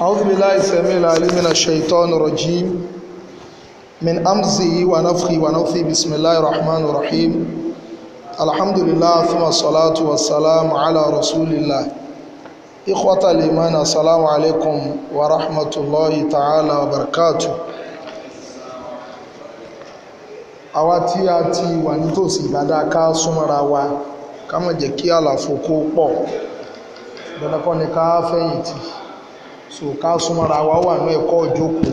أعوذ بالله السميع العليم من الشيطان الرجيم من أمزه ونفخه ونفثه بسم الله الرحمن الرحيم الحمد لله ثم الصلاة والسلام على رسول الله إخوة الإيمان السلام عليكم ورحمة الله تعالى وبركاته àwa tí a ti wà nítòsí ìbàdá wa ká má jẹ́ kí àlàfo kó pọ̀ dandan kọ́ ni ká fẹ̀yìntì so ká súnmọ́ra wa wà ní ẹ̀kọ́ ìjókòó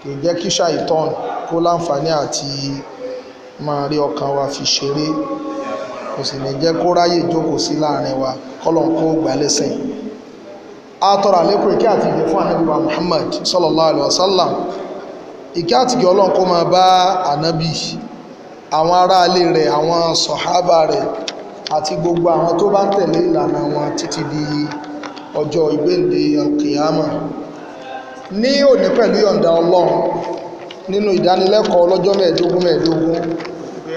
kì í jẹ́ kí ṣàìtọ́n kó láǹfààní àti máa rí ọkàn wa fi ṣeré kò sì ní jẹ́ kó ráyè jókòó sí láàrin wa kọ́lọ̀n kó gbà lẹ́sìn a tọrọ àlékún ìkẹ́ àti ìgbẹ́ fún ànábì wa Muhammad sallallahu alaihi wasallam ìkẹ́ àti ìgbẹ́ ọlọ́run kó máa bá ànábì àwọn aráalé rẹ̀ àwọn sọ̀hábà rẹ̀ àti gbogbo àwọn tó bá ń tẹ̀lé ìlànà wọn títí di ọjọ́ ìgbéǹde alkiyama ní òní pẹ̀lú yọ̀ǹda ọlọ́run nínú ìdánilẹ́kọ̀ọ́ ọlọ́jọ́ mẹ́ẹ̀ẹ́dógún mẹ́ẹ̀ẹ́dógún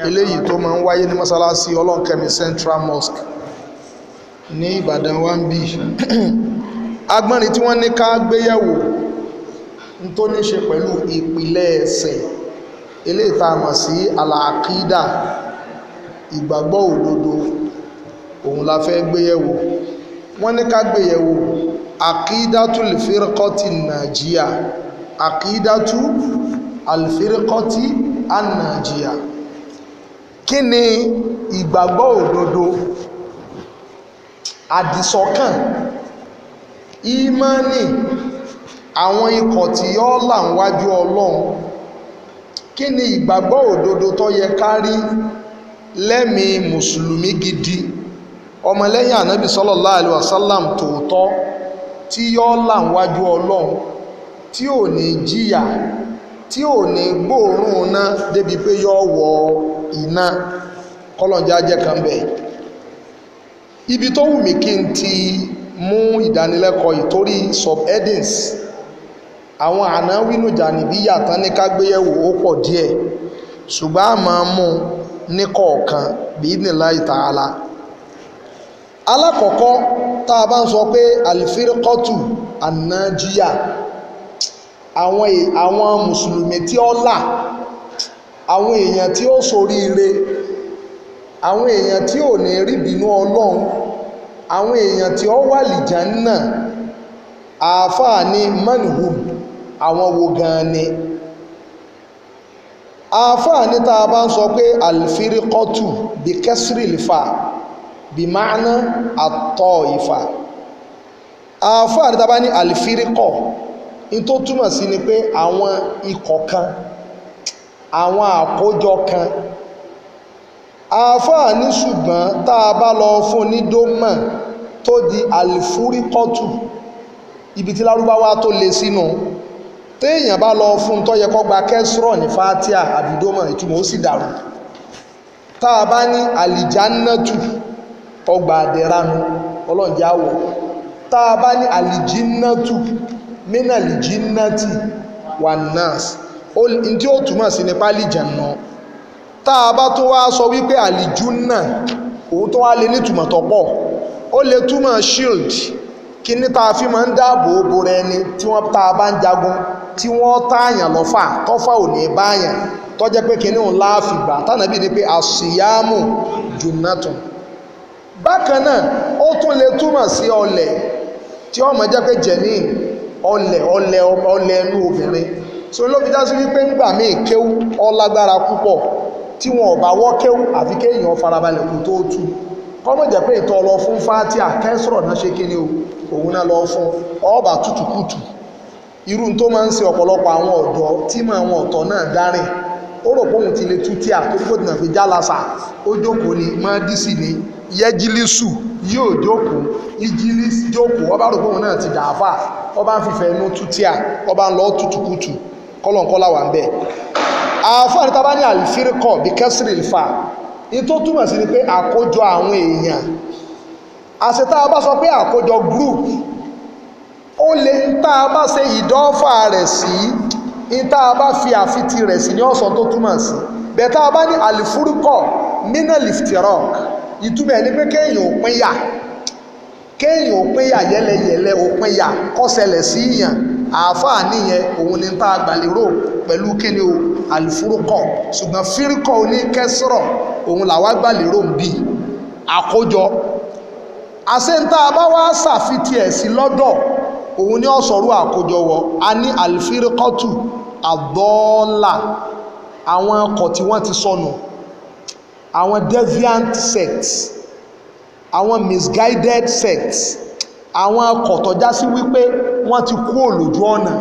eléyìí tó ma ń wáyé ní mọ́sálásí ọlọ́nkẹ́mi central mosque ní ìbàdàn wa ń tí wọ́n ní ká gbéyẹ̀wò ń pẹ̀lú ìpìlẹ̀ eléyìí sí àlàákídà ìgbàgbọ́ òdodo òun la fẹ́ gbéyẹ̀wò wọ́n ní ká gbéyẹ̀wò àkídátù alfirikọ́tì nàìjíríà àkídátù alfirikọ́tì nàìjíríà kí ni ìgbàgbọ́ òdodo àdìsọ́kàn ìmánì àwọn ikọ̀ tí yọ́ là ń wájú ọlọ́run kí ni ìgbàgbọ́ òdodo tó yẹ ká rí lẹ́mìí mùsùlùmí gidi ọmọlẹ́yìn ànábì sallallahu alaihi tòótọ́ tí yóò làǹwájú ọlọ́run tí ò ní jíyà tí ò ní gbóòórùn ná débi pé wọ iná kọlọ̀njá jẹ́ ibi tó wù mí kí n ti mú ìdánilẹ́kọ̀ọ́ ìtorí subheadings àwọn àná wínú yàtọ̀ ní ó pọ̀ díẹ̀ ṣùgbọ́n a máa alákọ̀ọ́kọ́ tá a bá ń sọ pé alifirikọ́tù anájíyà àwọn e, àwọn mùsùlùmí tí ó là àwọn èèyàn tí ó ṣoríire àwọn èèyàn tí ò ní rí bínú ọlọ́run àwọn èèyàn tí ó wà lìjàn náà àáfàá ní manhum àwọn wo gan ni àáfàá ní tá a bá ń sọ pé alifirikọ́tù bí kẹsìrìlfà bìmáàná àtọ̀ ìfà àáfàá ní tábà ní àlìfíríkọ̀ ní tó túmọ̀ sí ni pé àwọn ikọ̀ kan àwọn àkójọ kan àáfàá ní ṣùgbọ́n tá a bá lọ fún ní dómọ̀ tó di àlìfúríkọ̀tù ibi tí lárúbáwá tó le sínú téèyàn bá lọ fún tó yẹ kẹsírọ̀ ní fatia àbídómọ̀ ìtumọ̀ ó sì dàrú tá a bá ní àlìjánátù ọgbà àdẹ̀ránu ọlọ́njẹ́ àwọ̀ tá a bá ní àlìjínátù mínà àlìjínátì wà nọ́ọ̀sì tí ó túmọ̀ sí nípa àlìjànà tá a bá tún wá sọ wípé àlìjúnà òun tó wá lè nítumọ̀ tó pọ̀ ó lè túmọ̀ shield kíní tá a fi máa ń dáàbò bo ra ẹni tí wọ́n tá bá ń jagun tí wọ́n táàyàn lọ́fà tọ́fà ò ní báyàn tọ́jẹ́ pé kíní òun láàfìgbà tánàbí ni pé àṣìyámù jùnátùn bákan náà ó tún lè túmọ̀ sí ọlẹ̀ tí ọmọ jẹ́ pé jẹ̀ní ọlẹ̀ ọlẹ̀ ọlẹ̀ ẹnu obìnrin so ló fi dá sí wípé ńgbà míì kéwú ọlágbára púpọ̀ tí wọn ò bá wọ́ kéwú àfi kéèyàn farabalẹ̀ kó tó tú kọ́mọ̀ jẹ́ pé ìtọ́ lọ fún fáti àkẹ́sọ̀rọ̀ náà ṣe kí o òun náà lọ fún ọba tútùkùtù irú tó máa ń ṣe ọ̀pọ̀lọpọ̀ àwọn ọ̀dọ́ tí wọn ọ̀tọ̀ náà ó rò bóun ti lè tú tí a torí kò tìǹà fi jálásà ó jókòó ni mọ́dísì ni yẹ́jìlísù yóò jókòó ìjìlísù jókòó ọba rò bóun náà ti dàáfà ọba ń fìfẹ́ inú tú tí a ọba ń lọ tutukutu kọ́lọ̀nkọ́lá wà ń bẹ̀. àáfàá ní tábà ní àlìfírikọ̀ bí kẹ́sìrì ìfà ní tó túmọ̀ sí ni pé àkójọ àwọn èèyàn àṣetá a bá sọ pé àkójọ group ó lè tá a bá ṣe ìdọ́fà rẹ̀ sí. Si, ìta bá fi àfitì rẹ̀ sí ní ọ̀sán tó túmọ̀ sí bẹ̀tá bá ní àlìfúrúkọ̀ nínà liftirok ìtumọ̀ ẹni pé kéèyàn òpin yà kéèyàn òpin yà yẹlẹyẹlẹ òpin yà sí yàn àáfàá nìyẹn òun ni tá a gbàlérò pẹ̀lú kíni o àlìfúrúkọ̀ ṣùgbọ́n fírúkọ̀ oníkẹsọ̀rọ̀ òun làwa gbàlérò ń bì àkójọ àṣẹ́ntà bá wá ṣàfitì ẹ̀ sí lọ́dọ̀ òun ni ọ̀sọ̀rọ̀ àkójọ wọ a ní àlìfúrúkọ̀ tù àdọ́ọ́là àwọn ọkọ̀ tí wọ́n ti sọnù àwọn deviant sects àwọn misguided sects àwọn ọkọ̀ tó já sí wípé wọ́n ti kú òlòjú ọ̀nà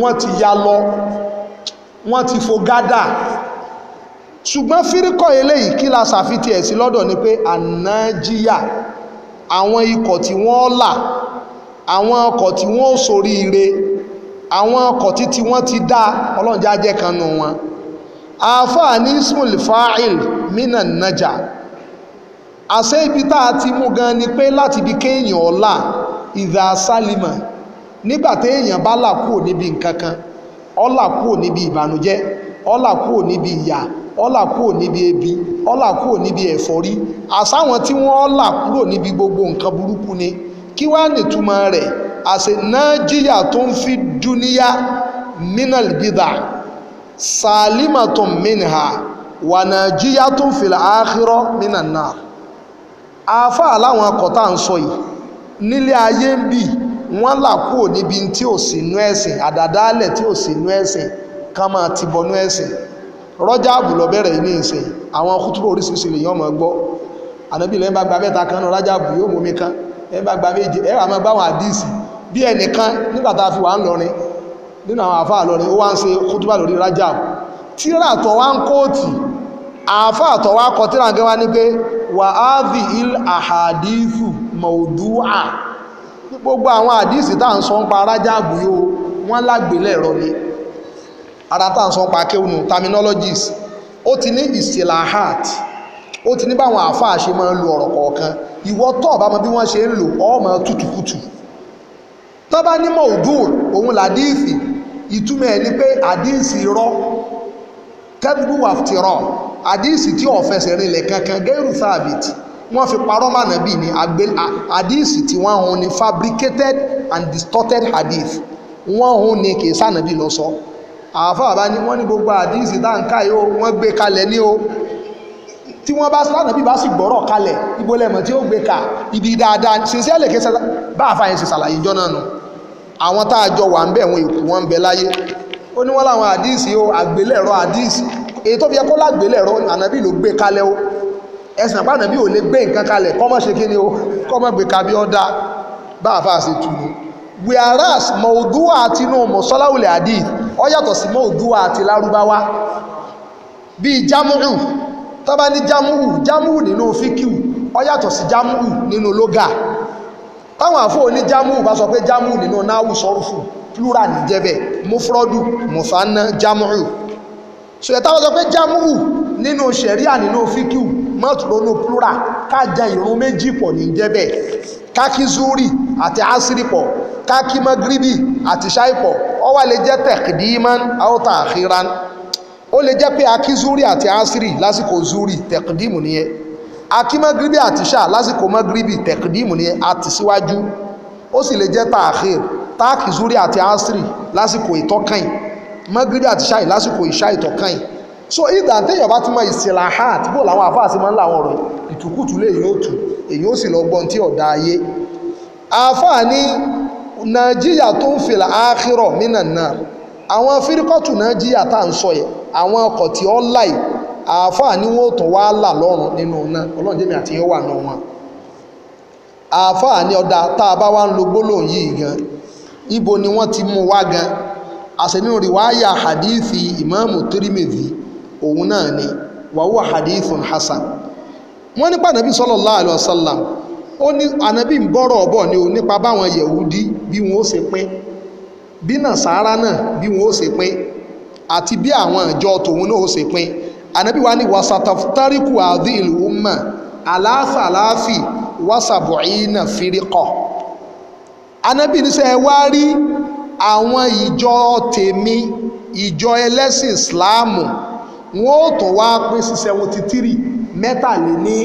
wọ́n ti ya lọ wọ́n ti fo gádà ṣùgbọ́n fíríkọ̀ eléyìí kí la ṣàfitì ẹ̀ sí lọ́dọ̀ ni pé ànájíyà àwọn ikọ̀ tí wọ́n là àwọn ọkọ̀ tí wọ́n sórí ire àwọn ọkọ̀ títí wọ́n ti dá ọlọ́run já jẹ́ kan nù wọn àáfàá ní ismul fa'il minan naja àṣẹ ibi tá a ti mú gan ni pé láti ibi kéèyàn ọ̀la ìdá sálímà nígbà téèyàn bá là kúrò níbi nǹkan kan ọ̀la kúrò níbi ìbànújẹ́ ọ̀la kúrò níbi ìyà ọ̀la kúrò níbi ebi ọ̀la kúrò níbi ẹ̀fọ́rí àṣà àwọn tí wọ́n ọ̀la kúrò níbi gbogbo nǹkan burúkú ni kí wàá nìtumọ̀ rẹ̀ àṣẹ nájíyà tó ń fi dúníyà minal bidà salima tó minha wà nájíyà tó ń fìlà áhírọ́ minan náà afa aláwọn akọta ń sọ yìí nílé ayé ń bì wọ́n là kúrò níbi tí ò sí inú ẹ̀sìn àdàdálẹ̀ tí ò sí inú ẹ̀sìn ká máa ti bọnú ẹ̀sìn rọ́jà bẹ̀rẹ̀ ní ìsìn àwọn kútúrò oríṣiríṣi gbọ́ ànábìlẹ̀ ń bá gba bí ẹnìkan nígbà tá a fi wà ń lọrin nínú àwọn àfáà lọrin ó wá ń ṣe kútúbà lórí Rajab tíra tó wá ń kóòtì àfáà tó wá kọ tíra gẹ́wà ní pé wà á fi il àhàdífù mọ̀ọ́dúà gbogbo àwọn àdísì tá à ń sọ ń pa Rajab yóò wọ́n lágbélẹ̀rọ ni ara tá ń sọ kéwùnù terminologies ó ti ní ìsìláhàt ó ti ní báwọn àfáà ṣe máa ń lo ọ̀rọ̀ kọ̀ọ̀kan ìwọ tó bá mọ bí wọ́n ṣe ń lò ó máa tó bá ní mọ̀ọ́dún òun làdíìsì ìtumọ̀ ẹ̀ ni pé àdíìsì rọ kẹ́dùbù wà ti rọ àdíìsì tí ọ̀fẹsẹ̀ rinlẹ̀ kankan gẹ́rù sáàbìtì wọ́n fi parọ́ mànà bíi ni àdíìsì tí wọ́n hun ni fabricated and distorted hadith wọ́n hun ni kì í sànàbí lọ sọ àáfàá bá ní wọ́n ní gbogbo àdíìsì táǹkà yóò wọ́n gbé kalẹ̀ ní o tí wọ́n bá sánà bí bá sì gbọ́rọ̀ kalẹ̀ ibo lẹ́mọ̀ tí ó gbé ka ibi dáadáa ṣiṣẹ́ lè ké bá àfàyẹ̀sì ṣàlàyé jọ náà nù. No àwọn tá a jọ wà ń bẹ̀ wọn èkú wọn ń bẹ láyé ó ní wọ́n láwọn àdíìsì o àgbélẹ̀rọ àdíìsì èyí tó fi yẹ kó lágbélẹ̀rọ ànábì ló gbé kalẹ̀ o ẹ̀sìn àpá ànábì ò lè gbé nǹkan kalẹ̀ kọ́mọ́ ṣe kí ni o kọ́mọ́ gbé kabi ọ̀dà bá a fà ṣe tù ú whereas mọ̀ọ́dúwà àti inú mọ̀sọ́láwùlẹ̀ àdíì ọ yàtọ̀ sí mọ̀ọ́dúwà àti lárúbáwá bíi jámùrù tọ́ba ní jámùrù jámùrù nínú fíkìú ọ yàtọ̀ sí jámùrù nínú lógà táwọn àfọ oní jámù bá sọ pé jámù nínú náwù sọrùfù plural ní jẹ́bẹ̀ mufrodu mufanna jámù ṣùgbọ́n táwọn sọ pé jámù nínú ṣẹ̀ríà nínú fíkìú mọ́tòrónú plural kájà ìrun méjì pọ̀ ní jẹ́bẹ̀ kákí zuri àti asiri pọ̀ kákí magribi àti ṣáì pọ̀ ó wá lè jẹ́ tẹ̀kìdíman áwòtà àkíran ó lè jẹ́ pé akí zuri àti asiri lásìkò zuri tẹ̀kìdímù nìyẹn akímọ́gíríbì àti ṣáà lásìkò mọ́gíríbì tẹ̀kídìmù ni àti síwájú ó sì lè jẹ́ tààkìr táàkì zúrí àti asiri lásìkò ìtọ́kàn mọ́gíríbì àti ṣáà lásìkò ìṣá ìtọ́kàn so ìdá téèyàn bá ti mọ ìsìlá hàt bó làwọn àfáà sí máa ń làwọn ọ̀rọ̀ ìtùkùtù lè yóò tù èyí ó sì lọ gbọ́n tí ọ̀dà ayé àfáà ní nàìjíríà tó ń fìlà áàkìrọ̀ mínà náà àwọn fíríkọ́tù nàìjíríà tá à ń sọ yẹn àwọn ọkọ̀ tí ó láì àáfàá ni wọ́n tún wá là lọ́rùn nínú náà ọlọ́run jẹ́mi àti yẹn wà nù wọn ni ọ̀dà tá a bá ń gan ibo ni wọ́n ti mú wá gan àṣẹ hadithi ìmáàmù Tirmidhi òun náà ni wàhùwà hadithun hasan wọn nípa ànábì sallallahu alaihi wasallam ó ní ànábì ń ni ó nípa báwọn bí ó ṣe pín bí náà bí ó ànábì wa ni wasataftariku adi ilhuma aláfàláfì wasabuina firikọ ànábì ní sẹ́ wá rí àwọn ìjọ tèmi ìjọ ẹlẹ́sìn ìsìláàmù wọn ò tó wá pín sí seventy three mẹ́tàléní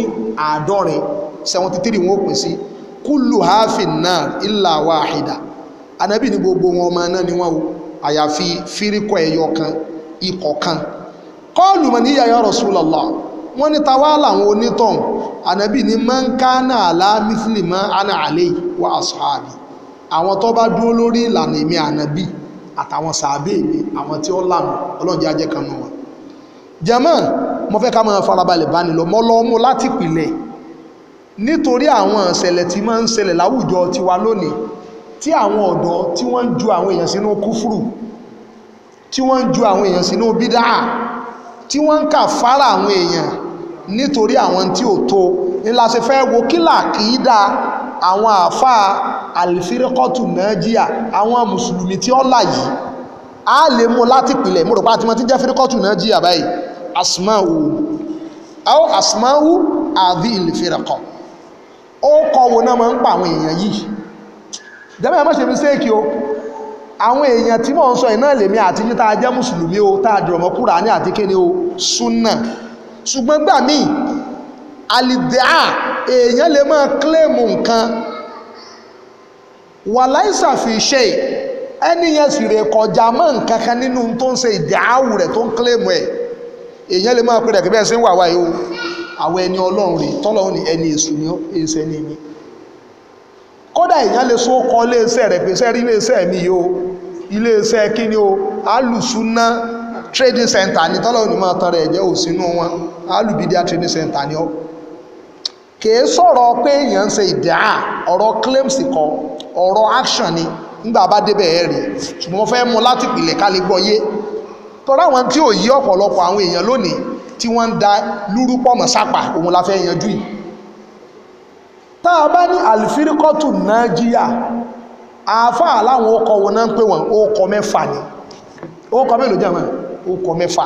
àádọ́rin seventy three wọn ò pín sí kúlù hafin náà ìlà wàhídà ànábì ní gbogbo wọn ọmọ náà ni wọn o àyàfi fíríkọ ẹyọ kan ikọ̀ kan kọ́ọ̀lù mọ̀ níyà ya Rasulullah wọ́n ní tawá làwọn onítọ̀hún ànábì ní man kana ala mithli ma ana alayhi wa ashabi àwọn tó bá dúró lórí ìlànà èmi ànábì àtàwọn sàábé mi àwọn tí ó lànà ọlọ́njẹ́ ajẹ́ kan nù wọn. jẹ́mọ́ mo fẹ́ ká máa farabalẹ̀ bá nílò mọ́ lọ́ mú láti pìlẹ̀ nítorí àwọn ìṣẹ̀lẹ̀ tí máa ń ṣẹlẹ̀ láwùjọ tiwa lónìí tí àwọn ọ̀dọ́ tí wọ́n ju àwọn èèyàn sínú kúfùrù tí wọ́n ju àwọn èèyàn sínú bídáà tí wọ́n ń kà fara àwọn èèyàn nítorí àwọn tí ò tó ńlá ṣe fẹ́ wo kílà kìí dá àwọn àáfàá àlìfírẹ́kọ́tù nàìjíríà àwọn mùsùlùmí tí ó là yìí a lè mú láti pìlẹ̀ mo rò pé àti wọn ti jẹ́ fírẹ́kọ́tù nàìjíríà báyìí asmau aw asmau àbí ìlìfírẹ́kọ́ ó kọ́ wo náà máa ń pa àwọn èèyàn yìí jẹ́bẹ́ ẹ má ṣe mistake o àwọn èèyàn tí mò ń sọ iná lèmi àti yín tá a jẹ́ mùsùlùmí o tá a dìrọ̀ mọ́ Kùránì àti kíni o súnà ṣùgbọ́n gbà míì àlìdíà èèyàn lè máa kílèmù nǹkan wà láìsàfì ṣe ẹni yẹn sì rè kọjá mọ́ nǹkan kan nínú tó ń ṣe ìdáhù rẹ̀ tó ń kílèmù ẹ̀ èèyàn lè máa pèrè kí bẹ́ẹ̀ sí wàwá yìí o àwọn ẹni ọlọ́run rè tọ́lọ́run ni ẹni èṣù ni ó èṣù ẹni mi kódà èèyàn lè so kọ iléeṣẹ́ rẹ̀ pé sẹ́rí iléeṣẹ́ mi yìí o iléeṣẹ́ ni o alùsúná trading center ní tọ́lọ̀ ní máa tọrọ ẹ̀jẹ̀ ò sínú wọn alùbídíà trading center ni ọ kìí sọ̀rọ̀ pé èèyàn ń ṣe ọ̀rọ̀ claims kọ ọ̀rọ̀ action ni nígbà bá débẹ̀ ẹ̀ rí ṣùgbọ́n mo fẹ́ láti ká lè gbọ́ yé àwọn tí ò yí ọ̀pọ̀lọpọ̀ àwọn èèyàn lónìí tí wọ́n tá a bá ní àlìfíríkọ́tù nájíyà àáfà láwọn ọkọ̀ wọn náà ń pè ọkọ̀ mẹ́fà ni ọkọ̀ mélòó jẹ́ wọn ọkọ̀ mẹ́fà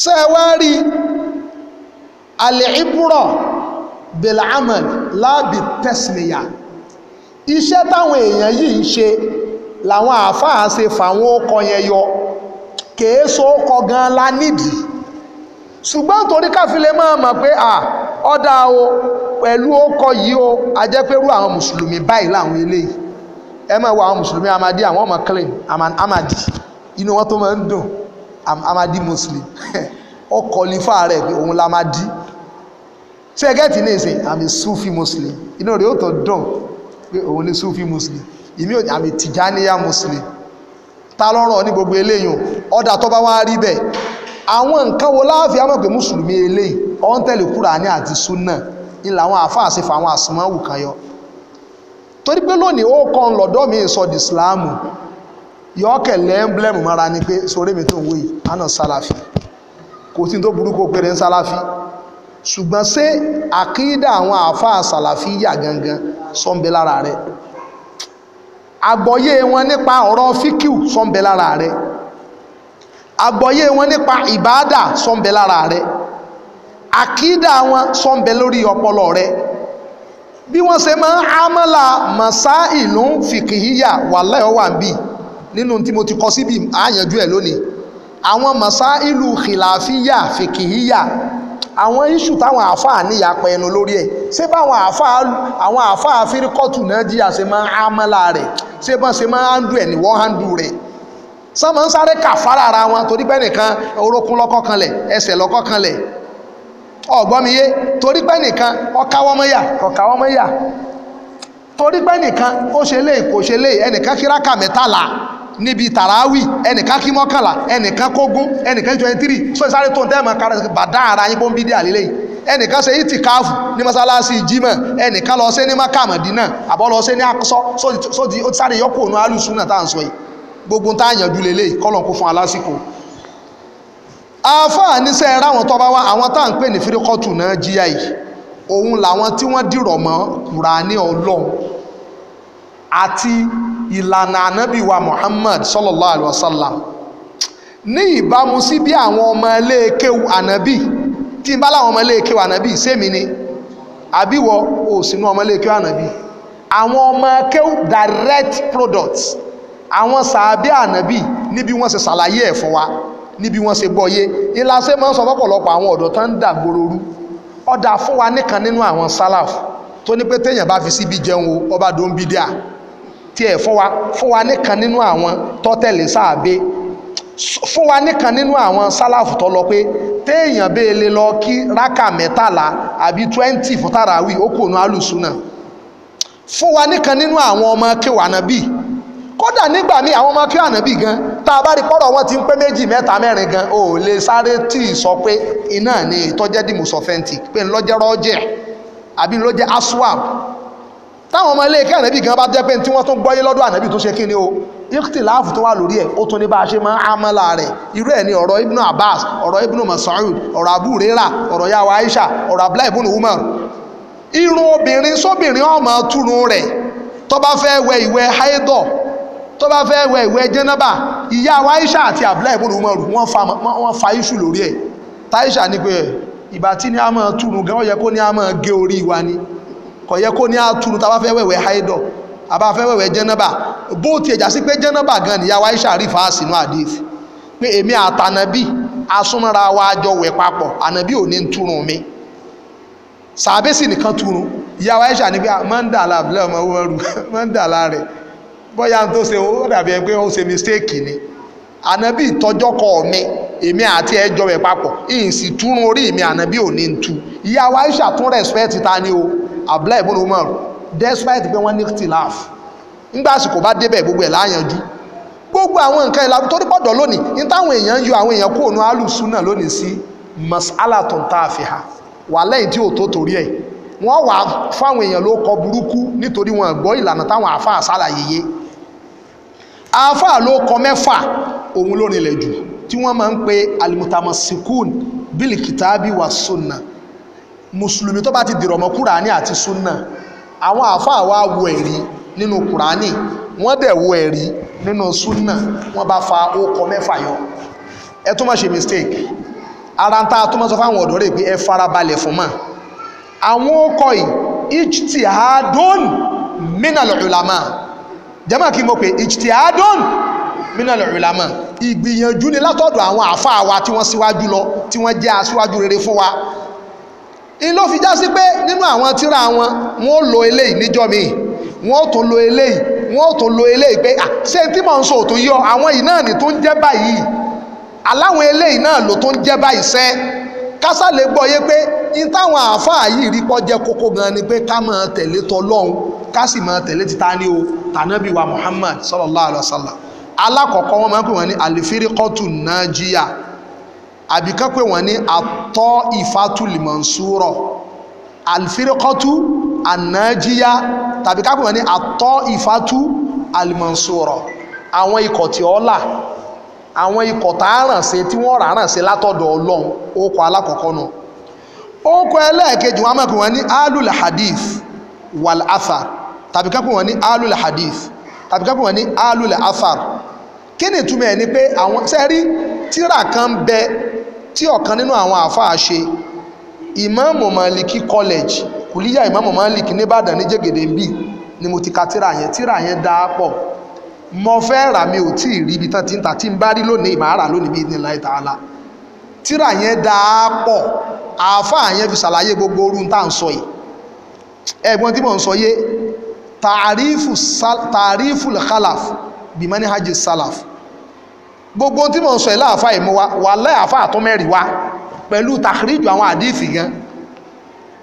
ṣe é wá rí àlìíbúrọ̀ bilhamal láàbì tẹ́sìlìyà iṣẹ́ táwọn èèyàn yìí ń ṣe làwọn àáfàá ṣe fàwọn ọkọ̀ yẹn yọ kèé ọkọ̀ gan-an la nídìí ṣùgbọ́n torí káfílẹ̀ máa mọ̀ pé ọ̀dà o pẹ̀lú ọkọ̀ yìí o a jẹ́ pé irú àwọn mùsùlùmí báyìí láwọn eléyìí ẹ máa wo àwọn mùsùlùmí amadi àwọn ọmọ clean amadi inú wọn tó máa ń dùn amadi muslim ọkọ̀ nífà rẹ̀ pé òun lamadi ṣé ẹ gẹ́tì ní ìsìn àmì sufi muslim inú rẹ̀ ó tó dùn pé òun ní sufi muslim ìmí àmì tìjáníyà muslim ta lọ́rọ̀ ní gbogbo eléyìí ọ̀dà tó bá wá rí bẹ́ẹ̀ àwọn nǹkan wo láàfin àmọ̀ pé mùsùlùmí eléyìí ọ̀n tẹ̀lé Kùránì àti súnà ilà àwọn àáfàá sì fa àwọn àsìmọ́wù kan yọ torí pé lónìí ó kan lọ́dọ̀ mi sọ di ìsìláàmù yọ kẹ̀lẹ́ ẹ́ńblẹ́mù mọ́ra ni pé sórí mi tó ń wòye àná sálàfì kò tí tó burúkú péré ń sálàfì ṣùgbọ́n ṣé àkídà àwọn àáfàá sálàfì yà gangan sọ́ńbẹ́ lára rẹ̀ àgbọ́yé wọn nípa ọ̀rọ̀ fíkìú sọ́ńbẹ́ lára rẹ̀ àgbọ́yé wọn nípa ìbáàdà sọ́ńbẹ́ lára rẹ̀ àkídà wọn sọ̀nbẹ lórí ọpọlọ rẹ bí wọ́n ṣe máa ń amọ́là mọ̀sá ìlú fìkìhíyà wà láyọ̀ wà bíi nínú tí mo ti kọ síbi àyànjú ẹ̀ lónìí àwọn mọ̀sá ìlú kìláfíyà fìkìhíyà àwọn iṣu táwọn àáfàá níyà pẹ ẹnu lórí ẹ̀ ṣé báwọn àáfàá àwọn àáfàá fírikọ́tù náà jíyà ṣe máa ń amọ́là rẹ̀ ṣé bọ́n ṣe máa ń handù ẹ̀ ní wọ́n handù rẹ̀ sọ́mọ́ ń sáré kàfárà ara wọn torí pé nìkan orókún lọ́kọ́ kanlẹ̀ ẹsẹ̀ lọ́kọ́ kanlẹ̀ ọ̀gbọ́miyé torí pé nìkan ọkàwọ́ mọ́yà kọ̀kàwọ́ mọ́yà torí pé nìkan ó ṣe léè kò ṣe léè ẹnìkan kíráka mẹ́tàlá níbi tàràwì ẹnìkan kí mọ́kànlá ẹnìkan kógún ẹnìkan twenty three so ìsáré tó ń tẹ́ ẹ̀ mọ́ kára bàdá ara yín bóńbí dé àlélẹ́ yìí ẹnìkan ṣe ìtìkáàfù ní mọ́sálásí ìjímọ̀ ẹnìkan lọ sí ní mọ́kàmọ̀dínà àbọ̀ lọ sí ní akọ́sọ́ sódi ó ti sáré yọkùnrin alùsùn náà tá à ń sọ yìí gbogbo táyànjú lélẹ́yìí kọ́lọ̀ kó fún alásìkò àáfàá níṣẹ́ ráwọn tó bá wá àwọn tá à ń pè ní fíríkọ́tù náà jíyà yìí òun làwọn tí wọ́n dìrọ̀ mọ́ kùránì ọlọ́run àti ìlànà ànábì wa Muhammad sallallahu alayhi wa sallam ní ìbámu sí bí àwọn ọmọ iléekéwu ànábì tí n bá láwọn ọmọ iléekéwu ànábì sẹ́mi ni àbíwọ ò sínú ọmọ iléekéwu ànábì àwọn ọmọ akéwu direct products àwọn sàábí ànábì níbi wọ́n ṣe ṣàlàyé ẹ̀ fún wa níbi wọ́n ṣe gbọ́yé ìlàsẹ́ máa ń sọ fọ́pọ̀lọpọ̀ àwọn ọ̀dọ́ tán ń dà gbòròrú ọ̀dà fún wa nìkan nínú àwọn sálàf tó ní pé téèyàn bá fi síbi jẹun o ọba dó ń bí díà tí ẹ̀ fún wa fún wa nìkan nínú àwọn tọ́tẹ̀lé sáàbẹ̀ fún wa nìkan nínú àwọn sálàf tó lọ pé téèyàn bẹ́ẹ̀ lè lọ kí rákà mẹ́tàlá àbí twenty fún tàràwì ó kò nu alùsùnà fún wa nìkan nínú àwọn ọmọ kéwàá náà bíi kódà nígbà míì àwọn ọmọ kí ànábì gan tá a bá rí pọ́rọ̀ wọn ti ń pé méjì mẹ́ta mẹ́rin gan ò lè sáré tí ì sọ pé iná ni ìtọ́jẹ́ dìmú sọfẹ́ǹtì pé ńlọ́jẹ́ rọ́jẹ́ àbí ńlọ́jẹ́ aswab táwọn ọmọ ilé ìkẹ́ ànábì gan bá jẹ́ pé tí wọ́n tún gbọ́yé lọ́dọ̀ ànábì tó ṣe kí ni o ìkìtìláàfù tó wà lórí ẹ̀ ó tún ní bá a ṣe máa ń amọ́lá rẹ̀ irú ẹ̀ ni ọ̀rọ̀ ibnu abbas ọ̀rọ̀ ibnu mas'ud ọ̀rọ̀ abu rera ọ̀rọ̀ yawa aisha ọ̀rọ̀ abdullahi ibnu umar irun obìnrin sóbìnrin ọmọ túnú rẹ̀ tó bá fẹ́ wẹ ìwẹ̀ haidọ̀ tó bá fẹ́ wẹ ìwẹ̀ jẹ́nàbà ìyá wa Aisha àti Abdullahi ibn Umar wọ́n fa iṣu lórí ẹ̀ taisha ní pé ìbá tí ní a máa túnu gan ó yẹ kó ní a máa gé orí wa ni kò yẹ kó ní a túnu tá a bá fẹ́ wẹ̀wẹ̀ haidọ̀ a bá fẹ́ wẹ̀wẹ̀ jẹ́nàbà bó ti ẹ̀já sí pé jẹ́nàbà gan nìyá wa Aisha rí fàásì inú àdìf pé èmi àtànàbí asúnmọ́ra wa jọ wẹ̀ papọ̀ ànàbí ò ní túnu mi sàbẹ́sì nìkan túnu ìyá wa Aisha ni pé mọ́ndàlá abúlé ọmọ wọn rù mọ́ndàlá bóyá tó ṣe ó dàbí ẹgbẹ́ ó ṣe mistake ni ànábì tọjọ́ kọ mi èmi àti ẹjọ́ rẹ̀ papọ̀ ìyìn sì túrun orí mi ànábì ò ní tu ìyá wa ń ṣàtún respect ta ni o abdullahi ibn umar despite pé wọ́n ní tilaf nígbà àsìkò bá débẹ̀ gbogbo ẹ̀ láyanjú gbogbo àwọn nǹkan ìlànà tó dípọ̀dọ̀ lónìí ní táwọn èèyàn yọ àwọn èèyàn kúrò ní alùsùnà lónìí sí masala tó ń ta àfihàn wà lẹ́yìn tí ò tó torí ẹ̀ wọ́n wà fáwọn èèyàn ló kọ burúkú nítorí wọn gbọ́ ìlànà táwọn àfáà sálàyé yé afa ló kọ mẹ́fà òun ló rinlẹ̀ jù tí wọ́n máa ń pe alimutamasikun bíl kìtàbí wà sunna mùsùlùmí tó bá ti dìrọ̀ kúránì àti sunna àwọn afa wa wo ẹ̀rí nínú kúránì wọ́n dẹ̀ wo ẹ̀rí nínú sunna wọ́n bá fa ó mẹ́fà yọ ẹ tó má ṣe mistake ara ń tá tó máa sọ fáwọn ọ̀dọ́ rẹ̀ pé ẹ farabalẹ̀ fún mà àwọn ó yìí ijtihadun minal ulama jẹ́mọ̀ kí mo pè ijtihadun minal ulama ìgbìyànjú ni látọ̀dọ̀ àwọn àáfàá wa tí wọ́n síwájú lọ tí wọ́n jẹ́ aṣíwájú rere fún wa in ló fi já sí pé nínú àwọn tíra wọn wọ́n lo eléyìí níjọ́ mi wọ́n tún lo eléyìí wọ́n tún lo eléyìí pé ṣé tí mò ń sọ òtún yọ àwọn yìí náà ni tó ń jẹ́ báyìí aláwọn eléyìí náà ló tó ń jẹ́ báyìí sẹ́ẹ́ kásá lè gbọ́ yé pé ní táwọn àáfàá yìí rí pọ́ jẹ́ kókó gan ni pé ká máa tẹ̀lé tọlọ́hun ká sì máa tẹ̀lé títa ní o tànábì wa Muhammad sallallahu alaihi wasallam alákọ̀ọ́kọ́ wọn máa ń pè wọ́n ní àlìfíríkọ́tù nájíyà àbíkọ́ pé wọ́n ní àtọ́ ìfàtúlìmọ̀nsúrọ̀ àlìfíríkọ́tù ànájíyá tàbí ká pè wọ́n ní àtọ́ ìfàtú àlìmọ̀nsúrọ̀ àwọn ikọ̀ tí ó là àwọn ikọ̀ tá a ràn ṣe tí wọ́n rà ràn ṣe látọ̀dọ̀ ọlọ́run ó kọ alákọ̀ọ́kọ́ nù ó kọ ẹlẹ́ẹ̀kejì wọn mọ̀kì wọn ní alul hadith wal athar tàbí kápẹ́ wọn ní alul hadith tàbí kápẹ́ wọn ní alul athar kí ni ìtumọ̀ ẹ̀ ni pé àwọn sẹ́rí tíra kan bẹ tí ọ̀kan nínú àwọn àáfàá ṣe ìmáàmù Málíkì college kùlíyà ìmáàmù Málíkì nìbàdàn ní jẹ́gẹ̀dẹ̀ ń bì ni mo ti ka tíra yẹn tíra yẹn dáa pọ̀ mo fẹ́ rà mi ò tí ì rí ibi tán ti ń ta tí ń bá rí lónìí màá rà lónìí bí nílá ìta ala tíra yẹn dáa pọ̀ àáfàá yẹn fi ṣàlàyé gbogbo orú tá à ń sọ yìí ẹ̀gbọ́n tí mò ń sọ yé tàrífù tàrífù khalaf bí manhaji salaf gbogbo tí mò ń sọ yìí láàfáà yìí mo wa wà láàfáà tó mẹ́rin wa pẹ̀lú tàkìríjù àwọn àdìsí gan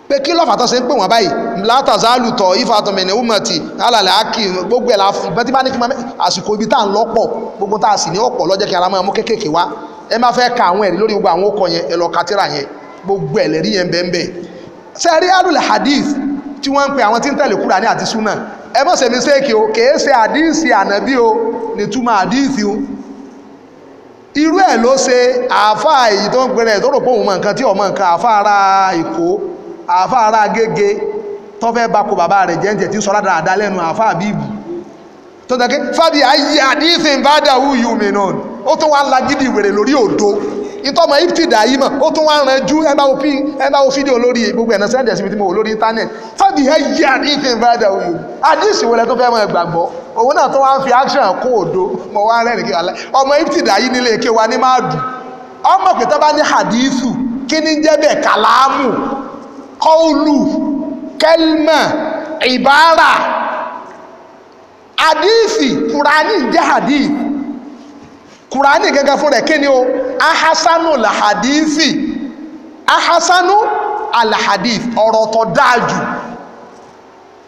pé kí lọ́fà tó ṣe ń pè wọ́n báyìí látàzálù tọ̀ ìfàtọ̀mẹ̀nì umati alàlẹ́ gbogbo ẹ̀ la fún bẹ́ẹ̀ tí bá ní kí n máa àsìkò ibi tá à ń gbogbo tá a sì ní ọ̀pọ̀ lọ́jọ́ kí ara ka àwọn ẹ̀rí gbogbo àwọn yẹn ẹ lọ katira yẹn gbogbo ẹ̀ lẹ́rí yẹn bẹ́ẹ̀ hadith tí wọ́n ń àwọn tí ń tẹ̀lé o kèé hadith ànábì o o irú ẹ̀ ló ṣe ọmọ nǹkan àáfà ara gẹ́gẹ́ tó fẹ́ bá kó bàbá rẹ̀ jẹ́ǹtẹ̀ tí sọ́lá dáadáa lẹ́nu àáfà àbíbù tó tẹ́kẹ́ fábí ayé àdífin bá dàwú yìí omi náà ó tún wá lagídí wèrè lórí òdo ìtọ́mọ ìpìdà yìí mọ̀ ó tún wá ranjú ẹ bá wo fídíò lórí gbogbo ẹ̀nà sẹ́ndẹ̀ síbi tí mo wò lórí íńtánẹ̀tì fábí ayé àdífin bá dàwú yìí àdísì wọlé tó fẹ́ mọ ìgbàgbọ́ òun náà tó wá ń fi action kó òdo mọ wá rẹ́rìn kí wà láì ọmọ ìpìdà yìí kọ́ọ̀lù kẹ́lmà ìbára àdíìsì kùránì jẹ́ hadith kùránì gẹ́gẹ́ fún rẹ̀ kí ni o ahasanu lahadithi ahasanu alahadith ọ̀rọ̀ tó dáa jù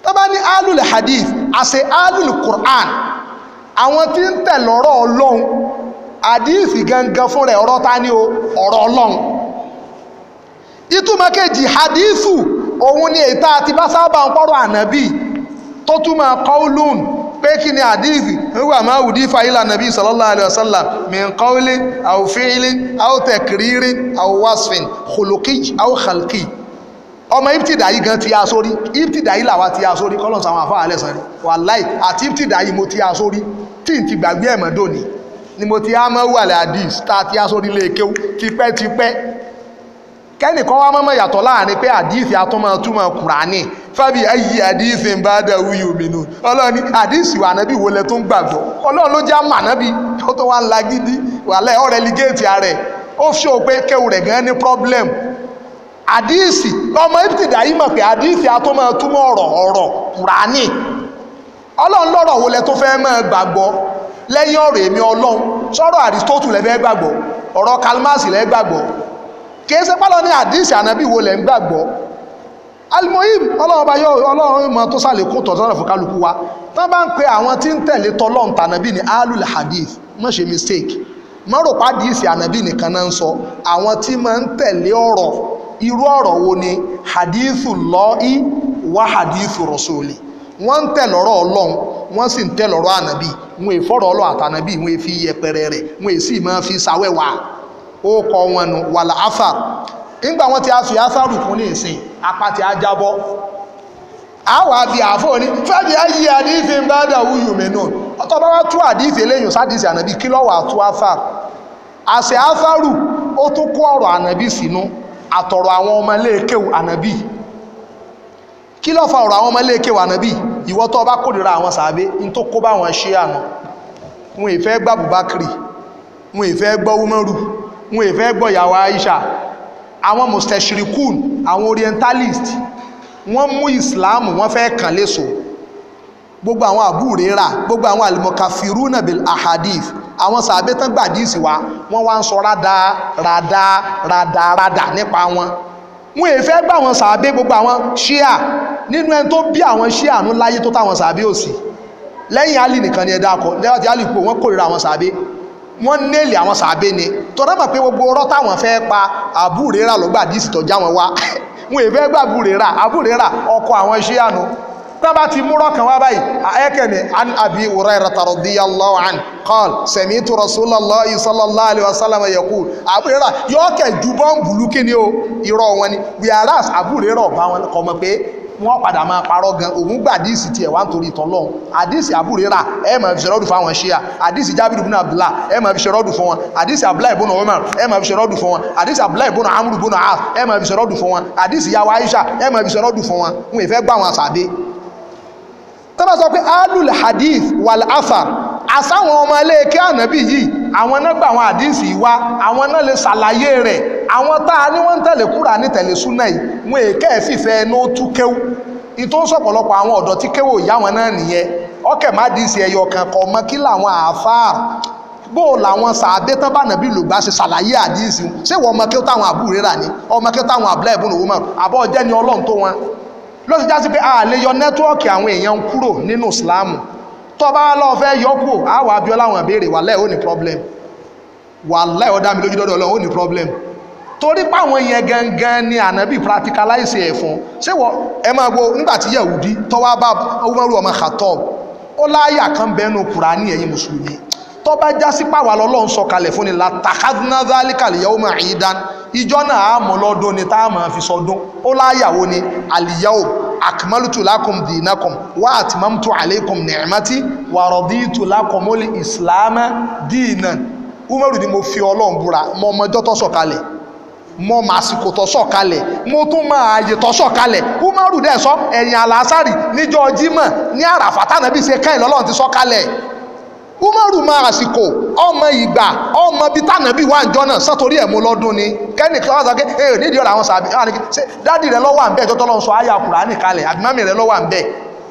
tó bá ní alul hadith àṣẹ alul quran àwọn tí ń tẹ̀lọ́rọ̀ ọlọ́run àdíìsì gangan fún rẹ̀ ọ̀rọ̀ ta ni o ọ̀rọ̀ ọlọ́run ìtumọ̀ kejì hadithu òun ni èyí tá a ti bá sábà ń pọ́rọ̀ ànábì tó túmọ̀ kọ́ọ̀lùn pé kí ni àdíìsì nígbà máa wù dífà ilà nàbí sallallahu alaihi wasallam min qawlin aw fi'lin aw takririn aw wasfin khuluqi aw khalqi ọmọ ibtidayi gan ti asórí ibtidayi làwa ti asórí kọ́lọ̀ sàwọn àfáà alẹ́sàn rí wallahi àti ibtidayi kẹ́nìkan wá mọ́mọ́ yàtọ̀ láàrin pé àdíìsì atúmọ̀ túmọ̀ kùránì fábí ayé àdíìsì ń bá dá wúyí òmìnú ọlọ́run ní àdíìsì wà nábì wọlé tó ń gbàgbọ́ ọlọ́run ló já mà nábì ó tó wá ń la gidi wàhálà ẹ̀ ọ̀rẹ́ ligéètì ààrẹ ó fi òpé kéwù rẹ̀ gan ní problem àdíìsì ọmọ ibi tìdá yìí mọ̀ pé àdíìsì atúmọ̀ túmọ̀ ọ̀rọ̀ ọ̀rọ̀ kùránì ọlọ́run lọ́rọ̀ wọlé tó fẹ́ máa gbàgbọ́ lẹ́yìn ọ̀rọ̀ èmi ọlọ́run sọ̀rọ̀ Aristotle lẹ́fẹ́ gbàgbọ́ ọ̀rọ̀ Kalmasi lẹ́gbàgbọ́ kìí ṣe pálọ̀ ní àdísì ànábì wo lẹ̀ ń gbàgbọ́ alimoyim ọlọ́ọ̀bá yóò ọlọ́run tó sàlẹ̀ kó tọ̀tọ̀ fún kálukú wa tán bá ń pe àwọn tí ń tẹ̀lé tànàbí alul hadith ma ṣe mistake má rò pa díìsì ànàbí nìkan náà ń sọ àwọn tí máa ń tẹ̀lé ọ̀rọ̀ irú ọ̀rọ̀ wo ni hadithu lọ́ọ̀ì wá hadithu rọ̀sọ̀lì wọ́n ń wọ́n sì ń wọn ọlọ́ wọn yẹpẹrẹ rẹ̀ wọn máa fi ó kọ wọn nu wàlà afar nígbà wọn ti aṣọ asaru kún ní ìsìn apá a ajábọ àwọn àbí àfọ ní fẹ́ẹ̀dì ayé àdìsí ń bá dà wúyù mẹ́nu ọ̀tọ̀ bá wá tú àdìsí eléyìn sádìsí ànàbí kí lọ́wọ́ àtú afar àṣẹ asaru ó tún kó ọ̀rọ̀ ànàbí sínú àtọ̀rọ̀ àwọn ọmọ iléekéwù ànàbí kí ló fa ọ̀rọ̀ àwọn ọmọ iléekéwù ànàbí ìwọ tó bá kórìíra àwọn sàábé ní tó kó bá wọn ṣe àná wọn ìfẹ́ gbàbùbákiri wọn ìfẹ́ gbọ́ wúmọ́rù wọn èfẹ́ gbọ̀yàwó Aisha àwọn mustachirikun àwọn orientalist wọ́n mú Islam wọ́n fẹ́ kàn léso gbogbo àwọn àbúrera gbogbo àwọn alimokafiruna bil ahadith àwọn sàbẹ tán gbàdísì wa wọ́n wá ń sọ rádá rádá rádá rádá nípa wọn wọn èfẹ́ gbà wọn sàbẹ gbogbo àwọn ṣíà nínú ẹni tó bí àwọn ṣíà nú láyé tó táwọn sàbẹ òsì lẹ́yìn alì nìkan ni ẹ̀dá akọ lẹ́yìn alì pò wọ́n kórìíra àwọn sàbẹ wọ́n nílì àwọn sàbẹ̀ ni tọ́lá mà pé gbogbo ọ̀rọ̀ táwọn fẹ́ pa àbúrérà lọ́gbà díìsì tọ́já wọn wá wọn èèfẹ́ gbà àbúrérà àbúrérà ọkọ̀ àwọn iṣẹ́ àánú tábà ti múrọ̀ kan wá báyìí ayẹ́kẹ̀ni an abi hurairah radiyallahu anhu qal sami'tu rasulallahi sallallahu alaihi wasallam yaqul àbúrérà yọ́ọ̀kẹ̀ ju bọ́ǹbù lukini o irọ́ wọn ni wíyàrá àbúrérà ọ̀bá wọn kọ́ mọ̀ pé wọ́n padà máa parọ́ gan òun gbà àdíìsì tiẹ̀ wá nítorí ìtọ́lọ́hún àdíìsì àbúrérà ẹ máa fi ṣèrọ́dù fáwọn ṣíà àdíìsì jábìrì bùnà abdullah ẹ máa fi ṣèrọ́dù fún wọn àdíìsì abdullahi bùnà omar ẹ máa fi ṣèrọ́dù fún wọn àdíìsì abdullahi bùnà amúrù bùnà af ẹ máa fi ṣèrọ́dù fún wọn àdíìsì yàwó aisha ẹ máa fi ṣèrọ́dù fún wọn wọn ìfẹ́ gbà wọn àṣàbí. tọ́lá sọ pé alul hadith wal afar àsáwọn ọmọ ilé kí ànábì yìí àwọn náà gba àwọn àdíìsì wá àwọn náà lè ṣàlàyé rẹ̀ àwọn tá a ní wọ́n ń tẹ̀lé kúrà ní tẹ̀lé súnà yìí wọn èké fìfẹ́ ẹnu tú kéwú ìtò ń sọ̀pọ̀lọpọ̀ àwọn ọ̀dọ́ tí kéwú ìyá wọn náà nìyẹn ọkẹ̀ má dìísì ẹyọ kankan ọmọ kí làwọn àáfàá bó làwọn sàábé tán bá nàbí lògbà ṣe ṣàlàyé àdíìsì ṣé wọ́n ọmọ kí ó táwọn àbúrò rà ní ọmọ kí ó táwọn àbúlá ìbùn òwúmọ àbọ̀ jẹ́ ni ọlọ́run tó wọn ló ti já sí pé a lè yọ nẹ́tíwọ́ọ̀kì àwọn èèyàn kúrò nínú ìsìláàmù tọ́ba lọ́ọ́ fẹ́ yọkù àwọn abiola àwọn ìbéèrè wà lẹ́ẹ̀ ní problem wà lẹ́ẹ̀ ó dá mi lójú dọ́dọ̀ ọlọ́run ó ní problem torí páwọn yẹn gangan ni ànábì practicalize ẹ̀ fún ṣé wọ ẹ máa gbọ́ nígbà tí yahudi tọ́wọ́ bá Umaru ọmọ Khattab ó láyà kan bẹ́nu Kùránì ẹ̀yin mùsùlùmí tó bá já sí pàwà lọ́lọ́run sọ̀kalẹ̀ fún ni latakadna yahoo ma ìdán ìjọ náà àmọ́ lọ́dún ni táàmù fi sọdún ó láyàwó ni àlìyáwó akmalutu lakum dinakum wa atmamtu alaykum ni'mati wa raditu lakum al-islam dinan umaru ni mo fi ọlọ́run búra mo mọjọ́ tó sọ̀kalẹ̀ mo màsìkò tó sọ̀kalẹ̀ mo tún máa ààyè tó sọ̀kalẹ̀ umaru dẹ̀ sọ ẹ̀yìn alásàrì níjọ́ jímọ̀ ní àràfà tánàbí ṣe kẹ́yìn lọ́lọ́run ti sọ̀kalẹ̀ umaru ma àsìkò ọmọ ìgbà ọmọ bíi tànàbí wà ń jọ́nà sọ́tòrí ẹ̀ mú lọ́dún ni kẹ́nìkan wá sọ pé ẹ nídìí ọ̀rọ̀ àwọn sàbí àwọn àníkí ṣe dádì rẹ lọ́wọ́ à ń bẹ́ẹ̀ tọ́tọ́ lọ́wọ́ sọ ayé àkùrà ní kalẹ̀ àbí mọ́mì rẹ lọ́wọ́ à ń bẹ́ẹ̀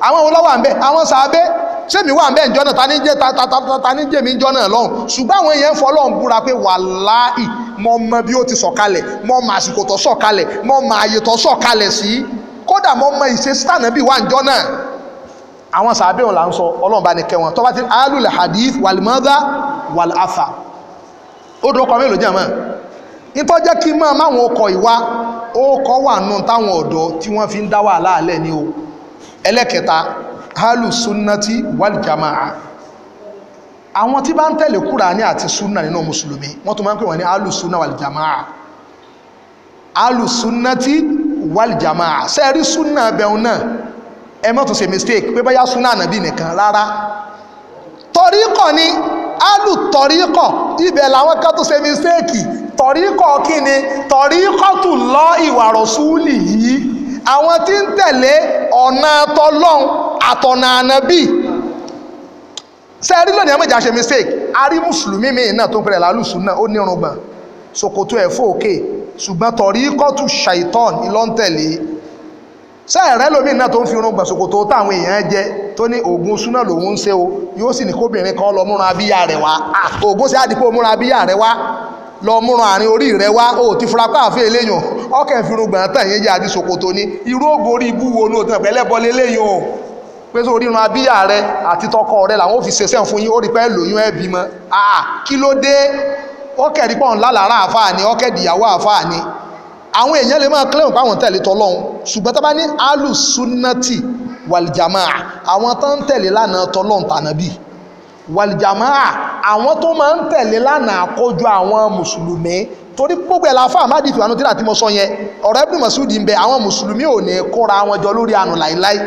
àwọn wo lọ́wọ́ àwọn sàbẹ́ sẹ́mi wà ń bẹ́ẹ̀ jọ́nà taníjẹ́ mi jọ́nà lọ́hùn ṣùgbọ́n àwọn èèyàn fọ́ lọ́hùn búra pé wàláì mo mọ bí ó ti sọ̀kalẹ̀ mo mọ àsìkò tó sọ̀kalẹ̀ mo mọ àyè tó sọ̀kalẹ̀ sí kódà mo mọ ìṣesí tànàbí wà ń jọ́nà àwọn sàábẹ̀ wọn là ń sọ ọlọ́run bá ní kẹ́ wọn tọ́ba ti alul hadith walmada walafa ó dúró kọ́ mélòó jẹ́ mọ́ ìtọ́jẹ́ kí máa máwọn ọkọ̀ ìwá ó kọ́ wà nù táwọn ọ̀dọ́ tí wọ́n fi ń dá wàhálà alẹ́ ni o ẹlẹ́kẹta halu sunnati waljamaa àwọn tí bá ń tẹ̀lé Kùránì àti sunna nínú mùsùlùmí wọ́n tún máa ń pè wọ́n ní alu sunna waljamaa alu sunnati waljamaa sẹ́ẹ̀rí sunna bẹ̀rún náà ẹ má tún ṣe mistake pé bóyá súnà ànábì nìkan rárá tọ̀ríkọ̀ ni alù tọ̀ríkọ̀ ibẹ̀ làwọn kan tún ṣe mistake tọ̀ríkọ̀ kí ni tọ̀ríkọ̀ tù lọ ìwà rọ̀súùlì yìí àwọn tí ń tẹ̀lé ọ̀nà tọlọ́hun àtọ̀nà ànábì sẹ́ẹ̀rí lónìí àmọ́jà ṣe mistake a rí mùsùlùmí mi náà tó ń pẹ̀lẹ̀ lálùsùn náà ó ní irùngbọ̀n ṣòkòtò ẹ̀fọ́ òkè ṣùgbọ́n tọ̀ríkọ̀ tù ṣàìtọ́n ìlọ́ntẹ̀lé sẹ́ẹ̀rẹ́ lómi náà tó ń fi irun gbàsòkò tó táwọn èèyàn jẹ tó ní ogun súná lòun ń ṣe o yóò sì ní kóbìnrin kan lọ múra abíyá rẹ̀ wá ogun sí àdìpọ̀ múra abíyá rẹ̀ wá lọ múra àárín orí rẹ̀ wá o ti fura pé àfẹ́ eléyàn ọkẹ́ fi irun gbàǹtà yẹn tó ní irú orí ibú wo ní òtún ẹ̀pẹ́lẹ́bọ o pé sórí irun abíyá tọkọ làwọn ò fi ṣẹṣẹ́ fún yín ó rí ṣùgbọ́n tá bá ní alùsùnàtì wàlìjàmáà àwọn tó ń tẹ̀lé lánàá tọ́lọ́n tànàbí wàlìjàmáà àwọn tó máa ń tẹ̀lé lánàá àkójọ àwọn mùsùlùmí torí gbogbo ẹ̀la fáà má dìtò àánú tí mo sọ yẹn ọ̀rọ̀ Ibn Mas'ud ń bẹ àwọn mùsùlùmí ò ní kóra wọn jọ lórí àánú láíláí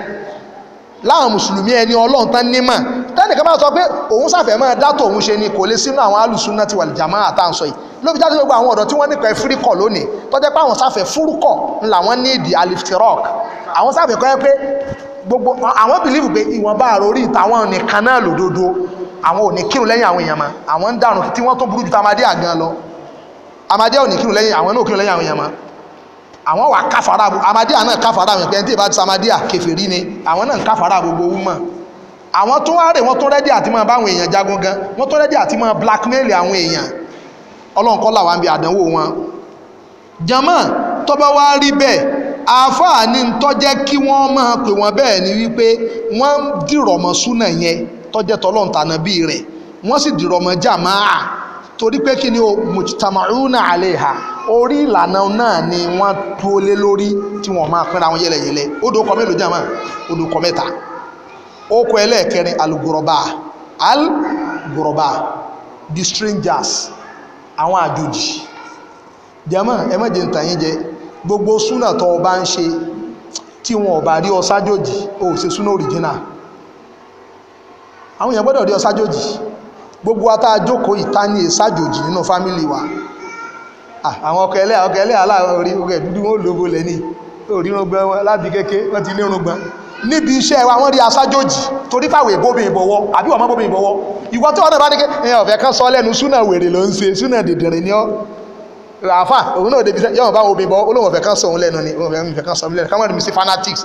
láwọn mùsùlùmí ẹni ọlọ́run tán nímọ̀ tẹ́nìkan bá sọ pé òun ṣàfẹ́ máa dátò òun ṣe ni kò lè sínú àwọn alùsùnà ti wàlìjà máa àtàǹsọ yìí ló fi jáde gbogbo àwọn ọ̀dọ́ tí wọ́n nípa fúrikọ̀ lónìí tọ́jẹ́ pé àwọn ṣàfẹ́ fúrukọ̀ ńlá wọn ní ìdí aliftirok àwọn ṣàfẹ́ kọ́ ẹ pé gbogbo àwọn bìlífù pé ìwọ̀nba àròrí ìtàwọn nìkan náà lòdodo àwọn ò ní kírun lẹ́yìn àwọn èèyàn mọ́ àwọn ń dànù tí wọ́n tó burú ju tamadé àgan lọ amadé ò ní kírun lẹ́yìn àwọn náà ò kírun lẹ́yìn àwọn èèyàn mọ́ àwọn wà káfàrà amadíà náà káfàrà àwọn ìpẹ́ntì ìbá ti samadíà kẹfìrí ni àwọn náà ń káfàrà gbogbo wúmọ̀ àwọn tó wá rè wọ́n tó rẹ́dí àti máa báwọn èèyàn jagun gan wọ́n tó rẹ́dí àti máa blackmail àwọn èèyàn ọlọ́run kọ́ làwọn àbí àdánwò wọn jama tó bá wá rí bẹ́ẹ̀ àáfàá ní tó jẹ́ kí wọ́n máa pè wọ́n bẹ́ẹ̀ ni wípé wọ́n dìrọ̀mọ́ súnà yẹn tó jẹ́ tọ́lọ́ntànà bíi rẹ̀ wọ́n sì dìrọ̀mọ́ jàmáà torí pé kí ni o aleha orí ìlànà náà ni wọ́n tó lé lórí tí wọ́n máa pínra wọn yẹlẹyẹlẹ odò kọ mélòó jàmọ́ odò kọ mẹta okò alugoroba alugoroba the strangers gbogbo súnà tó o bá ń ṣe tí wọn ò bá rí ọ o ò ṣe súnà àwọn gbogbo ata jókòó ìta ní ìsájòjì nínú fámílì wa àwọn ọkọ̀ ẹlẹ́ ọkọ̀ ẹlẹ́ aláàrí ọkọ̀ ẹ̀dúdú wọn lóbo lẹ́ni orírùngbọ̀n wọn láti kéke wọ́n ti nírùngbọ̀n níbi iṣẹ́ wa wọ́n rí asájòjì torí fàwẹ̀ bóbi ìbọ̀wọ́ àbí wọ́n mọ́ bóbi ìbọ̀wọ́ ìwọ́n tí wọ́n náà bá ní ké ẹ ọ̀fẹ́ kan sọ lẹ́nu súnà wèrè ló ń ṣe súnà dìdìrín ni ọ́ àfà òun náà débi yọ̀wọ̀n bá obìnrin bọ́ olóhùn ọ̀fẹ́ kan sọ òun lẹ́nu ni òun ọ̀fẹ́ kan sọ òun lẹ́nu káwọn ẹ̀dùnmí sí fanatics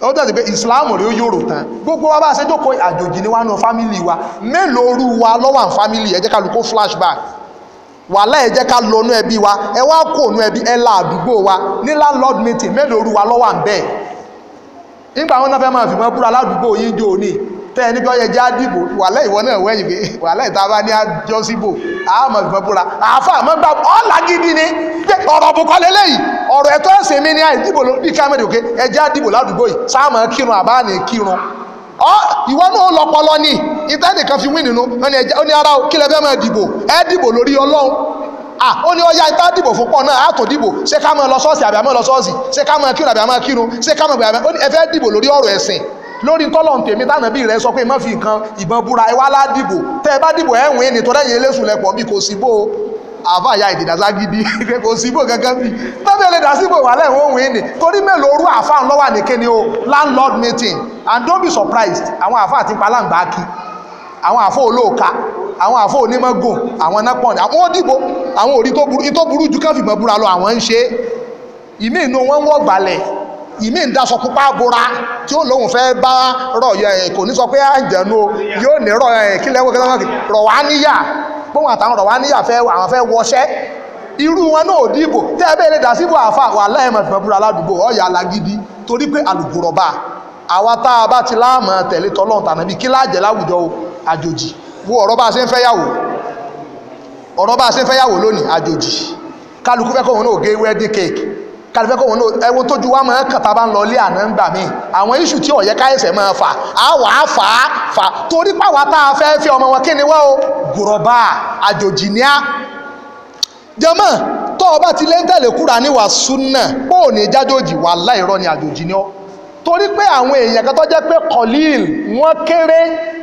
ó dẹ̀ sí pé ìsìláàmù rí ó yòrò tán gbogbo wa bá ṣe jókòó àjòjì ni wá nù fámìlì wa mélòó orú wa lọ́wọ́ àwọn fámìlì ẹ jẹ́ ká flashback wàhálà ẹ̀ jẹ́ ká lọ nú wa ẹ wá kó nú ẹbí ẹ la àdúgbò wa ní landlord meeting mélòó orú wa lọ́wọ́ à ń bẹ́ẹ̀ nígbà wọn náà fẹ́ máa tẹ́ ẹni kọ́ yẹ jẹ́ àdìbò wàhálà ìwọ náà wẹ̀yìn pé wàhálà ìta bá ní àjọsíbò àmọ̀ ìfẹ́ búra àáfà àmọ́ gbà ọ̀là gidi ni pé ọ̀rọ̀ bùkọ́ lélẹ́yìí ọ̀rọ̀ ẹ̀tọ́ ẹ̀sìn mi ní àìdìbò ní kámẹ́rì òkè ẹ jẹ́ àdìbò ládùúgbò yìí sáàmọ̀ kírun àbá kírun ìwọ náà lọpọlọ ni ìtẹ́ nìkan fi wí nínú ó ní ara kílẹ̀ fẹ́ máa dìbò ẹ dìbò lórí ọlọ́run ah ó ní ọya ìta dìbò fún pọ̀ náà àtò dìbò ṣé ká máa lọ ṣọ́ọ̀ṣì àbí àmọ́ lọ ṣọ́ọ̀ṣì ṣé ká máa kírun àbí àmọ́ kírun ṣé ká máa gbé àbí ẹ fẹ́ dìbò lórí ọ̀rọ̀ ẹ̀sìn lórí kọ́lọ̀n tèmi tánàbí rẹ̀ sọ pé má fi nǹkan ìbọn búra ẹ wá ládìbò tẹ́ ẹ bá dìbò ẹ̀wìn ẹni tó lẹ́yìn eléṣù lẹ́pọ̀ bí kò sí bó àbá ìyá ìdìdàsá gidi kò sí bó gẹ́gẹ́ bí tọ́tẹ̀ lè dà síbò wà lẹ́wọ̀n òun ẹni torí mélòó rú àfa ńlọ́wà ní kíni o landlord meeting and don't be surprised àwọn àfa àti palangba kí àwọn àfọ olóòka àwọn àfọ onímọ̀gùn àwọn nápọ̀ ní àwọn òdìbò àwọn òrí tó burú jù káfíìmọ̀ búra lọ àwọn ń ṣe ìmí inú wọn wọ́ gbalẹ̀ ìmí ń daṣọ pupa bora tí ó lóun fẹ́ bá rọ̀ kò ní sọ pé àjẹnu ah, o yóò ní rọ̀ kílẹ̀ wọ́n kílẹ̀ wọ́n rọ̀ wá níyà gbóhùn àtàwọn rọ̀ wá níyà fẹ́ àwọn fẹ́ wọṣẹ́ irú wọn náà ò dìbò tẹ́ ẹ bẹ́ẹ̀ lè dà síbò àfa wà láìmọ̀ ìfẹ́búra aládùúgbò ọ̀yà alágídí torí pé àlùkùrọ̀bà àwa tá a bá ti láàmọ̀ tẹ̀lé tọ́lọ́run tànàbí kí láàjẹ́ láwùjọ àjòjì wo ọ̀rọ̀ bá a ṣe ń fẹ́yàwó ọ̀rọ̀ bá a ṣe ń fẹ́yàwó lónìí àjòjì kálukú fẹ́ kóhun náà gé wedding cake kálífẹ́ kó wọn náà ẹwọ tójú wa máa kàn tá a bá ń lọ ilé àná ń gbà mí àwọn iṣu tí ọ̀yẹ́ káyẹ̀sẹ̀ máa fà á wà á fà á fà torí pàwọ́ tá a fẹ́ fi ọmọ wọn kí ni wọ́n o gùrọ̀bà àjòjì ní á jẹ́mọ́ tó o bá ti lé ń tẹ̀lé kúra níwà súnà pé ò ní jájòjì wà láìrọ́ ni àjòjì ní ọ́ torí pé àwọn èèyàn kan tó jẹ́ pé kọ̀líl wọ́n kéré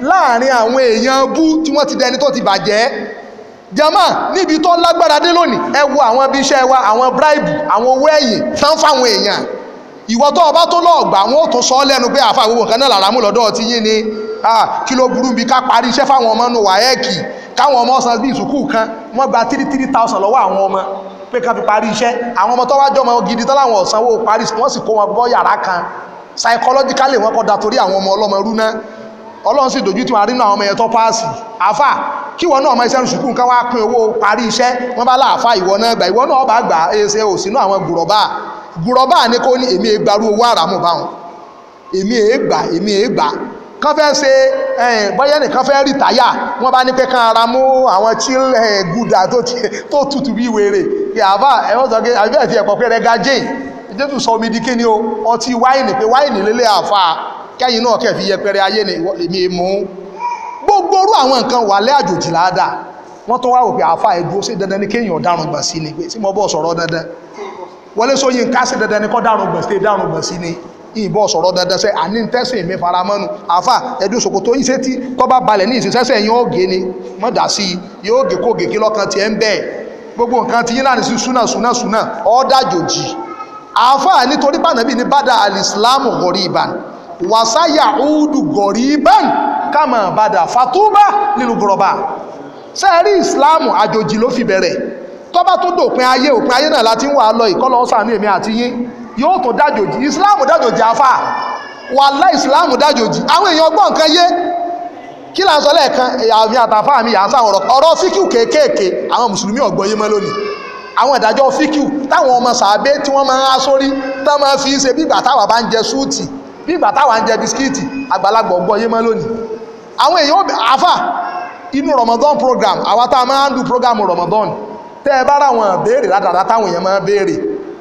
láàrin àwọn èèyàn bú tí wọ́n ti dẹni tó ti bàjẹ́ jama níbi tó lágbára dé lónìí ẹ wo àwọn ibi iṣẹ́ wa àwọn bribe àwọn owó ẹ̀yìn tán fáwọn èèyàn ìwọ tó ọba tó lọ́ọ̀gbà àwọn ò tún sọ lẹ́nu pé àfa gbogbo nǹkan náà làrá mú lọ́dọ̀ ti yín ni kí ló burú bí ká parí iṣẹ́ fáwọn ọmọ nù wáyẹ́ẹ̀kì káwọn ọmọ san bí ìsùkú kan wọ́n gba three three thousand lọ́wọ́ àwọn ọmọ pé ká fi parí iṣẹ́ àwọn ọmọ tó wájọ́ ọmọ gidi tán láwọn ọ̀sánwó parí wọ́n sì kó wọn bọ́ yàrá kan psychologically wọ́n kọ́ da torí àwọn ọmọ ọlọ́mọ rú náà ọlọ́run sì dojú tí wọ́n arínú àwọn ọmọ yẹn tó páàsì àfà kí wọn náà mọ iṣẹ́ ṣùkú nǹkan wá pín owó parí iṣẹ́ wọn bá láàfá ìwọ náà gbà ìwọ náà bá gbà ẹsẹ̀ òsínú àwọn gùrọ̀bà gùrọ̀bà ní kó ní èmi ègbàrú e owó àràmù báwọn èmi ègbà e èmi ègbà e kán fẹ́ ṣe bọ́yẹ́ nìkan fẹ́ rìtáyà wọ́n bá ní pé kán ara mú àwọn chill gúdà tó tutù bí wèrè àbá ẹ̀wọ́n sọ pé àbí ẹ̀fí ẹ̀kọ́ pé rẹ́gájì jésù sọ omi di kí ni o ọtí wáìnì pé wáìnì lélẹ̀ àfa kẹ́yìn náà kẹ́ fi yẹpẹrẹ ayé ni èmi mú gbogbo orú àwọn nǹkan wà lẹ́ àjòjì láàdá wọ́n tó wá wò pé ẹ̀dúró sí dandan ní kéèyàn dárùn gbà sí ni pé sí mo bọ́ sọ̀rọ̀ dandan Wọlé dandan ní kọ́ dárùn gbà sí dárùn ni ìbọ̀ sọ̀rọ̀ dandan sẹ́ àní tẹ́sìn mi faramọ́nu àáfà ẹ̀dú ṣòkòtò iṣẹ́ tí tọ́ bá balẹ̀ ní ìṣẹ́sẹ́ yín ó ni mọ́ dà sí yóò gé kó gé kí lọ́kàn tiẹ̀ ń gbogbo nǹkan ti yín sí súnà súnà súnà ọ́ dájòjì nítorí bànàbí bàdà wàsáyà údù gọ̀ríbán kàmà bàdà fatúbà lílu gọ̀rọ̀bà sẹ́ẹ̀rí ìsìláàmù àjòjì ló fi bẹ̀rẹ̀ tọ́bá tó dòpin ayé òpin ayé náà láti ń wà lọ ìkọ́lọ́ sàánú èmi àti yín yóò tó dájòjì ìsìláàmù dájòjì afá wàlá ìsìláàmù dájòjì àwọn èèyàn gbọ́ nǹkan yé kí là ń sọ lẹ́ẹ̀kan àmì àtàfà mi yà ń sáwọn ọ̀rọ̀ ọ̀rọ̀ fíkìú kéékèèké àwọn mùsùlùmí ọ̀gbọ́yé mọ́ lónìí àwọn ìdájọ́ fíkìú táwọn ọmọ sàábé tí wọ́n máa ń há sórí tá máa fi ṣe bí ìgbà táwa bá ń jẹ súùtì bí ìgbà táwa ń jẹ bisikíìtì àgbàlagbà ọgbọ́n yé mọ́ lónìí àwọn èèyàn àfà inú Ramadan program àwa tá a máa ń lu program Ramadan tẹ́ ẹ bá ráwọn béèrè ládàrá táwọn èèyàn máa béèrè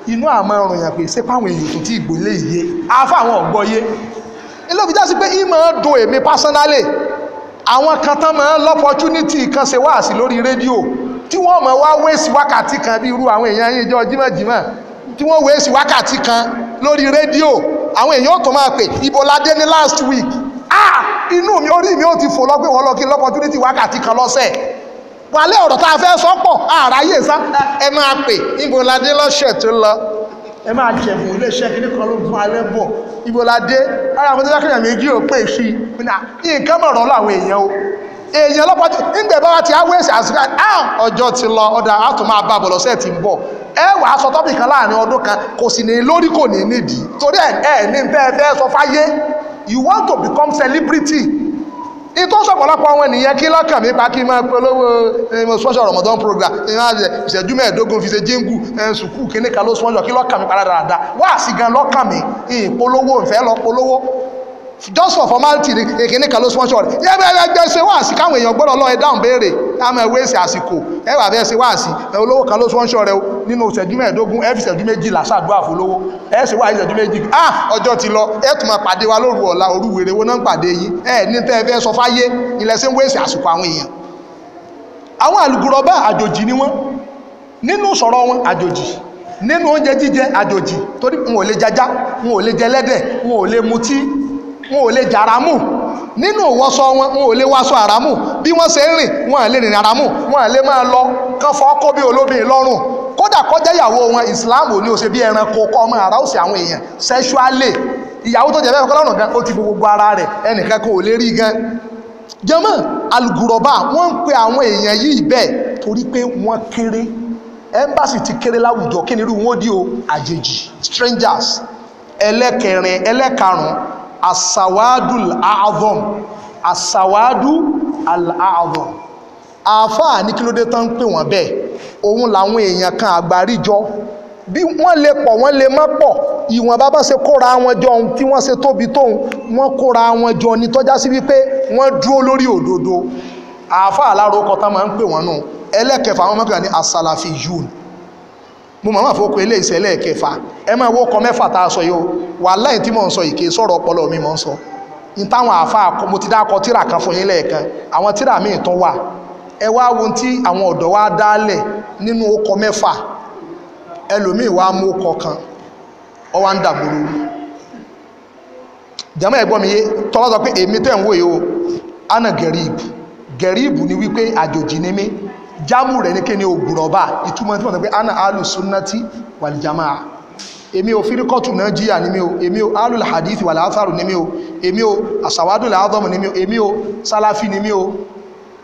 inú àmọ́ ọ̀rùn yàn pé sépáwọn èèyàn tó ti ìgbòlé yìí àfà àwọn ọgbọ́n yé ilé òbí jásí pé ìmọ̀ dùn èmi personally àwọn kan tán máa ń lọ́pọ̀túnítì kan ṣe wáàsí lórí rédíò tí wọ́n máa wá wéèsì wákàtí kan bí irú àwọn èèyàn yìí jọ jímọ̀jímọ̀ tí wọ́n wéèsì wákàtí kan lórí rédíò àwọn èèyàn tó máa pè ibolade ní last week ah inú mi orí mi ó ti fò lọ́gbé wọn lọ́kí lọ́pọ̀tunity wákàtí kan lọ́sẹ̀ wàlẹ́ ọ̀rọ̀ tá a fẹ́ sọ pọ̀ àráyè sá ẹ máa pè ibolade lọ́sẹ̀ tó lọ ẹ máa jẹ̀bù iléeṣẹ́ kìíní kan ló fún alẹ́ bọ̀ ibolade ara àwọn tó dákẹ́yà méjì ò pè sí i nǹkan ti á ọjọ́ ti lọ ọ̀dà ẹ wà á sọ tọ́pì kan láàrin ọdún kan kò sì ní lórí kò ní nídìí torí ẹ ẹ ní tẹ́ ẹ fẹ́ sọ fáyé you want to become celebrity ìtọ́ sọ̀pọ̀lọpọ̀ àwọn ènìyàn kí lọ́kàn mi pa kí n máa polówó ẹ̀mọ sponsor Ramadan program ìṣẹ́jú mẹ́ẹ̀ẹ́dógún fi ṣe jíngù ṣùkú kíníkà ló sponsor kí lọ́kàn mi pa dáadáa wá sí gan lọ́kàn mi ìpolówó ìfẹ́ lọ polówó just for formality èkéne kan ló sponsor rẹ̀ yẹ bẹ́ẹ̀ bẹ́ẹ̀ gbẹ́sẹ̀ wáàsí káwọn èèyàn gbọ́dọ̀ lọ́ọ́ ẹ dáhùn béèrè àmọ́ ẹ wéèsì àsìkò ẹ wà bẹ́ẹ̀ ṣe wáàsí ẹ olówó kan ló sponsor rẹ̀ o nínú ìṣẹ́jú mẹ́ẹ̀ẹ́dógún ẹ fi ìṣẹ́jú méjì làṣàdúrà fún olówó ẹ ṣe wáàsí ìṣẹ́jú méjì ah ọjọ́ ti lọ ẹ tún máa pàdé wa lóru ọ̀la òru wèrè wo náà ń pàdé yìí ẹ ní tẹ́ ẹ fẹ́ sọ fáyé ilẹ̀ ṣe ń wéèsì àsìkò àwọn èèyàn àwọn àlùkùrọ̀bá àjòjì ni wọ́n nínú sọ̀rọ̀ wọn àjòjì nínú oúnjẹ jíjẹ àjòjì torí wọn ò lè jajá wọn ò lè jẹlẹ́dẹ̀ wọn ò lè mutí wọn ò lè jà àràmù nínú ìwọṣọ wọn wọn ò lè wáṣọ àràmù bí wọ́n ṣe ń rìn wọn à lè rìn àràmù wọn à lè máa lọ kán fọ́ kó bí olóbìnrin lọ́rùn kódà kọjá ìyàwó wọn Islam ò ní o ṣe bí ẹranko kọ́ ọmọ àrà òsì àwọn èèyàn sexually ìyàwó tó jẹ bẹ́ẹ̀ kọ́ lọ́rùn gan ó ti fi gbogbo ara rẹ̀ ẹnìkan kò lè rí gan jẹmọ alugurọba wọ́n ń pe àwọn èèyàn yìí bẹ́ẹ̀ torí pé wọ́n kéré embassy ti kéré láwùjọ kí ni irú wọn di o àjèjì strangers ẹlẹ́kẹrin ẹlẹ́karùn-ún Asawadul al asawadu al Afa àáfàá ní kí ló dé tán ń pè wọ́n bẹ́ẹ̀ òun làwọn èèyàn kan àgbáríjọ bí wọ́n lè pọ̀ wọ́n lè má pọ̀ ìwọ̀n bá bá ṣe kóra wọn jọ ohun tí wọ́n ṣe tóbi tóun wọ́n kóra wọn jọ ní tọ́já sí wípé wọ́n dúró lórí òdodo àáfàá aláró kọta máa ń pè wọ́n nù ẹlẹ́kẹfà àwọn mọ́kànlá ní asalafi yun mo ma máa fọ́kọ̀ ilé ìṣẹ̀lẹ̀ kẹfà ẹ máa wó kọ mẹ́fà tá a sọ yìí o wà láì tí mò ń sọ ìké sọ̀rọ̀ ọpọlọ mi mò ń sọ ní táwọn àfa mo ti dákọ tíra kan fún yín lẹ́ẹ̀kan àwọn tíra míì tán wà ẹ wá wo tí àwọn ọ̀dọ́ wa dálẹ̀ nínú okọ mẹ́fà ẹlòmíì wa mú okọ kan ọ wá ń dàgbòrò jàmọ́ ẹ̀gbọ́n mi yé pé o ana gẹ̀rìbù gẹ̀rìbù ni wípé àjòjì ni mí jámù rẹ̀ ní kí ni ògùrọ̀bà ìtumọ̀ tí wọ́n sọ pé ana alu sunnati wal jamaa èmi ò fírikọ́tù náà jíyà ní mi o èmi o alu hadithi wal atharu ní mi o èmi o asawadu làádọ́mù ní mi o èmi o sálàfí ní mi o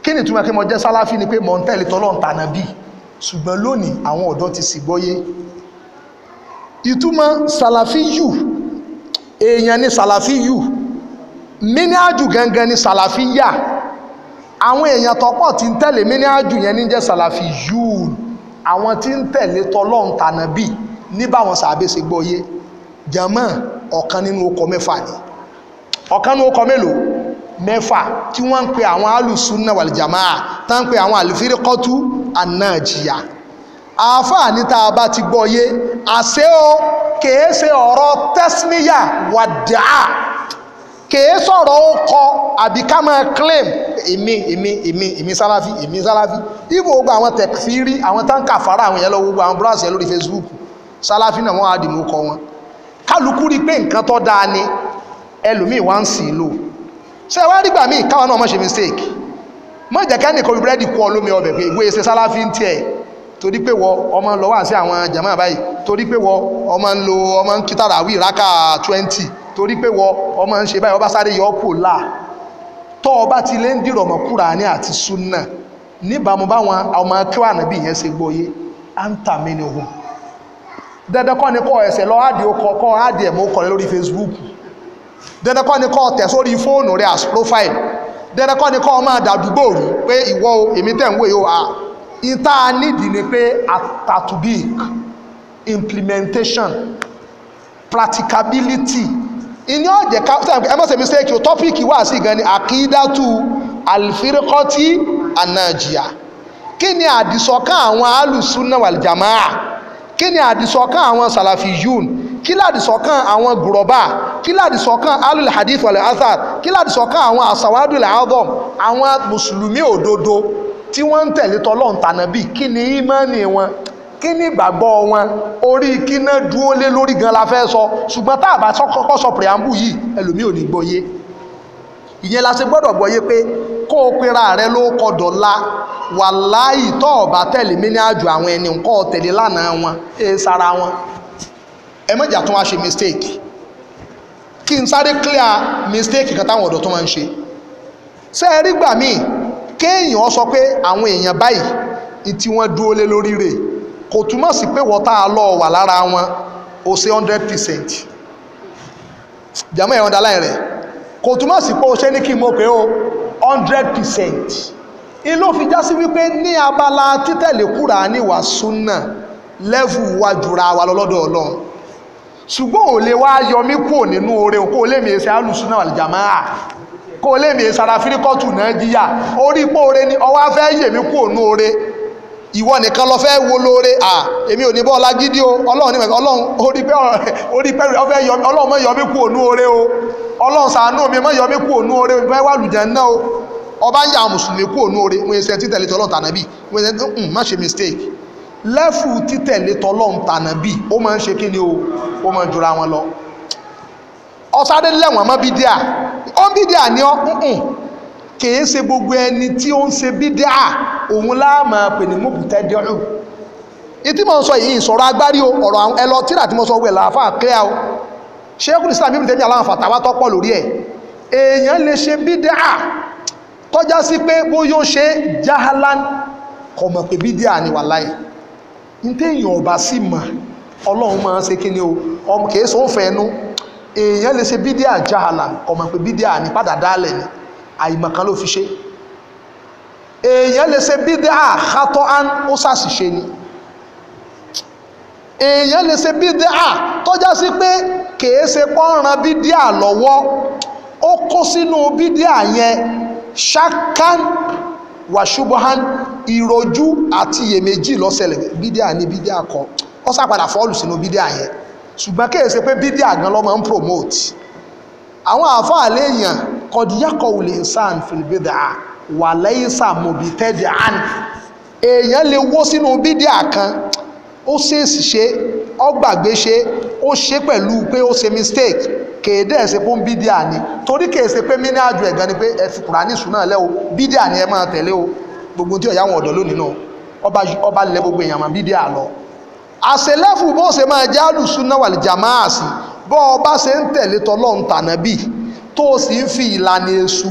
kí ni túnmọ̀ kí mo jẹ́ sálàfí ni pé mọ̀ ń tẹ̀lé tọ́lọ́n tànà bí ṣùgbọ́n lónìí àwọn ọ̀dọ́ ti sì gbọ́yé ìtumọ̀ sálàfí yù èèyàn ni sálàfí yù mínájú gangan ni sálàfí yà àwọn èèyàn tọ́pọ̀ tí ń tẹ̀lé mí ní àjù yẹn ní jẹ́ sàlàfì yúùn àwọn tí ń tẹ̀lé tọlọ́run tànàbì ní báwọn sàbẹ̀ ṣe gbọ́ yé jàmọ́ ọ̀kan nínú ọkọ̀ mẹ́fà ni ọ̀kan nínú ọkọ̀ mélòó mẹ́fà tí wọ́n ń pe àwọn alùsùnà wàlìjàmáà tá ń pe àwọn àlùfíríkọ́tù ànájìyà àáfàá ní tá a bá ti gbọ́ yé àṣẹ o kèé ọ̀rọ̀ tẹ́síníyà wàdàá kèé sọ̀rọ̀ ó kọ àbí ká máa claim èmi èmi èmi èmi sáláfì èmi sáláfì ibo gbogbo àwọn tẹ̀fírí àwọn táǹkà fara àwọn yẹn lọ gbogbo àwọn búrọ́ọ̀sì yẹn lórí Facebook sáláfì náà wọ́n á dìmú kọ wọn kálukú rí pé nǹkan tó dáa ni ẹlòmíì wá ń sì lò ṣé wàá rí gbà míì káwọn náà mọ̀ ṣe mistake mọ̀ jẹ́ kẹ́ni kò fi búrẹ́dì kú ọ lómi ọbẹ̀ pé ìwé ṣe sáláfì ń tiẹ̀ torí pé wọ ọmọ lọ́wọ́ àti àwọn jàmáà báyìí torí pé wọ ọmọ ń lo ọmọ ń kí tàràwí ìrákà twenty torí pé wọ ọmọ ń ṣe báyìí ọba sáré yọ ọ́pò láà tọ́ ọba ti lé ń dìrọ̀ mọ́ Kùránì àti súnà níbàámu báwọn ọmọ akẹ́wà ànábì yẹn ṣe gbọ́yé à ń ni òun dandan kọ́ ni kọ́ ẹsẹ̀ lọ áàdì ó kọ́ kọ́ áàdì ẹ̀ mọ́ kọ́ lórí Facebook dandan kọ́ ni kọ́ tẹ̀ sórí fóònù rẹ̀ as profile dandan kọ́ ni kọ́ ọmọ àdàdúgbò rú pé ìwọ o èmi tẹ̀ ń wòye o à ìta nídìí ni pé àtàtúbík implementation practicability ìní ọ̀jẹ̀ kápítàn ẹ má ṣe mistake o tọ́píìkì wà sí gan ni àkídátù àlìfírikọ́tì ànàjìyà kí ni àdìsọ́kàn àwọn alùsùnà wàlìjàmáà kí ni àdìsọ́kàn àwọn sàlàfíyùn kí ládìsọ́kàn àwọn gùrọ̀bà kí ládìsọ́kàn hadith wàlẹ̀ athar kí ládìsọ́kàn àwọn àsàwádùlẹ̀ album àwọn mùsùlùmí òdodo tí wọ́n ń tẹ̀lé tọ́lọ́ntànàbí kí ni ìmánì wọn kí ni ìgbàgbọ́ wọn orí kí náà dúó lé lórí gan la fẹ́ sọ ṣùgbọ́n tá a bá kọ́kọ́ sọ preamble yìí ẹlòmíì ò ní gbọ́yé ìyẹn la ṣe gbọ́dọ̀ gbọ́yé pé kó o pera rẹ ló kọdọ̀ la wàláì tọ́ ọ̀bá tẹ̀lé mi ní àjò àwọn ẹni nǹkan ọ̀tẹ̀lé lánàá wọn ẹ sara wọn ẹ mọ̀jà tó wá ṣe mistake kí n sáré clear mistake kan táwọn ọ̀dọ́ tó máa ń ṣe ṣé ẹ rí gbà míì kéèyàn sọ pé àwọn èèyàn báyìí tí wọ́n dúró lé lórí rèé kò túmọ̀ sí pé wọ́n tá a lọ wà lára wọn o ṣe hundred percent jàmọ́ ẹ̀rọ dáláì rẹ̀ kò túmọ̀ sí pé o ṣe ní kí n mọ̀ pé o hundred percent ilé òfin já sí wípé ní abala títẹ̀lé Kùránì wà súnà lẹ́fù wa jùra wa lọ́lọ́dọ̀ Ọlọ́run ṣùgbọ́n ò lè wá yọmí kúrò nínú oore kó o lè mi ṣe alùsùnà àlìjàmáà kó lè mi ṣe ara fíríkọ́tù náà jíyà orí pé ni ọwọ́ afẹ́ yèmí kúrò nínú oore ìwọ nìkan lọ fẹ́ wo lóore à èmi ò ní bọ́ ọlá gidi o ọlọ́run nígbà ọlọ́run orí pẹ́ orí pẹ́ ọfẹ́ yọ ọlọ́run mọ́ yọ mí kú ònú oore o ọlọ́run ṣàánú mi mọ́ yọ mí kú ònú oore mi wá lùjẹ́ náà o ọba ń yà mùsùlùmí kú ònú oore wọ́n ṣe títẹ̀lé tọ́lọ́run tànàbí wọ́n ṣe ń hmm, má ṣe mistake lẹ́fù títẹ̀lé tọ́lọ́run tànàbí ó máa ń ṣe kí ni o ó máa ń jura wọn lọ ọ̀sáré lẹ́wọ̀n mọ́ bídíà ó bídíà ni ọ́ hmm, hmm. kìí ṣe gbogbo ẹni tí ó ń ṣe bídíà òun láàmà pè ní dẹ́rù ìtí mọ̀ sọ yìí ìsọ̀rọ̀ agbárí o ọ̀rọ̀ ẹ lọ tíra sọ wẹ̀ o ṣékùn Islam bíbélì tẹ́mi aláǹfà tàwa tọ́pọ̀ lórí ẹ̀ èèyàn lè ṣe bídíà tọ́já sí pé bóyá ó ṣe jahalan kò mọ̀ pé ni wà láyé ní ọba sì mọ̀ ọlọ́run máa ń ṣe o ọmọ kìí sọ ń èèyàn lè jahalan mọ̀ pé ni padà dálẹ̀ àìmọ̀kan ló fi ṣe èèyàn lè ṣe bídà àkátọ́ án ó ṣàṣìṣe ni èèyàn lè ṣe bídà tọ́já sí pé kèé ṣe pọ́nran bídà lọ́wọ́ ó kó sínú bídà yẹn ṣákán wàṣubuhan ìrojú àti iyèméjì lọ́sẹ̀lẹ̀ bídà ní à kan ó sàpadà fọ́ọ̀lù sínú bídà yẹn ṣùgbọ́n kèé ṣe pé à gan ló máa ń promote àwọn àfáà léèyàn kọ̀díyàkọ̀ wùlẹ̀ ìsàn fìlìbìdà wà lẹ́yìnsà mọ̀bìtẹ́dì èèyàn lè wó sínú bídíà kan ó ṣèèsì ṣe ó gbàgbé ṣe ó ṣe pẹ̀lú pé ó ṣe mistake kèédé ẹ̀ ṣe bídíà torí kèé ṣe pé àjò ẹ̀gán ni pé ẹ fi o ẹ máa tẹ̀lé o gbogbo tí ọ̀yá wọn lónìí náà ọba lẹ gbogbo èèyàn máa lọ àṣẹlẹ́fù bó ṣe máa náà wà lè ọba ṣe tó o sì ń fi ìlànà èṣù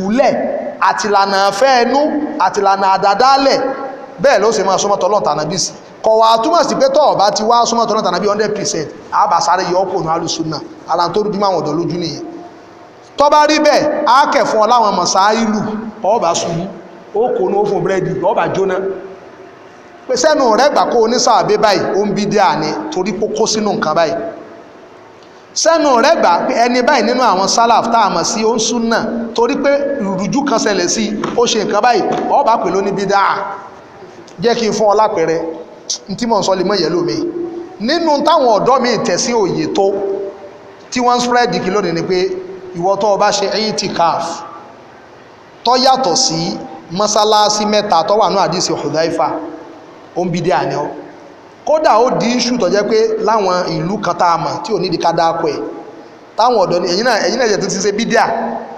àtìlànà àfẹ́ ẹnu àtìlànà àdádálẹ̀ bẹ́ẹ̀ ló sì máa súnmọ́ tọ́lọ́ sí túmọ̀ ti wá súnmọ́ hundred percent sáré yọ ọ́pọ̀ ònà náà ara tó rújú máwọn ọ̀dọ́ lójú nìyẹn tọ́ bá rí bẹ́ẹ̀ á ọ láwọn mọ̀sá ìlú ó kò ní ó sẹ́nu rẹ̀ gbà pé ẹni báyìí nínú àwọn sálàf tá a mọ̀ sí ó ń súnà torí pé ìrújú kan ṣẹlẹ̀ sí ó ṣe nǹkan báyìí ọba pè ló ní bídà jẹ́ kí n fún ọ lápẹẹrẹ tí mò ń sọ lè mọ̀ yẹ̀lò mi nínú táwọn ọ̀dọ́ mi tẹ̀ sí òye tó tí wọ́n ń spread kí lónìí ni pé ìwọ tó o bá ṣe itikaf Tọ́ yàtọ̀ sí mọ́sálásí mẹ́ta tó wà àdìsí Hudhaifa ó ń bídà ni ọ́ kódà ó di iṣu tó jẹ́ pé láwọn ìlú kan tá a mọ̀ tí ò ní di kádà kọ ẹ̀ táwọn ọ̀dọ́ ni ẹ̀yin náà ẹ̀yin náà ẹ̀jẹ̀ tó ti ṣe bídíà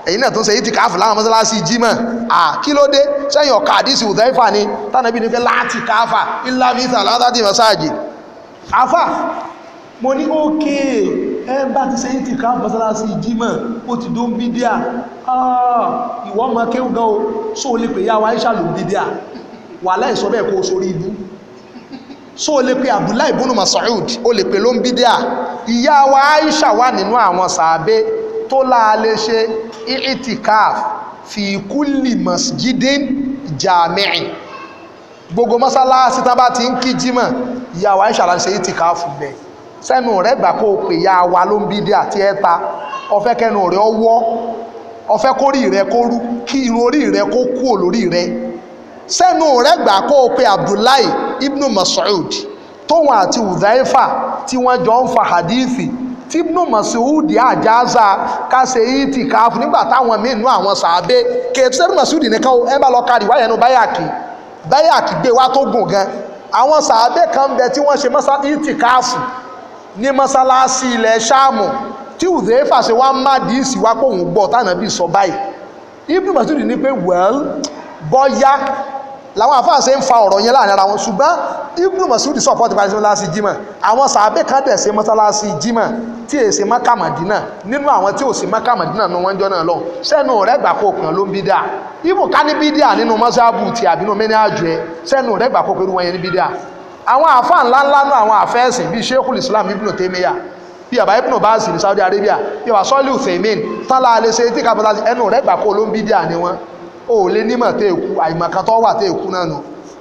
ẹ̀yin náà tó ń ṣe yìí ti káàfù láwọn mọ́sálásí jímọ̀ à kí ló dé sẹ́yìn ọ̀ka àdìsí ùdẹ́fà ni tánàbí ni pé láti káàfà ńlá fíìsà látàdì mọ́sáàjì àfà mo ní ókè ẹ bá ti ṣe yìí ti káàfù mọ́sálásí jímọ̀ ó ti dún bídíà ìwọ́n mọ kéwù gan o sóò lè pè yá wa ń ṣàlù bídíà wàhálà ìsọ o sórí so o lè pe abdullahi ibn masoud o lè pe ló ń bí díà ìyá wa aisha wà nínú àwọn sàábé tó láàlẹ́ itikaf fi kulli masjidin jami'in gbogbo mọ́sálásí tá bá ti ń kí jímọ̀ ìyá wa aisha la ṣe itikaf bẹ́ẹ̀ sẹ́nu rẹ̀ gbà kó o pè ya wa ló ń bí díà tí ẹ ta kẹnu rẹ̀ ọwọ́ ọ̀fẹ́ kórì rẹ̀ kó rú kí irun orí rẹ̀ kó kúò lórí rẹ̀ sẹ́nu rẹ̀ gbà kó o pe Abdullahi ibnu Mas'ud tóun àti Udhaifa tí wọ́n jọ ń fa hadithi tí ibnu Mas'ud àjáza kásẹ̀ yìí ti káfù nígbà táwọn míì nú àwọn sàábé kèétí sẹ́nu Mas'ud nìkan ẹ bá lọ kárí wáyẹnu báyàkì báyàkì gbé wá tó gùn gan àwọn sàábé kan bẹ tí wọ́n ṣe mọ́sá yìí káfù ní mọ́sálásí ilẹ̀ ṣáàmù tí Udhaifa ṣe wá má dìísì wá pòun gbọ́ tánàbí sọ báyìí ibnu Mas'ud ní pé well bọ́yá làwọn àfáàṣe ń fa ọ̀rọ̀ yẹn láàrin ara wọn ṣùgbọ́n Ibn Mas'ud support parí sí mọ́sálásí jimá àwọn sàábẹ́ kan dẹ̀ ṣe mọ́sálásí jimá tí è ṣe Mákà Mádínà nínú àwọn tí ò sí Mákà Mádínà nu wọ́n jọ náà lọ sẹ́nu rẹ̀ gbà kó pin ló ń bídà ibù ká ní bídà nínú mọ́sáàbù ti àbínú mẹ́ni àjọ ẹ sẹ́nu rẹ̀ gbà kó pẹ̀lú wọn yẹn ní bídà àwọn àfa ńlá ńlá náà àwọn àfẹ́sìn bíi Sheikhul Islam Ibn Taymiyyah bí àbá ibùnà bá sì ní Saudi Arabia bí wàá sọ́ọ́lì ufemin tán láàlẹ́ ṣe tí kábọ́lá ẹnu rẹ̀ gbà kó ló ń bídà ni wọ́n o ò lè nímọ̀ tẹ́ èkú àìmọ̀kan tó wà tẹ́ èkú náà nù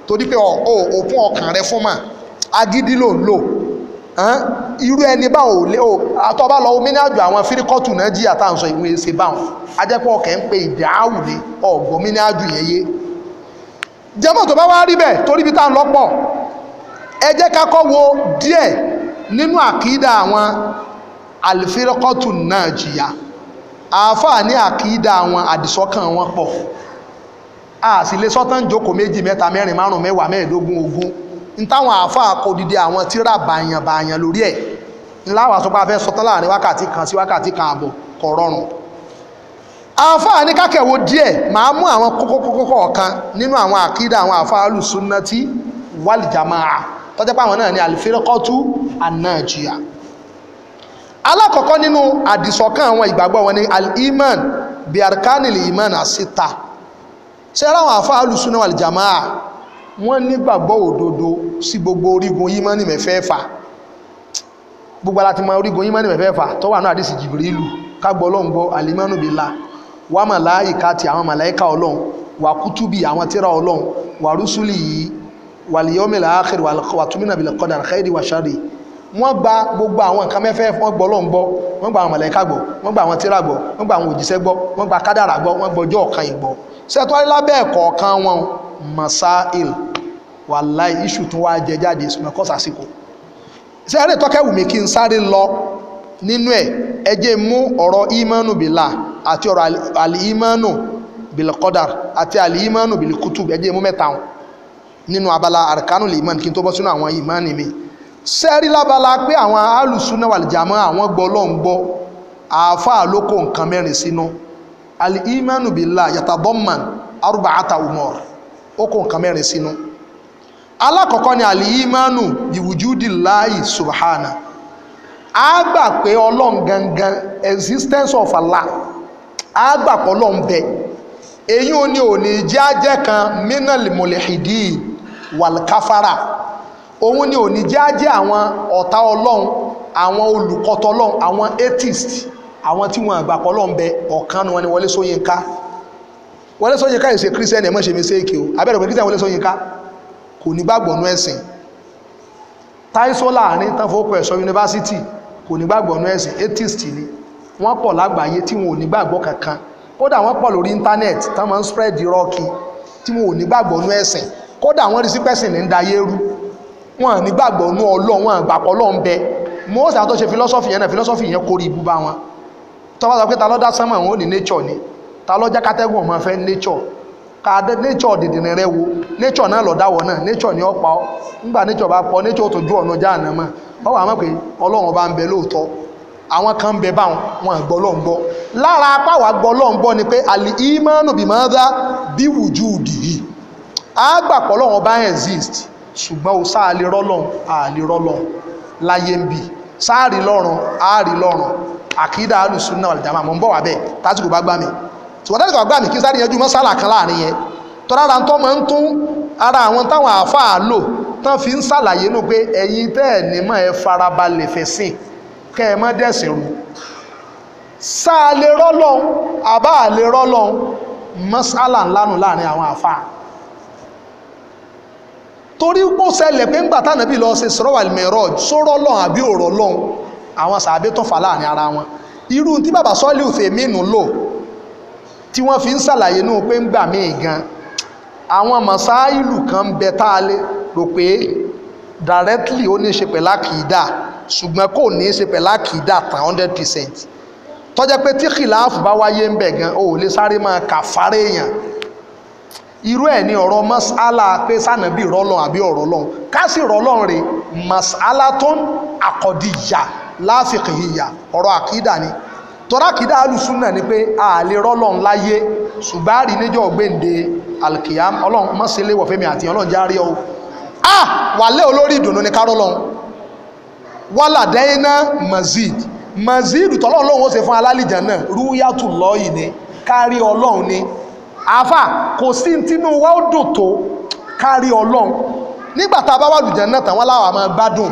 torí pé òkun ọkàn rẹ fún mà agídí ló ń lò irú ẹni bá ò lé o àtọ́ bá lọ omi ní àjò àwọn fíríkọ́tù náà jí àtàǹsọ ìwé ṣe báwọn ajẹ́pọ̀ ọ̀kẹ́ ń pe ìdá àwùlé ọ̀gbọ̀n mi ní àjò yẹn yé jẹ́mọ̀ tó bá wá rí bẹ́ẹ̀ torí bí tá ń lọ́pọ̀ ẹ jẹ́ ká kọ́ wo díẹ̀ nínú àkídà àwọn àlìfíríkọ́tù náà jìyà àáfàá ní àkídà àwọn àdìsọ́kàn wọn pọ̀ a sì lè sọ́tàn jókòó méjì mẹ́ta mẹ́rin márùn mẹ́wàá mẹ́ẹ̀ẹ́dógún ogún n táwọn àáfàá kò dìde àwọn tíra bàyàn bàyàn lórí ẹ̀ ńláwà sọ pé a fẹ́ sọtán láàrin wákàtí kan sí wákàtí kan àbọ̀ kò rọrùn àáfàá ní kákẹ́wò díẹ̀ máa mú àwọn kókókókó kọ̀ọ̀kan nínú àwọn àkídà àwọn àáfàá alùsùnàtì wàlìjàmáà tọ́jẹ́ pé àwọn náà ní àlìfẹ́rẹ́kọ́tù ànájìyà alákọ̀ọ́kọ́ nínú àdìsọ́kàn àwọn ìgbàgbọ́ wọn ni al-iman biarkanil iman asita ṣe ráwọn àfa alùsùnà àlìjàmáà wọ́n nígbàgbọ́ òdodo sí gbogbo orígun yímánì mẹ́fẹ̀ẹ̀fà gbogbo aláti mọ orígun yímánì mẹ́fẹ̀ẹ̀fà tó wà náà àdìsí jìbìrìlù kágbọ́ ọlọ́run gbọ́ àlìmánù bìlà wà màláìka ti àwọn màláìka ọlọ́run wà kútùbì àwọn tíra ọlọ́run wà rúsùlì yìí wà lìyọ́mìlà áàkiri wà túmínà bìlẹ̀ kọ́dà àkẹ́rì wà sáré wọ́n gba gbogbo àwọn nǹkan mẹ́fẹ́ wọ́n gbọ́ lọ́n gbọ́ wọ́n gba àwọn màláìka gbọ́ wọ́n gba àwọn tíra gbọ́ wọ́n gba àwọn òjíṣẹ́ gbọ́ wọ́n gba kádàrà gbọ́ wọ́n gbọ́jọ́ ọ̀kan ìgbọ́ ṣètò alábẹ́ ẹ̀kọ́ kan wọn masail wàláì iṣu tó wá jẹ jáde ṣùgbọ́n kọ́ sàṣìkò ṣe eré tọ́kẹ́wù mi kí n sáré lọ nínú ẹ̀ ẹ jẹ́ mú ọ̀rọ̀ ìmánu bìlà àti ọ̀rọ̀ àlìímánu bìlìkọ́dà àti àlìímánu bìlìkútù ẹ mú mẹ́ta wọn nínú abala àrìkánù lèmán kí n tó bọ́ sínú àwọn ìmánì mi sẹ́rí lábala pé àwọn alùsùnà wàlìjàmọ́ àwọn gbọ́ lọ́n àáfàá ló nǹkan mẹ́rin sínú. No al-imanu billah yatadamman arba'ata umur ó kó nǹkan mẹ́rin sínú alákọ̀ọ́kọ́ ni al-imanu biwujudillahi subhana a gbà pé ọlọ́run gangan existence of Allah a gbà pé ọlọ́run bẹ èyí ò ní òní jẹ́ ajẹ́ kan minal mulhidi walkafara òun ni òní jẹ́ ajẹ́ àwọn ọ̀tá ọlọ́run àwọn olùkọ́tọ́ ọlọ́run àwọn atheist àwọn tí wọ́n àgbà pọ̀ lọ́nbẹ ọ̀kan ni wọ́n ni Wọlé Ṣóyínká Wọlé Ṣóyínká yìí ṣe kírísítẹ́nì ẹ̀ mọ́ ṣe mi ṣe é kí o abẹ́rẹ́ pé kírísítẹ́nì Wọlé Ṣóyínká kò ní gbàgbọ́ nú ẹ̀sìn táìsó láàrin tán fọ́kọ̀ ẹ̀ṣọ́ yunifásitì kò ní gbàgbọ́ nú ẹ̀sìn atheist ni wọ́n pọ̀ lágbàáyé tí wọn ò ní gbàgbọ́ kankan kódà wọ́n pọ̀ lórí íńtánẹ́ẹ̀tì tán máa ń spread rọ́ọ̀kì tí wọn ò ní gbàgbọ́ nú ẹ̀sìn kódà wọ́n rí sí pẹ́sìn ní ń rú wọn ní gbàgbọ́ nú Ọlọ́run àgbàpọ̀ lọ́nbẹ mọ́ọ́sà tó ṣe philosophy yẹn náà philosophy yẹn kórìí bú bá wọn tọ́wọ́ sọ pé ta ló dá sánmà wọn ò ní nature ni ta ló já kátẹ́gùn ọmọ fẹ́ nature ká nature rẹ wo nature náà ló dá náà nature ni ó ọ́ nígbà nature bá pọ̀ nature tó ju ọ̀nà jáàná mọ́ ọwọ́ àmọ́ pé ọlọ́run bá ń bẹ lóòótọ́ àwọn kan ń bẹ wọn gbọ́ lọ́n gbọ́ lára apá wa gbọ́ lọ́n gbọ́ ni pé ìmọ̀nù dá bí wùjú exist ṣùgbọ́n o sáà lè rọ́lọ́n àà lè rọ́lọ́n láyé ń bì sáà rí àkídà alùsùnà àlìjàmà mọ̀ ń bọ̀ wà bẹ́ẹ̀ tásìkò bá gbà mí ṣùgbọ́n tásìkò bá gbà mí kí sáré yanjú mọ́sálà kan láàrin yẹn tọ́ra ara tó máa ń tún ara àwọn táwọn àáfàá lò tán fi ń ṣàlàyé nù pé ẹ̀yin tẹ́ ẹ̀ ní mọ̀ ẹ farabalẹ̀ fẹ̀sìn kẹ́ ẹ mọ́ dẹ̀sìn rú sáà lè rọ́lọ́n àbá lè rọ́lọ́n mọ́sálà ńlánù láàrin àwọn àáfàá torí pọ́ ṣẹlẹ̀ pé ńgbà tánàbí lọ ṣe sọ́rọ̀ àlùmẹ̀rọ̀ sọ́rọ̀ lọ́n àbí òrọ̀ lọ́n àwọn sàábé tó fà láàrin ara wọn irú tí bàbá sọ́ọ̀lì òfèmínú lò tí wọ́n fi ń ṣàlàyé nù pé ń gbà míì gan àwọn mọ̀sáìlù kan bẹ tá a lè rò pé directly ó ní í ṣe pẹ̀lá kìídà ṣùgbọ́n kò ní í ṣe pẹ̀lá kìídà tán hundred percent tọ́jẹ́ pé tí kìláàfù bá wáyé ń bẹ̀ gan o ò lè sáré máa kà fárẹ́ èèyàn irú ẹ̀ ní ọ̀rọ̀ mas'ala pé sànàbí rọlọ́n àbí ọ̀rọ̀ lọ́n ká sì rọlọ́n rè mas'ala tó ń àkọ́díjà láàfìkì ìyà ọ̀rọ̀ àkídà ni tọ́rọ àkídà alùsùnà ni pé a lè rọ́lọ́n láyé ṣùgbọ́n àrí níjọ́ gbéǹde alkiyam ọlọ́run mọ́sílẹ̀ wọ̀fẹ́mi àti ọlọ́run járí ọ ah wàlẹ́ olórí ìdùnnú ni kárọ́lọ́run wàlà dẹ́yìnà mazid mazid tọ́lọ́run lóhun ó ṣe fún alálìjàn náà rúyàtù lọ́ọ̀yì ni kárí ọlọ́run ni àáfà kò sí tínú wa ó dùn tó kárí ọlọ́run nígbà tá a bá wà lùjàn náà tàwọn aláwọ̀ àmọ́ gbádùn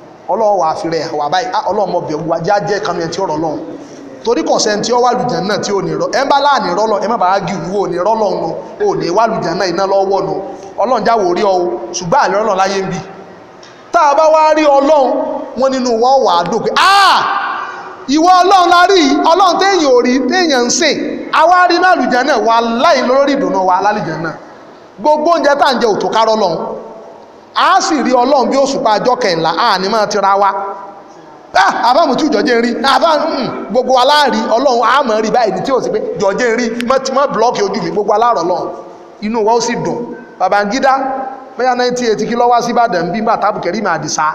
ọlọ́run wà fi báyìí ah, já jẹ́ kanu ẹ̀ tí ọ̀rọ̀ lọ́run torí tí ó wà lùjàn náà tí ò ní rọ ẹ bá láàní rọlọ má gí ìwú ò ní ò ní wà lùjàn náà iná lọ́wọ́ ọlọ́run rí ọ ṣùgbọ́n àlẹ́ ọlọ́run láyé ń bì tá a bá wá rí ọlọ́run wọn wọn wà á ah! ìwọ ọlọ́run la rí ọlọ́run téèyàn ò rí téèyàn ń rí náà lùjàn náà wà láì lórí ìdùnnú wa lálùjàn náà gbogbo oúnjẹ tá a sì rí ọlọ́run bí òṣùpá ọjọ́ kẹ̀ńlá a ní máa tira wa ah, àbámu tí ìjọ́jẹ́ rí àbámu hmm, gbogbo aláàrí ọlọ́run a máa rí báyìí ní tí ò sí pé jọ̀jẹ́ rí mọ́ búlọ́ọ̀kì ojú mi gbogbo aláàrọ̀ ọlọ́run inú wa ó sì dùn Babangida bóyá 98 kí ló wá sí Ìbàdàn bí bá tábùkẹ́rì máa dìsá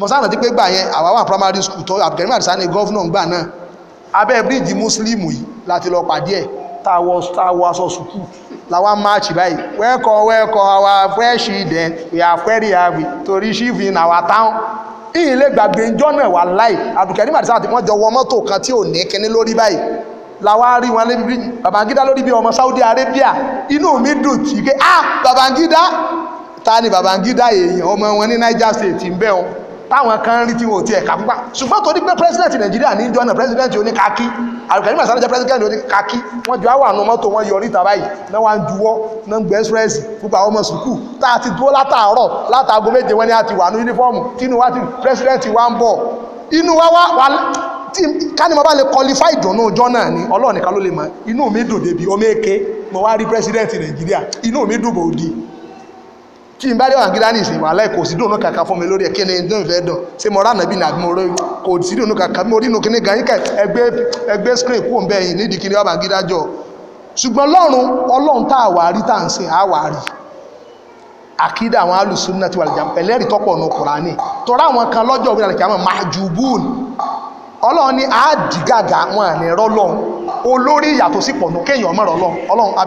mọ̀sánà ti pé gbà yẹn àwa wà primary school tó àbùkẹ́rì máa dìsá ní gọ́vnọ̀ gbà náà abẹ́ bíríìjì mùsùlùmù yìí láti lọ pàdé ẹ̀ táwọ aṣọ sùkú làwọn máàchì báyìí welcome welcome our fresh then we are very happy to receive in our town ìyìn lè gbàgbé ń jọ́nà wà láì àdùkẹ́ ní màdìsáàtì wọ́n jọ wọ mọ́tò kan tí ò ní kíní lórí báyìí làwa rí wọn lébi bí Babangida lórí bí ọmọ Saudi Arabia inú mi dùn tí ké ah Babangida ta ni Babangida èèyàn ọmọ wọn ní Niger State ń bẹ̀ wọn táwọn kan rí tí wọn ò tiẹ̀ kà púpà ṣùgbọ́n torí pé president nàìjíríà ní jọ́nà president oníkakí àrùkàní màsánà jẹ́ president oníkakí wọ́n jọ àwọn àna mọ́tò wọn yọ oríta báyìí náà wá ń juwọ́ náà ń gbé express púpà àwọn ọmọ sùkúù tá a ti dúró látàárọ̀ látàgò méje wọn ni a ti wà ní yúnífọ́ọ̀mù tí inú wa ti president wa ń bọ̀ inú wa wá tí káni mo bá lè qualify ìdùnnú ọjọ́ náà ni ọlọ́ọ̀nìkan ló lè mọ inú mi dùn débi omi èké mo wá rí president nàìjíríà inú mi dùn bòdì tí n bá rí wàhálà ní ìsìn wàhálà kò sí dùnú kankan fún mi lórí ẹ ni dùn fẹ́ dùn ṣé mo rà nàbí nàbí mo rí kò sí dùnú kankan mo rí inú kíní gan yíkà ẹgbẹ́ ẹgbẹ́ screen kú òǹbẹ yìí nídìí kíní ọba gíga jọ ṣùgbọ́n lọ́run ọlọ́run tá a wà rí tá à ń sìn á wà rí àkídà àwọn ti wà lè ẹlẹ́rìí tọ́pọ̀ ọ̀nà kùránì tọ́ra àwọn kan lọ́jọ́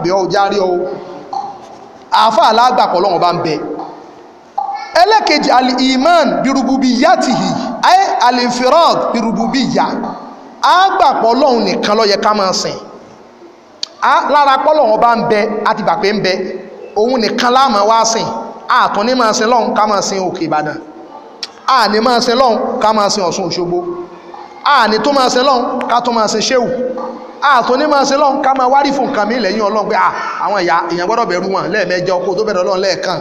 òwúrọ̀ àáfà alágbàpọ̀ lọ́wọ́ bá ń bẹ ẹlẹ́kejì al-iman birububiyatihi ay al-infirad birububiya àgbàpọ̀ lọ́wọ́ nìkan ló yẹ ká máa sìn lára pọ́ lọ́wọ́ bá ń bẹ àti gbàgbé ń bẹ òun nìkan la máa wá sìn àtún ní máa sin lọ́hun ká máa sin òkè ìbàdàn àní máa sin lọ́hun ká máa sin ọ̀ṣun òṣogbo àní tó máa sin lọ́hun ká tó máa sin ṣéwù àtún ní máa ṣe lọ́n ká máa wárí fún nǹkan mi lẹ́yìn ọlọ́run pé àwọn ìyá èèyàn gbọ́dọ̀ bẹ̀rù wọn lẹ́ẹ̀mẹjọ kó tó bẹ̀rẹ̀ ọlọ́run lẹ́ẹ̀kan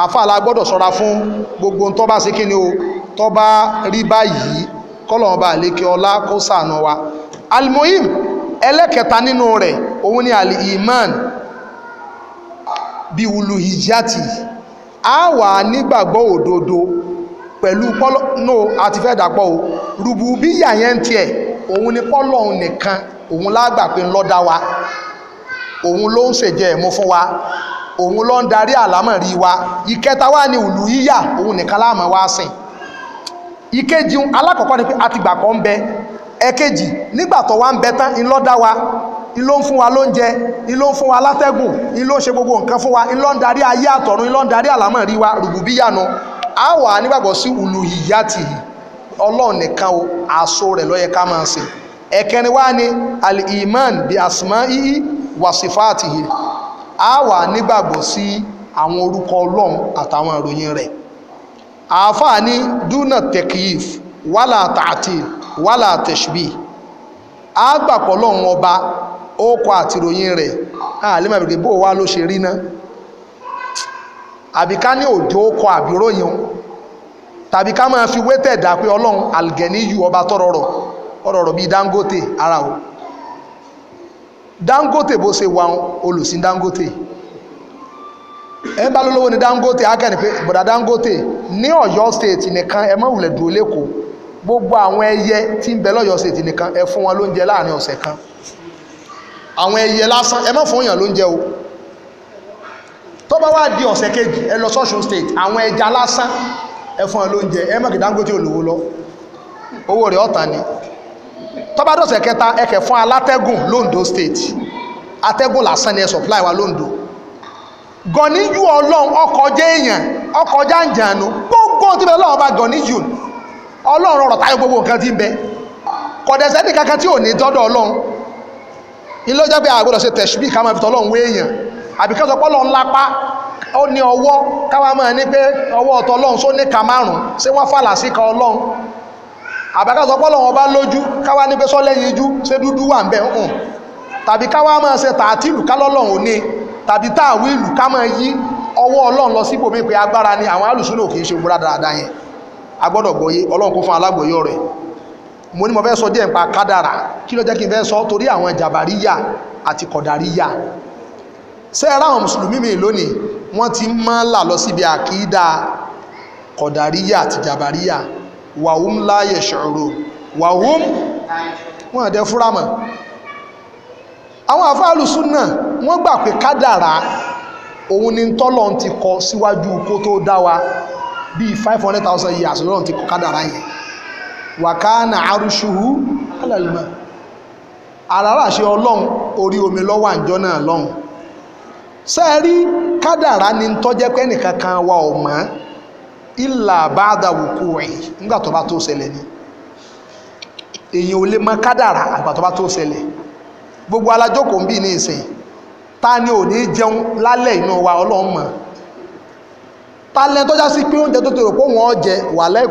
àáfà la gbọ́dọ̀ ṣọ́ra fún gbogbo tó bá ṣe kíni o tó bá rí báyìí kọ́lọ́run bá lékè ọlá kó ṣàánú wa almuhim ẹlẹ́kẹta nínú rẹ̀ òun ni al-iman bí wuluhijati a wà nígbàgbọ́ òdodo pẹ̀lú pọ́lọ́ no àti fẹ́ dàpọ̀ o rùbùbíyà yẹn tiẹ̀ òun ni pọ́lọ́hún nìkan òun lágbà pé ń lọ́dá wa òun ló ń ṣèjẹ́ ẹ̀mú fún wa òun ló ń darí àlámọ̀rí wa ìkẹta wa ni ìlú yíyà òun nìkan láàmú wa sìn ìkejì alákọ̀ọ́kọ́ ni pé àtìgbà kan ń bẹ ẹ̀kejì nígbà tó wá ń bẹ tán ń lọ́dá wa ìló ń fún wa lóúnjẹ ìló ń fún wa látẹ́gùn ìló ń ṣe gbogbo nǹkan fún wa ìló ń darí ayé àtọ̀run ìló ń darí àlámọ̀rí wa rùbùbíyànu a wà nígbàgbọ́ sí ìlú yíyà tìyí ọlọ́run nìkan o àṣọ rẹ̀ lọ́yẹ ká máa ṣe ẹ̀kẹrin wá ní al-iman bí asma ihi wàsífàtì yìí a wà nígbàgbọ́ sí àwọn orúkọ ọlọ́run àtàwọn ìròyìn rẹ̀ àáfàá ní dúnà tekif wàlà tààtì wàlà tẹ̀síbì a gbàpọ̀ ọlọ́run ọba ó kọ àtìròyìn rẹ̀ àlẹ́mọ̀ ìgbẹ́ bó wa ló ṣe rí ná àbíká ní òjò ó kọ àbíròyìn tàbí ká máa fi wétẹ̀ dà pé ọlọ́run yu ọba tọrọrọ ọrọrọ bíi Dangote ara o Dangote bó ṣe wà olùsìn Dangote ẹ bá lólówó ni Dangote akẹ́ni pé bọ̀dà Dangote ní Ọ̀yọ́ state nìkan ẹ má wulẹ̀ dúró lẹ́kọ̀ọ́ gbogbo àwọn ẹyẹ tí ń bẹ lọ́yọ́ state nìkan ẹ fún wọn lóúnjẹ láàrin ọ̀sẹ̀ kan àwọn ẹyẹ lásán ẹ má fún èèyàn lóúnjẹ o tó wá di ọ̀sẹ̀ kejì ẹ lọ sọ́ṣun state àwọn ẹja lásán ẹfún ẹ lóúnjẹ Dangote olówó lọ owó rẹ̀ ọ̀tà ni tọ́ba kẹta ẹ fún londo state atẹ́gùn lásán ni ẹ supply wa londo gọ̀níjú ọlọ́run ọkọjá èèyàn ọkọjá ń gbogbo tí bẹ́ẹ̀ lọ́wọ́ bá gọ̀níjú ọlọ́run ọ̀rọ̀ táyọ̀ gbogbo nǹkan ti ń bẹ kọ̀dẹ̀sẹ̀ ní kankan tí ò ní dọ́dọ̀ ọlọ́run ilé ọjọ́ pé àgbọ̀dọ̀ ṣe ká máa ó ní ọwọ́ káwá máa ní pé ọwọ́ ọ̀tọ̀ ọlọ́run só ní ka márùn-ún ṣé wọ́n fàlà sí ka ọlọ́run àbákàtà ọpọlọ wọn bá lójú káwá ní pé sọ́lẹ́yìn ijú ṣé dúdú wà ń bẹ̀ ń hùn tàbí káwá máa ṣe tààtìlù kálọ́lọ́run ò ní tàbí táàwí ìlú ká máa yí ọwọ́ ọlọ́run lọ sípò mí pé agbára ni àwọn alùsùn náà kì í ṣe gbọ́dá dáadáa yẹn agbọ́dọ̀ gbọ́yé ọlọ́run kún fún alágbọ̀yọ́ rẹ̀ mo ní mo fẹ́ sọ díẹ̀ nípa kádàrà kí ló jẹ́ kí n fẹ́ sọ torí àwọn jàbàríyà àti kọ̀dàríyà sẹ́ẹ̀rá àwọn mùsùlùmí mi lónìí wọ́n ti máa là lọ síbi àkídà kọ̀dàríyà àti jàbàríyà wàhùn láyẹ̀ ṣọ̀rọ̀ wàhùn wọ́n àdẹ fúramọ̀ àwọn àfáàlùsù náà wọ́n gbà pé kádàrá òun ni tọ́lọ̀ ti kọ síwájú kó tó dá bíi five hundred thousand years lọ́rọ̀ ti kọ kádàrá yẹn wàkánà arúṣuhu alàlùmọ̀ àràràṣe ọlọ́run orí omi lọ́wọ́ àǹjọ́ náà lọ́hùn sẹ́ẹ̀rí kádàrá ni tọ́jẹ́ pé ẹnìkan kan wa ò mọ̀ ìlà rẹ̀ nígbà tó bá tó ni èyàn ò lè mọ kádàrá àgbà tó bá gbogbo alájókòó ń bì ní ìsìn ta ni ò ní jẹun lálẹ́ inú wa ọlọ́run ta lẹ́ sí pé oúnjẹ tó ti rò pé jẹ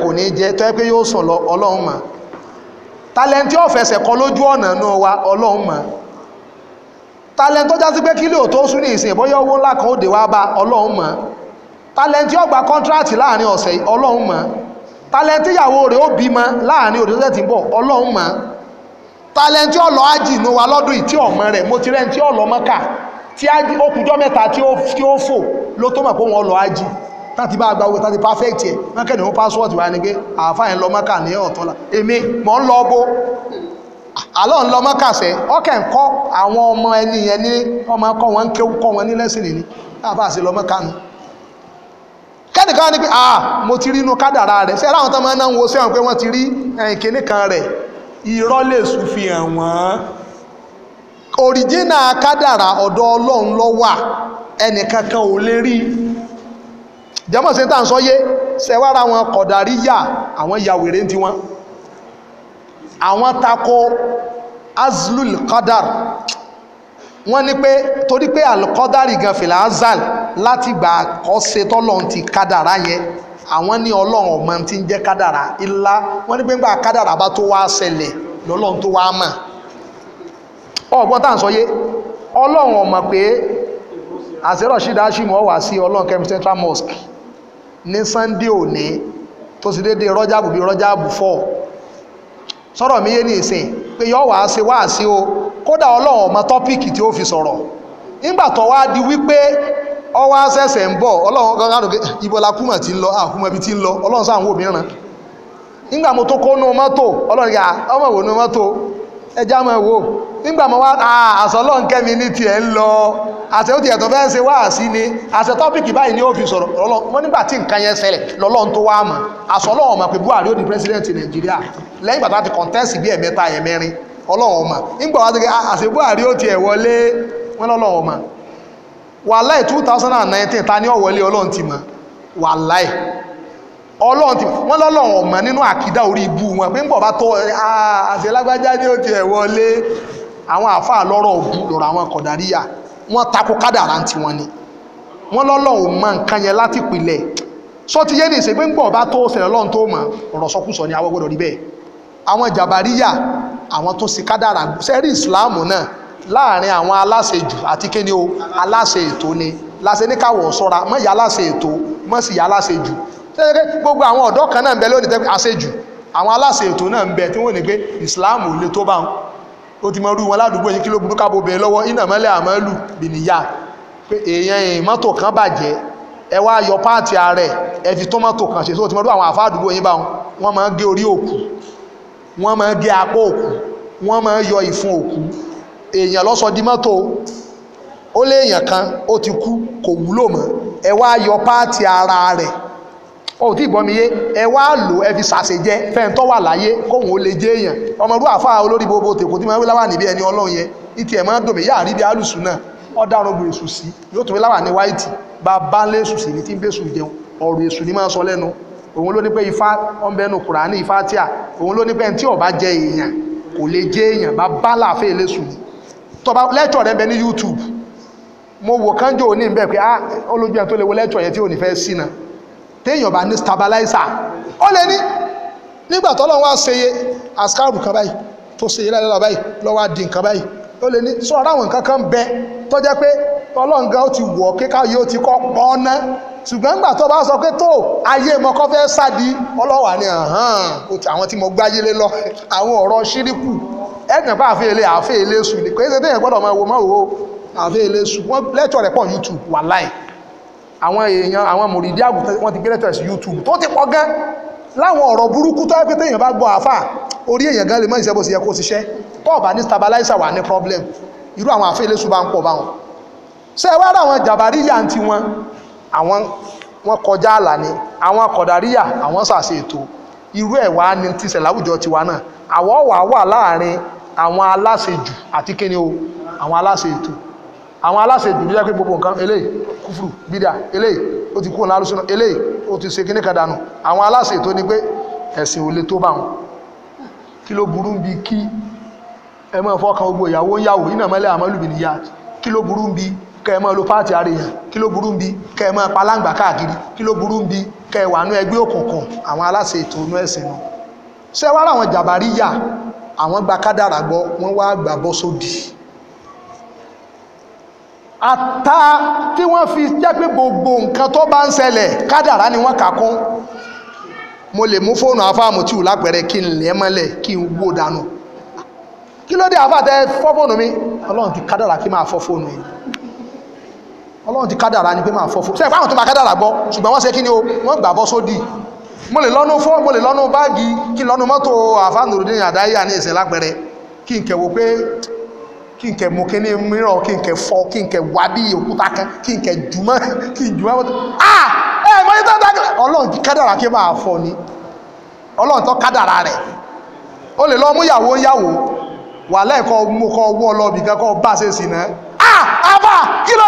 kò ní jẹ pé yóò talent tó jásí pé kílò tó sún ní ìsìn ìbọ́yọ́ owó ńlá kan ó dé wá bá ọlọ́run mọ̀ talent yóò gba contract láàrin ọ̀sẹ̀ ọlọ́run mọ̀ talent ìyàwó rẹ̀ ó bímọ láàrin òdòdó tí ń bọ̀ ọlọ́run mọ̀ talent yóò lọ ájìnú wa lọ́dún ìtí ọmọ rẹ̀ mo ti rẹ́ni tí ó lọ mọ́kà tí ó kùjọ́ mẹ́ta tí ó fò ló tó mọ̀ pé wọ́n lọ ájì láti bá agbáwo tàbí perfect yẹ mọ́kẹ́ ni wọ́n password wá ní pé àáfàá yẹn lọ mọ́kà ní ọ̀tọ́lá èmi mò ń lọ bó àlọ́ ń lọ mọ́kàṣẹ́ ọkẹ́ ń kọ́ àwọn ọmọ ẹni yẹn ní ọmọ kọ́ wọn ń ké kọ́ wọn ní lẹ́sìn nìní láàbà sí lọ mọ́kànù kẹ́nìkan ní pé ah mo ti rí inú kádàrá rẹ̀ ṣé láwọn tó máa ń náwó sí àwọn pé wọ́n ti rí ẹ̀yìn kìíní kan rẹ̀ irọ́ lè sùn fi hàn wọ́n òrìjínà kádàrá ọ̀dọ̀ ọlọ́run ló wà ẹnìkankan ò lè rí jẹ́mọ̀ sí tá à ń sọ yé ṣẹ̀wára wọn kọ̀dàrí yà àwọn yàwèrè ń tiwọn àwọn tako azlul qadar wọ́n ní pé torí pé alqadari gan fìlà azal láti gbà kọ́sẹ̀ tọ́lọ́n ti kádàrá yẹn àwọn ní ọlọ́run ọmọ tí ń jẹ́ kádàrá ńlá wọ́n ní pé nígbà kádàrá bá tó wá ṣẹlẹ̀ lọ́lọ́run tó wá mọ̀ ọgbọ́n tá à ń sọ yé ọlọ́run ọmọ pé àṣírọ̀ ṣìmọ̀ wá sí ọlọ́run kẹ́mi central mosque ní sunday òní tó sì déédéé rọ́jàbù bíi rọ́jàbù 4 sọ̀rọ̀ mi yé ní ìsìn pé yọ wàá ṣe wá sí o kódà ọlọ́run ọmọ tọpiki tí ó fi sọ̀rọ̀ nígbà tó wá di wípé ọwọ́ àṣẹ̀ṣẹ̀ ń bọ̀ ọlọ́run kankan ibo la kúmọ̀ tí ń lọ àkúmọ̀ ibi tí ń lọ ọlọ́run sáà ń wò mìíràn nígbà mo tó kó mọ́tò ọlọ́run yà ọmọ wò mọ́tò ẹja mọ̀ wò nígbà mo wá àṣọ ni àṣẹ tọ́pìkì báyìí ni ó fi sọ̀rọ̀ ọlọ́run wọn nígbà tí nǹkan yẹn ṣẹlẹ̀ lọ́lọ́run tó wá mọ̀ àṣọ ọlọ́run pé lẹ́yìn ìgbà tó ti bí ẹ̀mẹ́ta ẹ̀mẹ́rin ọlọ́run ọmọ nígbà wá dégé ah, àṣẹ ó ti ẹ̀ wọlé wọn lọ́lọ́run ọmọ wàláì 2019 ta ní ọ̀wọ́lé ọlọ́run ti mọ̀ wàláì ọlọ́run wọ́n ọmọ nínú àkídá orí ibú wọn pé tó ah, àṣẹ ti ẹ̀ wọlé àwọn lọ́rọ̀ lọ́rọ̀ àwọn kọ̀dáríyà ti wọn ni wọn nǹkan láti pìlẹ̀ sọ ti yé ní àwọn jàbáríyà àwọn tó sì kádàrà sẹ́rí ìsìláàmù náà láàrin àwọn aláṣẹ jù àti kíni o aláṣẹ ètò ni láṣẹ ní káwọ̀ sọ́ra mọ́ ìyá aláṣẹ ètò mọ́ sì ìyá aláṣẹ jù tẹ́lẹ̀ gbogbo àwọn ọ̀dọ́ kan náà ń bẹ lónìí tẹ́lẹ̀ àṣẹ jù àwọn aláṣẹ ètò náà ń bẹ tí wọ́n ní pé ìsìláàmù ò le tó bá wọn ó ti mọ rú wọn ládùúgbò yín kí ló burúkú àbò bẹ̀rẹ̀ lọ́wọ́ iná mọ́lẹ̀ àmọ́lù bìníyà pé èèyàn èèyàn mọ́tò kan bàjẹ́ ẹ wá yọ páàtì ààrẹ ẹ fi tó mọ́tò kan ṣe tó ti mọ rú àwọn àfáàdùgbò yín bá wọn wọ́n máa ń gé orí òkú wọ́n máa gé apá òkú wọ́n máa yọ ìfun òkú èèyàn ló sọ di mọ́tò ó lé èèyàn kan ó ti kú kò wúlò mọ́ ẹ wá yọ páàtì ara rẹ̀ ó ti gbọ́ mi yé ẹ wá lò ẹ fi ṣàṣejẹ fẹ́ǹtọ́ wà láyé kóhun ó lè jẹ́ èèyàn ọmọdún àfáà olórí gbogbo tèkó tí máa wí láwà níbi ẹni ọlọ́run yẹn ìtì ẹ̀ máa ń dòmí yáà rí bí alùsùn náà ọ̀daràn obìnrin sùn sí yóò tún fi láwà ní wáìtì bá bá lé sùn sí ní tí ń bẹ́sùn jẹun ọ̀rọ̀ èṣù ni máa sọ lẹ́nu òun ló ní pé ifá ọ̀nbẹ́nu kùránì ifá tíà òun ló ní pé tí ọba jẹ èèyàn kò lè jẹ èèyàn bá bá láàfin ilé tọba lẹ́tọ̀ rẹ bẹ ní YouTube mo wò kánjọ òní bẹ́ẹ̀ pé ah olójú ẹ̀ tó lè wo lẹ́tọ̀ yẹn tí ò ní fẹ́ sí na téèyàn bá ní stabilizer ó lè ní nígbà tọ́lọ́ wá ṣeye àsìkáàrù kan báyìí tó ṣeye lálẹ́ lọ báyìí lọ́wọ́ á di nǹkan báyìí ó lè ní sọ aráwọn nǹkan kan bẹ tó jẹ́ pé ọlọ́ǹgá ó ti wọ̀ kíká yóò ti kọ́ pọ́nná ṣùgbọ́n nígbà tó bá sọ pé tó ayé mọ kọ́ fẹ́ sádi ọlọ́wà ni àwọn tí mo gbáyé lé lọ àwọn ọ̀rọ̀ ṣíríkù ẹ̀gbọ̀n bá àfẹ́ ilé àfẹ́ ilé sùn ní pé ṣẹ́dẹ̀yìn gbọ́dọ̀ máa wo máa wo àfẹ́ ilé sùn wọ́n lẹ́tọ̀ rẹ̀ pọ̀ YouTube wà láì àwọn èèyàn àwọn mòrìdí àgùntàn wọ́n ti gbé lẹ́tọ̀ sí YouTube tó ti pọ̀ gan láwọn ọ̀rọ̀ burúkú tó yẹ pé téèyàn bá gbọ́ àfà orí èèyàn gan lè mọ́ ìṣẹ́ bó ṣe yẹ kó ṣiṣẹ́ tó bá ní stabilizer wà ní problem irú àwọn àfẹ́ ilé sùn bá ń pọ̀ báwọn ṣe wá rà àwọn jàbáríyà ti wọn àwọn wọn kọjá àlà ni àwọn kọ̀dáríyà àwọn ṣàṣe ètò irú ẹ̀ wá ní tíṣẹ̀ láwùjọ tiwa náà àwọn wà wà láàrin àwọn aláṣejù àti kíni o àwọn aláṣe ètò àwọn aláṣẹ ìdùnnú jẹ́ pé gbogbo nǹkan eléyìí kúfùrù bídà eléyìí ó ti kúrò lálùsọ́nà eléyìí ó ti ṣe kíní kan dànù àwọn aláṣẹ tó ní pé ẹ̀sìn ò lè tó bá wọn kí ló burú bí kí ẹ máa fọkàn gbogbo ìyàwó ń yàwó iná mọ́lẹ̀ àmọ́lùbí nìyà kí ló burú bí kẹ́ ẹ máa kí ló burú ń bi kẹ́ ẹ káàkiri kí ló burú ń bi kẹ́ ẹgbẹ́ òkùnkùn àwọn aláṣẹ ètò inú ẹ̀sìn náà ṣé àwọn jàbárí yà àwọn gba kádàrà gbọ́ wá gbà bọ́ sódì tí wọ́n fi jẹ́ pé gbogbo nǹkan tó bá ń ṣẹlẹ̀ ni wọ́n kà kún mo lè mú fóònù afáàmù tí ò lápẹ̀rẹ̀ kí n mọ́lẹ̀ kí n wó dànù kí mi ọlọ́run ti kí máa fọ́ ọlọ́run ti kádàrà ni pé máa fọ́ fún sẹ́yìn fáwọn tó máa kádàrà gbọ́ ṣùgbọ́n wọ́n ṣe kí ni o wọ́n gbà bọ́ sódì mo lè lọ́nu fọ́ mo lè lọ́nu báàgì kí n lọ́nu mọ́tò àfáànùrúdín àdáyà ní ìsìn lápẹẹrẹ kí n kẹ̀wò pé kí n kẹ̀ mú kí ní mìíràn kí n kẹ̀ fọ́ kí n kẹ̀ wá bí òkúta kan kí n kẹ̀ jùmọ́ kí n jùmọ́ ah ẹ mọ ní tọ́ta ọlọ́run ti kádàrà kí máa fọ́ ni ọlọ́run tó kádàrà rẹ̀ o lè lọ mú yàwó yàwó wà lẹ́ẹ̀kọ́ mú kọ́ wọ́ lọ bìkan kọ́ bá ṣe sì náà ah àbá kí ló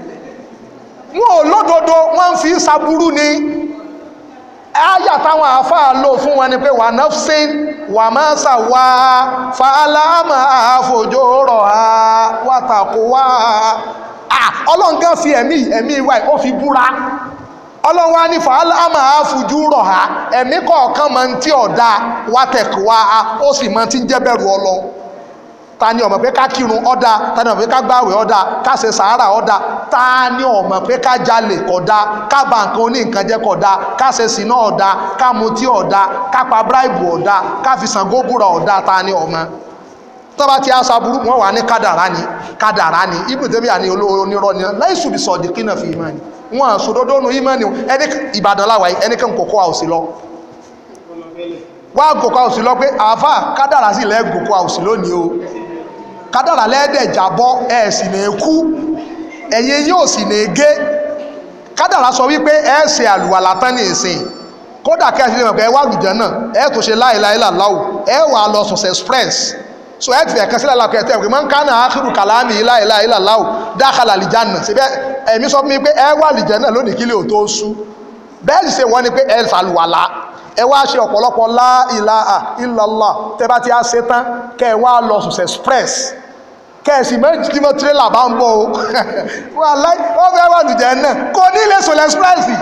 wọn ò lódodo wọn ń fi saburu ni áyà táwọn lò fún wọn ni pé wà nafsin wà máa ṣàwà fàálámà àfòjò rọ̀ ha wàtàkù wá ọlọ́run gan fi ẹ̀mí ẹ̀mí wa ó fi búra ọlọ́run wá ní fàálámà àfòjò rọ̀ ha ẹ̀mí kọ̀ọ̀kan máa ń tí ọ̀dà wàtẹ̀kù wá ó sì máa ti ń jẹ́ bẹ̀rù ọlọ́run ta ni ó mọ̀ pé ká kírun ọ̀dà ta ni ó mọ̀ pé ká gbàwẹ̀ ọ̀dà ká ṣe sàárà ọ̀dà ta ni ó mọ̀ pé ká jalè kódà ká ba nǹkan oníǹkan jẹ́ kódà ká ṣe sìnà ọ̀dà ká mutí ọ̀dà ká pa bíráìbù ọ̀dà ká fi Ṣàngó búra ọ̀dà ta ni ó mọ̀ tọ́ba ti aṣọ aburú wọn wà ní kádàrá ni kádàrá ni Ibn Taymiyyah ni olóró onírọ́ ni láìsù bí sọ̀dí kínà fi ìmọ̀ ni wọn àṣòdodo nu ìmọ̀ ni ẹni Ìbàdàn láwàá ẹni kan kò kó àwòsí lọ wá gòkó àwòsí lọ pé àáfà kádàrá sì lẹ́ gòkó àwòsí lónìí o kádàrà lẹ́ẹ̀dẹ̀ jábọ́ ẹ̀ sì ní kú ẹ̀yin yóò sì ní gé kádàrà sọ wípé ẹ̀ ṣe àlùwàlà tán ní ìsìn kódà kẹ́sì lè mọ̀ pé ẹ wà lùjẹ́ náà ẹ tó ṣe láìláì làláwù ẹ wà lọ sọ̀sẹ̀ express so ẹ ti fẹ̀ kẹ́sì làláwù kẹ́sì làláwù man kana akhiru kalami láìláì làláwù dakhala aljanna síbẹ̀ ẹ̀mí sọ fún mi pé ẹ wà lùjẹ́ náà lónìí kílẹ̀ ò tó sú bẹ́ẹ̀ sì ṣe wọ́n ni pé ẹ ṣàlùwàlà ẹ wá ṣe ọ̀pọ̀lọpọ̀ láìláà illallah tẹ́ bá ti á ṣe tán kẹ́ ẹ wá lọ sọ̀sẹ̀ express kẹ̀sì méjì tí wọ́n tirẹ́là bá ń bọ̀ o wọ́n fẹ́ wà lùjẹ́ náà kò ní ilé sọ̀lẹ̀ ẹ́sprẹ́sì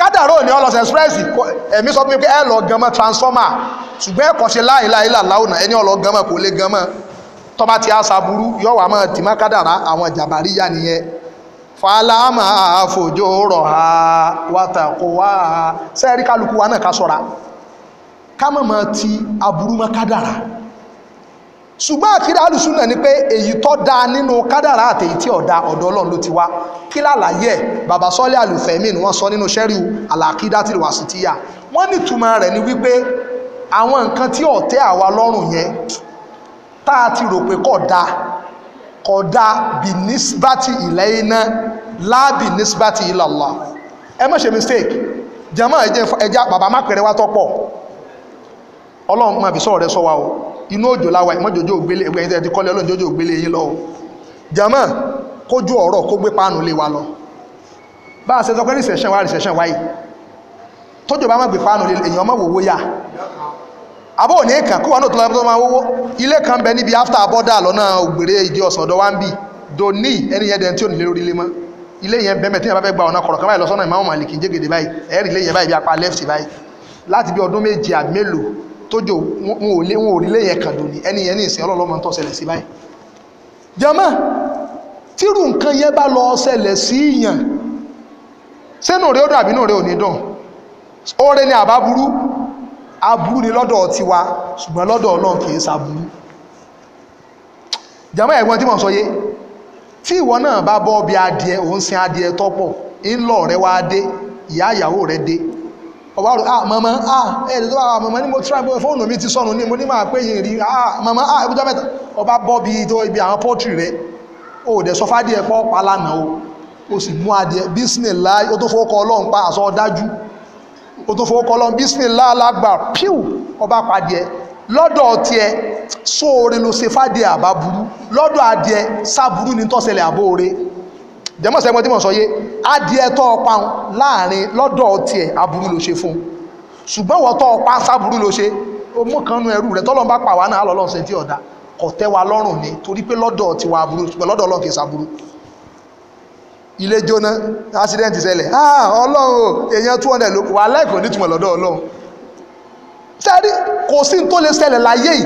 kádàró ni ọlọ́sẹ̀ ẹ́sprẹ́sì ẹ̀mí sọ pé ẹ lọ gan mọ́ transformer ṣùgbọ́n ẹ̀kọ́ ṣe láìláì làláwùnà ẹni ọlọ́ gan mọ́ kò lè gan mọ́ tọ́ba ti àṣà burú yọ wà mọ́ tìmọ́ kádàrá àwọn jàbárí yá nìyẹn fàlámà àfòjò rọ̀ ha wàtàkó wá sẹ́ẹ̀rí kálukú wa náà ká sọ́ra ká mọ̀ mọ́ ti aburú mọ́ kádàrá ṣùgbọ́n àkídà alùsùnà ni pé èyí tó dáa nínú kádàrá àtèyí tí ọ̀dà ọ̀dọ̀ ọlọ́run ló ti wá kí lálàyé bàbá sọ́lé àlùfẹ̀mí ni wọ́n sọ nínú sẹ́ríù àlàkídà tí wàá sì ti yà wọ́n ní ìtumọ̀ rẹ̀ ni wípé àwọn nǹkan tí ọ̀tẹ́ àwa lọ́rùn yẹn tá a ti rò pé kọ̀ da kọ̀ da bìnísbàtì ilẹ̀ iná láàbì nísbàtì ilallah ẹ má ṣe mistake jẹ́mọ́ ẹ̀jẹ̀ bàbá má pẹ̀rẹ̀ wá tọ́pọ̀ ọlọ́run má fi sọ̀rọ̀ rẹ sọ wa o inú òjò láwa ìmọ̀jòjò ògbélé ẹgbẹ́ yín tẹ́ ti kọ́lé ọlọ́run jòjò ògbélé yín lọ́wọ́ jàmọ́ kójú ọ̀rọ̀ kó gbé páànù lé wa lọ bá a ṣe sọ pé rìsẹ̀ṣẹ̀ wá rìsẹ̀ṣẹ̀ wáyé tójò bá má gbé páànù lé èèyàn mọ̀ wòwó yá àbọ̀ òní kan kúwà náà tó lọ́pọ̀ tó máa wówó ilé kan bẹ níbi after border lọ́nà ògbèrè ìdí ọ̀sán ọ̀dọ̀ wa ń bì do ní ẹni yẹn dẹ̀ntí òní lórí ilé mọ́ ilé yẹn bẹ́ẹ̀ mẹ́tẹ́yìn bá fẹ́ gba ọ̀nà kọ̀rọ̀ kan báyìí lọ́sọ́nà ìmáàmù màlìkì jẹ́gẹ̀dẹ̀ báyìí ẹ̀rì ilé yẹn báyìí bí apá left báyìí láti bí ọdún méje àbí mélòó tójò wọn ò lé wọn ò rí léyẹ kàdò ní ẹni yẹn ní ìsìn ọlọ́lọ́mọ tó ṣẹlẹ̀ sí báyìí jama tírù nǹkan yẹn bá lọ ṣẹlẹ̀ sí ìyàn sẹ́nu rẹ̀ ó dàbí nù rẹ̀ ò ní dùn oore ni àbá burú aburú ni lọ́dọ̀ tiwa ṣùgbọ́n lọ́dọ̀ ọlọ́run kì í ṣaburú jama ẹ̀gbọ́n tí mo sọ yé tí ìwọ náà bá bọ́ bí adìẹ òun sin adìẹ tọ́pọ̀ ńlọ rẹ wá dé ìyá ìyàwó rẹ dé ọba rò ah mama ah ẹ̀ẹ́dẹ̀ tó bá wà mama ní mo try bóyá fóònù mi ti sọnù ní mo ní máa pé yìí rí ah mama ah ẹbújọ́ mẹ́ta ọba bọ́ bí tó ibi àwọn pọ́tìrì rẹ̀ ó dẹ̀ sọ fádìẹ pọ́ palánà o ó sì mú adìẹ bismillah ó tó fọwọ́ kọ ọlọ́run pa àsọ dájú ó tó fọwọ́ kọ ọlọ́run bismillah alágbà píù ọba padìẹ lọ́dọ̀ tiẹ̀ sóore ló ṣe fádìẹ àbá burú lọ́dọ̀ adìẹ sáburú ni tọ́sẹ̀lẹ̀ àbóore jẹ́mọ́ sẹ́mọ́ tí mo sọ yé adìẹ tó ọpa láàrin lọ́dọ̀ tiẹ̀ aburú ló ṣe fún ṣùgbọ́n wọ́n tó ọpa sáburú ló ṣe ọmọ kan nu ẹrú rẹ̀ tọ́lọ́n bá pàwá náà lọ́lọ́n ṣe tí ọ̀dà kò tẹ́ wa lọ́rùn ni torí pé lọ́dọ̀ tiwa aburú ṣùgbọ́n lọ́dọ̀ ọlọ́run kì í sáburú ilé jóná accident ṣẹlẹ̀ ah, ọlọ́run o èèyàn two hundred ló wà láìpẹ́ onítùmọ̀ lọ́dọ̀ ọlọ́run sẹ́rí kò sí ní tó lè ṣẹlẹ̀ láyé yìí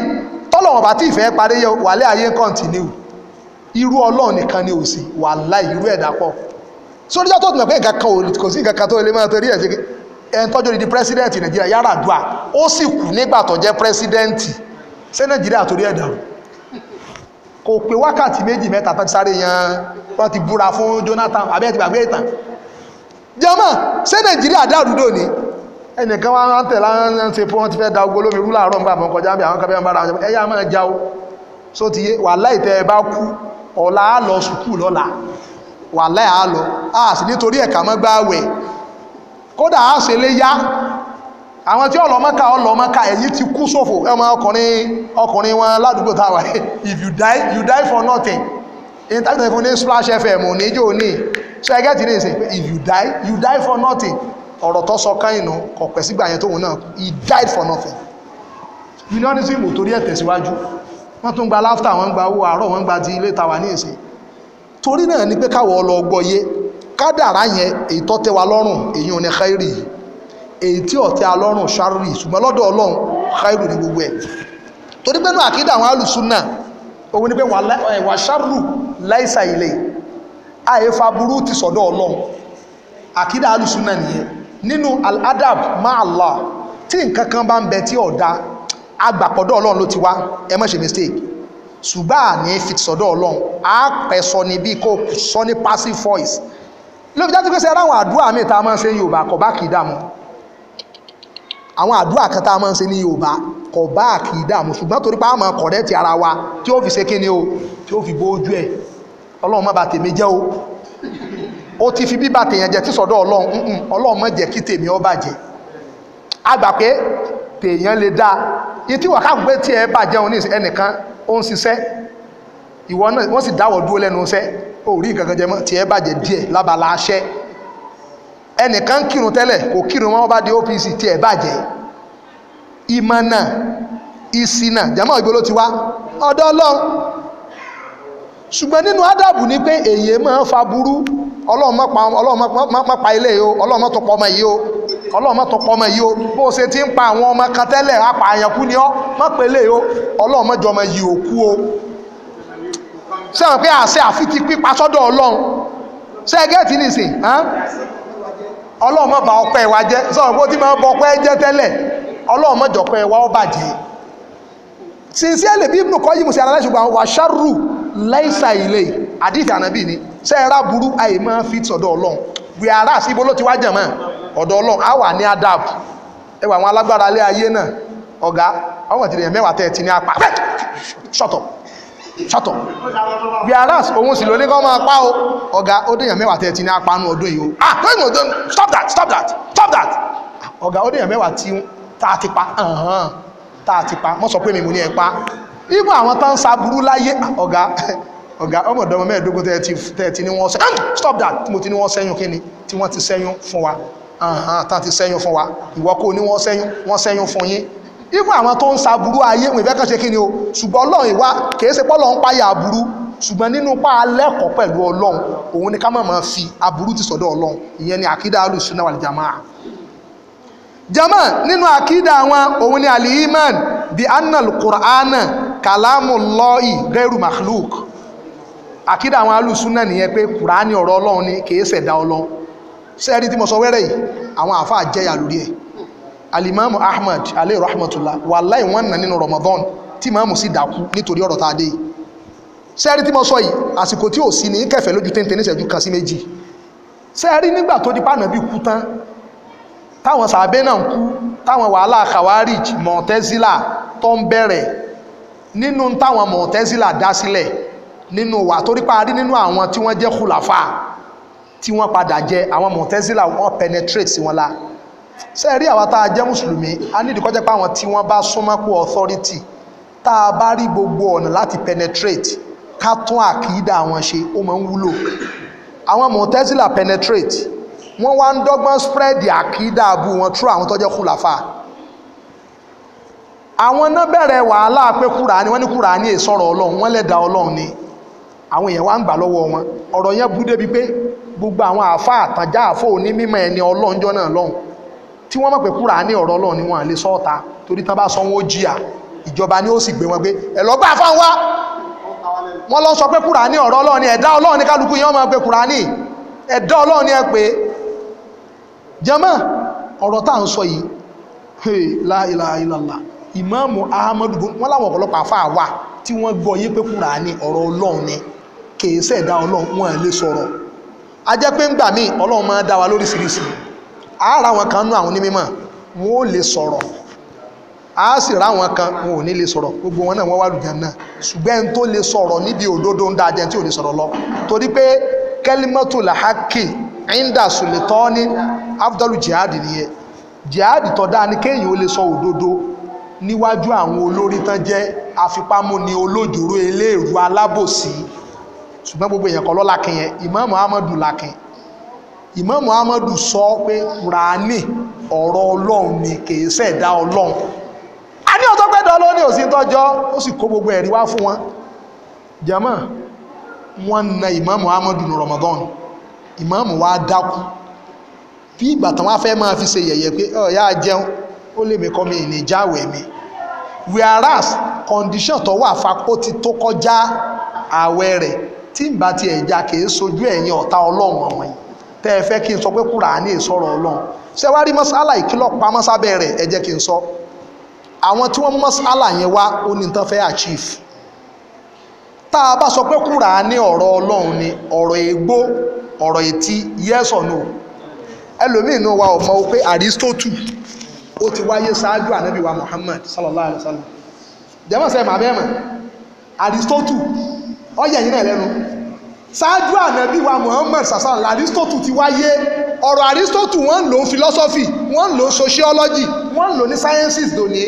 tọ́lọ́run continue irú ọlọ́run nìkan ni ò sí wàláhì irú ẹ̀dá pọ̀ sórí ìjọ tó tún pé nǹkan kan kò sí nǹkan kan tó lè máa torí ẹ̀ sí ẹ̀ ń tọ́jú di pírẹsidẹ́ǹtì nàìjíríà Yar'Adua ó sì kú nígbà tó jẹ́ pírẹsidẹ́ǹtì ṣé nàìjíríà torí ẹ̀dá kò pé wákàtí méjì mẹ́ta tó ti sáré yan wọ́n ti búra fún Jonathan àbí gbàgbé ìtàn jọmọ ṣé nàìjíríà dárúdò ni ẹnìkan wá ń tẹ̀lá ń ṣe fún wọn ti fẹ́ da ogun olómi rúlà àárọ̀ nígbà àwọn kọjá bí àwọn kan bẹ́ẹ̀ ń bára wọn ẹ̀yà máa jáwó só ti yé wàláhì tẹ́ ẹ bá kú ọ̀la lọ sùkúù lọ́la wà láì lọ á sì nítorí ẹ̀ka mọ́ gbáwẹ̀ kódà á ṣe lé yá àwọn tí ọlọ́mọ́ka ọlọ́mọ́ka èyí ti kú sófò ẹmọ ọkùnrin ọkùnrin wọn ládùúgbò táwà if you die you die for nothing in tàbí tẹ̀lé fún ní splash fm ò ní jò ní so ẹgẹ́ ti ní ìsìn pé if you die you die for nothing ọ̀rọ̀ tó sọ kan ìnà kọ̀pẹ̀ sígbà yẹn tóun náà he died for nothing unionism ò torí ẹ̀ tẹ̀síwájú wọ́n tún gba láftà wọ́n gba owó àárọ̀ wọ́n gba ti ilé tàwa ní ìsìn torí náà ni pé káwọ̀ ọ lọ gbọ́yé kádàrá yẹn èyí tó tẹ́ wa lọ́rùn èyí ò ní khairi èyí tí ò tẹ́ wa lọ́rùn sharri ṣùgbọ́n lọ́dọ̀ ọlọ́run khairi ní gbogbo ẹ̀ torí pé náà àkídà àwọn alùsùnà òun ni pé wà sharru láìsà agbàpọ̀dọ̀ ọlọ́run ló ti wá ẹ má ṣe mistake ṣùgbọ́n àní fi sọ́dọ̀ ọlọ́run á pẹ́ sọ ni bí kò sọ ní passive voice lóbi jáde pèsè ara àwọn àdúrà míì tá a máa ń ṣe ní yorùbá kò bá kì í dààmú àwọn àdúrà kan tá a máa ń ṣe ní yorùbá kò bá kì í dààmú ṣùgbọ́n torí pé a máa kọ̀rẹ́ ti ara wa tí ó fi ṣe kíni o tí ó fi bo ojú ẹ̀ ọlọ́run má bà tèmi jẹ́ o ó ti fi bíbà tèèyàn jẹ́ tí sọ́dọ̀ ọlọ́run ọlọ́run má jẹ́ kí tèmi ó bàjẹ́ a gbà pé tèèyàn lè dáa ìtí wà káàkùn pé tí ẹ bá jẹun ní ẹnìkan ó ń ṣiṣẹ́ ìwọ náà wọ́n sì dáwọ̀ dúró lẹ́nu iṣẹ́ ó rí nǹkan kan jẹ mọ́ tí ẹ bàjẹ́ díẹ̀ lábala aṣẹ́ ẹnìkan kírun tẹ́lẹ̀ kò kírun wọn bá di OPC tí ẹ bàjẹ́ ìmọ̀ náà ìsì náà jàmọ́ ìgbó ló ti wá ọ̀dọ̀ ọlọ́run ṣùgbọ́n nínú ádàbù ni pé èyí máa fa burú ọlọ́run má pa ilé yìí o ọlọ́run má tó pọ̀ ọmọ yìí o ọlọ́run mọ́tò pọ́mọ yìí o bó o ṣe ti ń pa àwọn ọmọ kan tẹ́lẹ̀ apààyàn kú ni ọ́ mọ́pẹ́lẹ́ o ọlọ́run mọ́jọ ọmọ yìí ò kú o sẹ́wọ̀n pé àṣẹ àfi ti pípa sọ́dọ̀ ọlọ́run sẹ́gẹ́ẹ̀tì nìsín ọlọ́run mọ́ bá ọpẹ́ wa jẹ́ sọ̀rọ̀ bó ti máa bọ ọpẹ́ jẹ́ tẹ́lẹ̀ ọlọ́run mọ́ jọpẹ́ wa ó bàjẹ́ sincerely bí ibùdó kọ́ yìí mo ṣe ara láìsùgbọ́n àwọn wàṣàrù láìsà ilé àdìsí ànábì ni sẹ́ẹ̀rà burú àyè máa fi sọ̀dọ̀ ọlọ́run wíárà sí ibo ló ti wá jẹ̀ mọ́ ọ̀dọ̀ ọlọ́run á wà ní adab ẹ wà àwọn alágbára alẹ́ ayé náà ọ̀gá àwọn àti èèyàn mẹ́wàá tẹ́ẹ̀tì ní apá shut up shut up bí aras òun sì lóní kọ́ máa pa o ọ̀gá ó dèèyàn mẹ́wàá tẹ́ẹ̀tì ní apá nù ọdún yìí o ah no no no stop that stop that stop that ọ̀gá ó dèèyàn mẹ́wàá tí tá a ti pa tá a ti pa mọ́ sọ pé mi mo ní ẹ pa ibú àwọn tó ń saburú láyé ọ̀gá ọ̀gá ọmọdọ́mọ mẹ́ẹ̀ẹ́dógún tẹ́ẹ̀tì ní wọ́n sẹ́yìn stop that mo ti ní wọ́n sẹ́yìn kí ni tí wọ́n ti sẹ́yìn fún wa ahàn tán ti sẹ́yún fún wa ìwọ kò ní wọ́n sẹ́yún wọ́n sẹ́yún fún yín ifun àwọn tó ń sa burú ayé wọn ìfẹ́ kan ṣe kí ni o ṣùgbọ́n ọlọ́run ìwà kìí ṣe pọ́lọ́ ń páyà aburú ṣùgbọ́n nínú pa alẹ́kọ̀ọ́ pẹ̀lú ọlọ́run òun ni ká mọ̀ máa fi aburú ti sọ̀dọ̀ ọlọ́run ìyẹn ni àkídà alùsùnà wal jamaa jama nínú àkídà wọn òun ni al-iman bi annal qur'ana kalamullahi gairu makhluk àkídà àwọn alùsùnà nìyẹn pé kùránì ọ̀rọ̀ ọlọ́run ni kìí ṣẹ̀dá ọlọ́run sẹ́ẹ̀rí tí mo sọ wẹ́rẹ̀ yìí àwọn àfáà jẹ́yà lórí ẹ̀ alimamu ahmad alayhi rahmatullah wallahi wọ́n nà nínú ramadan tí màmú sì dákú nítorí ọ̀rọ̀ tá a dé yìí tí mo sọ yìí àsìkò tí ò sí ní kẹfẹ́ lójú téńté níṣẹ́jú kan sí méjì sẹ́ẹ̀rí nígbà tó di pàànà bí kú tán táwọn sàbẹ́ náà ń kú táwọn wàhálà khawarij mọ̀tẹ́sílà tó ń bẹ̀rẹ̀ nínú táwọn mọ̀tẹ́sílà dá sílẹ̀ nínú wà torípa rí nínú àwọn tí wọ́n jẹ́ kùlàfà tí wọ́n padà jẹ àwọn mọ̀tẹ́sílà wọ́n penetrate sí wọn la sẹ́ẹ̀rí àwa tá a jẹ́ mùsùlùmí a nídìí kọ́jẹ́ pé àwọn tí wọ́n bá súnmọ́ kó authority tá a bá rí gbogbo ọ̀nà láti penetrate ká tún àkìdá àwọn ṣe ó máa ń wúlò àwọn mọ̀tẹ́sílà penetrate wọ́n wá ń dọ́gbọ́n spread àkìdá àbú wọn through àwọn tọ́jẹ́ kùlàfà àwọn náà bẹ̀rẹ̀ wàhálà pé Kùránì wọ́n ní Kùránì èsọ̀rọ̀ Ọlọ́run wọ́n lẹ̀dá Ọlọ́run ni àwọn èèyàn wá ń gbà lọ́wọ́ wọn ọ̀rọ̀ yẹn bú débi pé gbogbo àwọn àfa àtàjá àfọ òní mímọ̀ ẹni ọlọ́njọ́ náà lọ́hùn tí wọ́n mọ̀ pé kúrà ní ọ̀rọ̀ ọlọ́run ni wọ́n lè sọ́ọ̀ta torí tán bá sọ wọn ó jìyà ìjọba ni ó sì gbé wọn gbé ẹ lọ gbà fáwọn wá wọ́n lọ sọ pé kúrà ní ọ̀rọ̀ ọlọ́run ẹ̀dá ọlọ́run ní kálukú yẹn máa pe kúrà ní ẹ̀dá ọlọ́run ni ẹ pé jẹ́mọ́ ọ̀rọ̀ tá à ń sọ yìí hey la ilaha illallah ìmáàmù ahmadu wọn láwọn ọ̀pọ̀lọpọ̀ àfa àwa tí wọ́n gbọ́ yé pé kúrà ní ọ̀rọ̀ ọlọ́run ni kìí ṣẹ̀dá ọlọ́run wọn lè sọ̀rọ̀ a jẹ́ pé ńgbà míì ọlọ́run máa dá wa lóríṣiríṣi àárá wọn kan nú àwọn wọn ò lè sọ̀rọ̀ a sì wọn kan wọn ò ní lè sọ̀rọ̀ gbogbo wọn náà wọ́n wà lùjẹ́ náà ṣùgbọ́n ẹni tó lè sọ̀rọ̀ níbi òdodo ń da ajẹ́ tí ò lè sọ̀rọ̀ lọ torí pé kẹ́límọ́tò làhákì ẹ̀ńdà sùlẹ̀tọ́ ní abdul jihad nìyẹn jihad tó dáa ni kéèyàn ó lè sọ òdodo níwájú àwọn olórí tán jẹ́ afipámúni ṣùgbọ́n gbogbo èèyàn kọ́ ló lákin yẹn ìmáàmù ahmadu lákin ìmáàmù ahmadu sọ pé kùránì ọ̀rọ̀ ọlọ́run ni kìí ṣẹ̀dá ọlọ́run a ní ọ̀tọ́ pẹ́ẹ́dọ̀ ọlọ́run ní òsì tọ́jọ́ ó sì kó gbogbo ẹ̀rí wá fún wọn jama wọn na ìmáàmù ahmadu ní ramadan ìmáàmù wa dákú bí ìgbà tán wá fẹ́ máa fi ṣe yẹ̀yẹ́ pé ó yá jẹun ó lè mi kọ́ mi ìní jáwèé mi whereas condition tó wà fa ti tó kọjá ààwẹ̀ rẹ̀ tí n bá ti ẹ̀já kìí sojú ẹ̀yin ọ̀tá ọlọ́run ọ̀wọ̀n yìí tẹ́ ẹ fẹ́ kí n sọ pé kúránì sọ̀rọ̀ ọlọ́run ṣé wá rí mọ́sálà ìkìlọ̀ pa mọ́sábẹ́ rẹ̀ ẹ jẹ́ kí n sọ àwọn tí wọ́n mú mọ́sálà yẹn wá ó ní tán fẹ́ achieve tá a bá sọ pé kúránì ọ̀rọ̀ ọlọ́run ni ọ̀rọ̀ ègbó ọ̀rọ̀ ètí yes or no ẹlòmíì inú wa ò mọ̀ pé Aristotle ó ti wáyé ṣáájú ànábì wa Muhammad sallallahu alayhi wa sallam jẹ́mọ̀ sẹ́yìn màbẹ́ẹ̀mọ̀ Aristotle ọyẹ yìí náà lẹ́nu ṣáájú ànábì wa Muhammad sassan aristotle ti wáyé ọ̀rọ̀ aristotle wọ́n ń lò ó philosophy wọ́n ń lò ó sociology wọ́n ń lò ó ní sciences dòní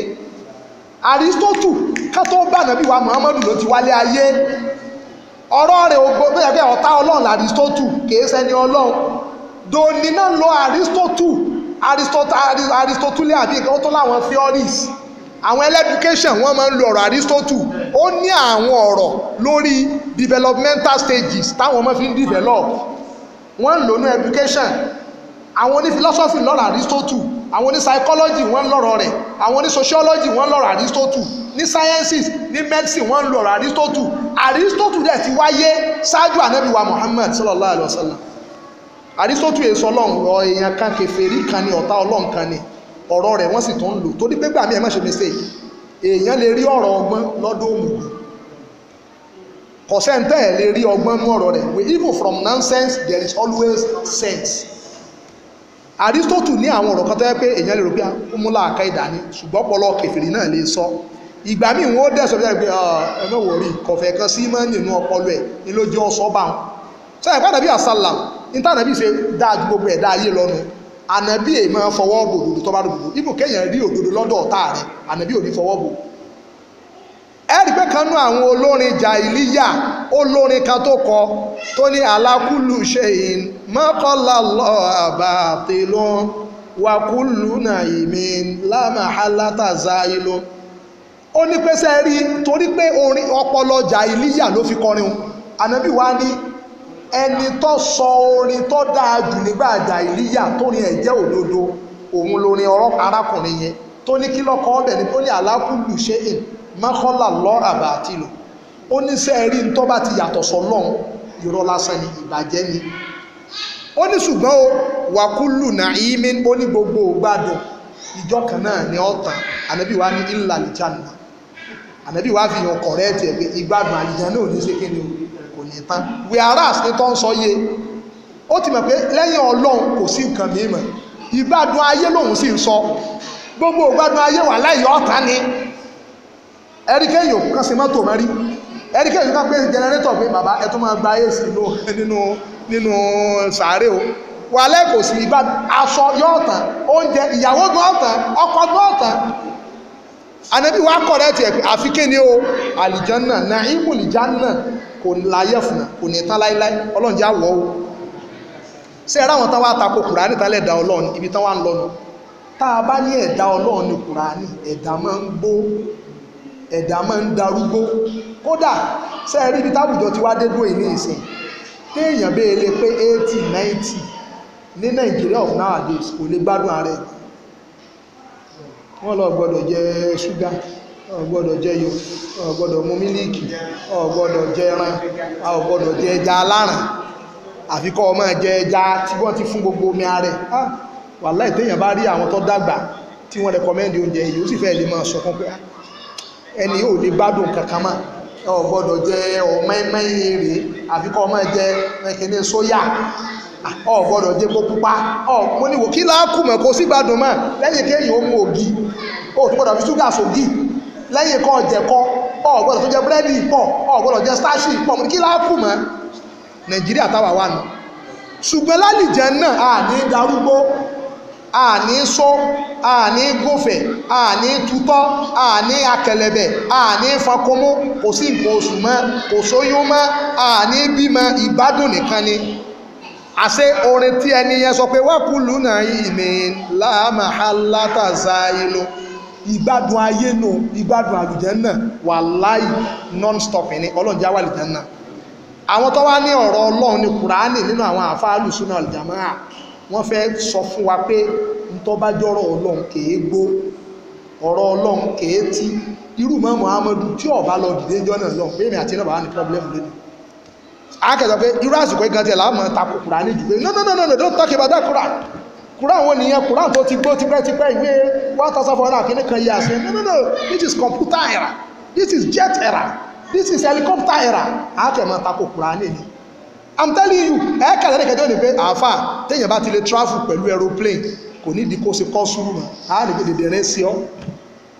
aristotle ká tó bá ànábì wa Muhammad ló ti wálé ayé ọ̀rọ̀ rẹ̀ ògbó bẹ́ẹ̀ bẹ́ẹ̀ ọ̀tá ọlọ́run aristotle kìí ṣẹni ọlọ́run dòní náà lọ aristotle aristotle aristotle àbí nǹkan tó láwọn theories àwọn ẹlẹ́dùkéṣàn wọ́n máa ń lo ọ̀rọ̀ Aristotle ó ní àwọn ọ̀rọ̀ lórí developmental stages táwọn ọmọ fi ń develop wọ́n ń lò ní education àwọn oní philosophy lọ́rọ̀ Aristotle àwọn oní psychology wọ́n ń lọ́rọ̀ rẹ̀ àwọn oní sociology wọ́n ń lọ́rọ̀ Aristotle ní sciences ní medicine wọ́n ń lo ọ̀rọ̀ Aristotle Aristotle dẹ̀ ti wáyé ṣáájú ànábì wa Muhammad sallallahu alayhi wa sallam Aristotle èso ọlọ́run rọ èèyàn kan kèfèrí kan ní ọ̀tá ọlọ́run kan ni ọ̀rọ̀ rẹ̀ wọ́n sì tún ń lò torí pé gbàmí ẹ̀ má ṣe mistake èèyàn lè rí ọ̀rọ̀ ọgbọ́n lọ́dọ̀ òmùgbò kọ̀sẹ́ntẹ́ ẹ̀ lè rí ọgbọ́n mú ọ̀rọ̀ rẹ̀ we even from nonsense there is always sense Aristotle ní àwọn ọ̀rọ̀ kan tó yẹ pé èèyàn lè rò pé múlá àká ìdání ṣùgbọ́n ọpọlọ kẹfìrí náà lè sọ ìgbà míì wọn ó dẹ̀sọ̀ bí i ah, ẹ̀mọ́ wò rí kọ̀fẹ́ kan sí mọ́ nínú ọpọlọ ẹ̀ ni ló jẹ́ ọsọ bá wọn sọ ìpàdé bí àsálà ní tànàbí ṣe dáa ju gbogbo ẹ̀ dáa yé lọ́nu ànàbí èèmọ fọwọ́ bò òdodo tó bá dòdò ibù kéèyàn rí òdodo lọ́dọ̀ ọ̀tá rẹ̀ ànàbí ò ní fọwọ́ bò ẹ̀rí pé kan nú àwọn olórin jàìlíyà olórin kan tó kọ tó ní alákùlù ṣèyìn mọ́kànlá lọ àbàtì ló ń wakùlù náà ìmì lámàhálà tàzá ìlú ó ní pé sẹ́ẹ̀rí torí pé orin ọpọlọ jàìlíyà ló fi kọrin ànàbí wa ní ẹni tó sọ orin tó dáa jù nígbà àjà ìlíyà tó ní ẹ̀jẹ̀ òdodo òun lorin ọ̀rọ̀ arákùnrin yẹn tó ní kí lọ́kọ́ ọbẹ̀ ni tó ní àlákùlù ṣe é mọ́kànlá lọ́ àti lò ó ní sẹ́ẹ̀rí tó bá ti yàtọ̀ sọ lọ́hùn lásán ni ìbàjẹ́ ni ó ní ṣùgbọ́n o wàkúlù ó ní gbogbo ìjọ kan náà ní ọ̀tàn ànábì wa ní ànábì wa fi hàn kọ̀rẹ́ẹ̀tì ẹ̀gbẹ́ ò ní ṣe kí ni o ní tán whereas ní tó ń sọ yé ó ti mọ̀ pé lẹ́yìn ọlọ́run kò sí nǹkan mìíràn ìgbádùn ayé lòun sì ń sọ gbogbo ìgbádùn ayé wà láyé ọ̀tá ni ẹ̀ríkẹ́yìn òkú kan sí mọ́tò mẹ́rí ẹ̀ríkẹ́yìn òkú kan pé jẹnẹrétọ̀ pé bàbá ẹ tó máa gba ayé sí nínú nínú sàárè o wà lẹ́kọ̀ọ́ sí ìgbádùn aṣọ yọ̀ọ̀tàn oúnjẹ ìyàwó gan ọ̀tàn ọkọ gan ọ̀tàn anabi wa correct ẹ̀ pé àfi kéde o náà ìmùlìjánà kò láyẹ̀ fún un kò ní tán láíláí ọlọ́run jẹ́ àwọ̀ o ṣé ẹ ráwọn ta àtakò kùránì tálẹ̀ ẹ̀dá ọlọ́run ibi wá ń lọ́nu tá a bá ní ẹ̀dá ọlọ́run ní kùránì ẹ̀dá máa ń gbó ẹ̀dá máa ń darúgbó kódà ṣé ẹ rí ibi táwùjọ ti wá dé dúró ìsìn téèyàn béèrè pé eighty ninety ní nàìjíríà of nowadays kò lè gbádùn wọ́n lọ gbọ́dọ̀ jẹ ṣúgà o gbọ́dọ̀ jẹ yọ o gbọ́dọ̀ mu mílíìkì o gbọ́dọ̀ jẹ ẹran a ò gbọ́dọ̀ jẹ ẹja aláràn àfi kọ́ ọ máa jẹ ẹja tí wọ́n ti fún gbogbo omi ààrẹ wàláì téèyàn bá rí àwọn tó dàgbà tí wọ́n rẹkọmẹ́ndì oúnjẹ yìí ó sì fẹ́ẹ́ lè máa sọ fún pé ẹni ò lè gbádùn kankan mọ́ o gbọ́dọ̀ jẹ ọmọ ẹmẹ́rin rèé àfi kọ́ ọ ẹkẹ́ni sóyà ọ gbọ́dọ̀ jẹ́ kó pupa ọ mo ní wò kí láàkù mọ̀ kó sì gbádùn mọ̀ lẹ́yìn kéèyàn ó mu ògì ó ti gbọ́dọ̀ fi ṣúgà sògì lẹ́yìn kọ́ jẹ̀kọ́ ọ gbọ́dọ̀ tó jẹ búrẹ́dì pọ̀ ọ gbọ́dọ̀ jẹ stáṣì pọ̀ mo ní kí láàkù mọ̀ nàìjíríà táwa wà nù ṣùgbọ́n lálìjẹ náà a ní darúgbó a ní só a ní gòfẹ̀ a ní tutọ́ a ní akẹlẹ̀bẹ̀ a ní fakomó kò sí nǹkan oṣù mọ́ kò sóyún mọ́ a ní bímọ ìgbádùn nìkan ni àṣẹ orin tí ẹni yẹn sọ pé wakulu náà yìí ni láàmà ìlú ìgbádùn ayé nù ìgbádùn àlùjànnà wà láì non-stop ní ọlọ́njẹ́ wà àlùjànnà àwọn tó wá ní ọ̀rọ̀ ọlọ́run ní kùránì nínú àwọn àfáàlù súnà àlùjàmáà wọ́n fẹ́ sọ fún wa pé ntọ́ bá jọ́rọ̀ ọlọ́run kèé gbó ọ̀rọ̀ ọlọ́run kèé tí irú ọba lọ dìde jọ́nà lọ pé èmi àti náà ní akẹ́sọ̀ pé irú àsìkò ìgan tiẹ̀ láàmú takò Quran ní jùlọ no no no no don't talk about that Quran Quran wo nìyẹn Quran tó ti gbó tipẹ́tipẹ́ ìwé one thousand four hundred kìíní kan yíyá sí no no no this is computer era this is jet era this is helicopter era akẹ́mọ̀ takò Quran ní ni i'm telling you ẹ̀ẹ́kà lẹ́nu kẹjọ ni pé àáfà téèyàn bá ti lè travel pẹ̀lú aeroplane kò ní di kó ṣe kọ́ sùúrù mọ́ àá lè fi dèdè rẹ sí ọ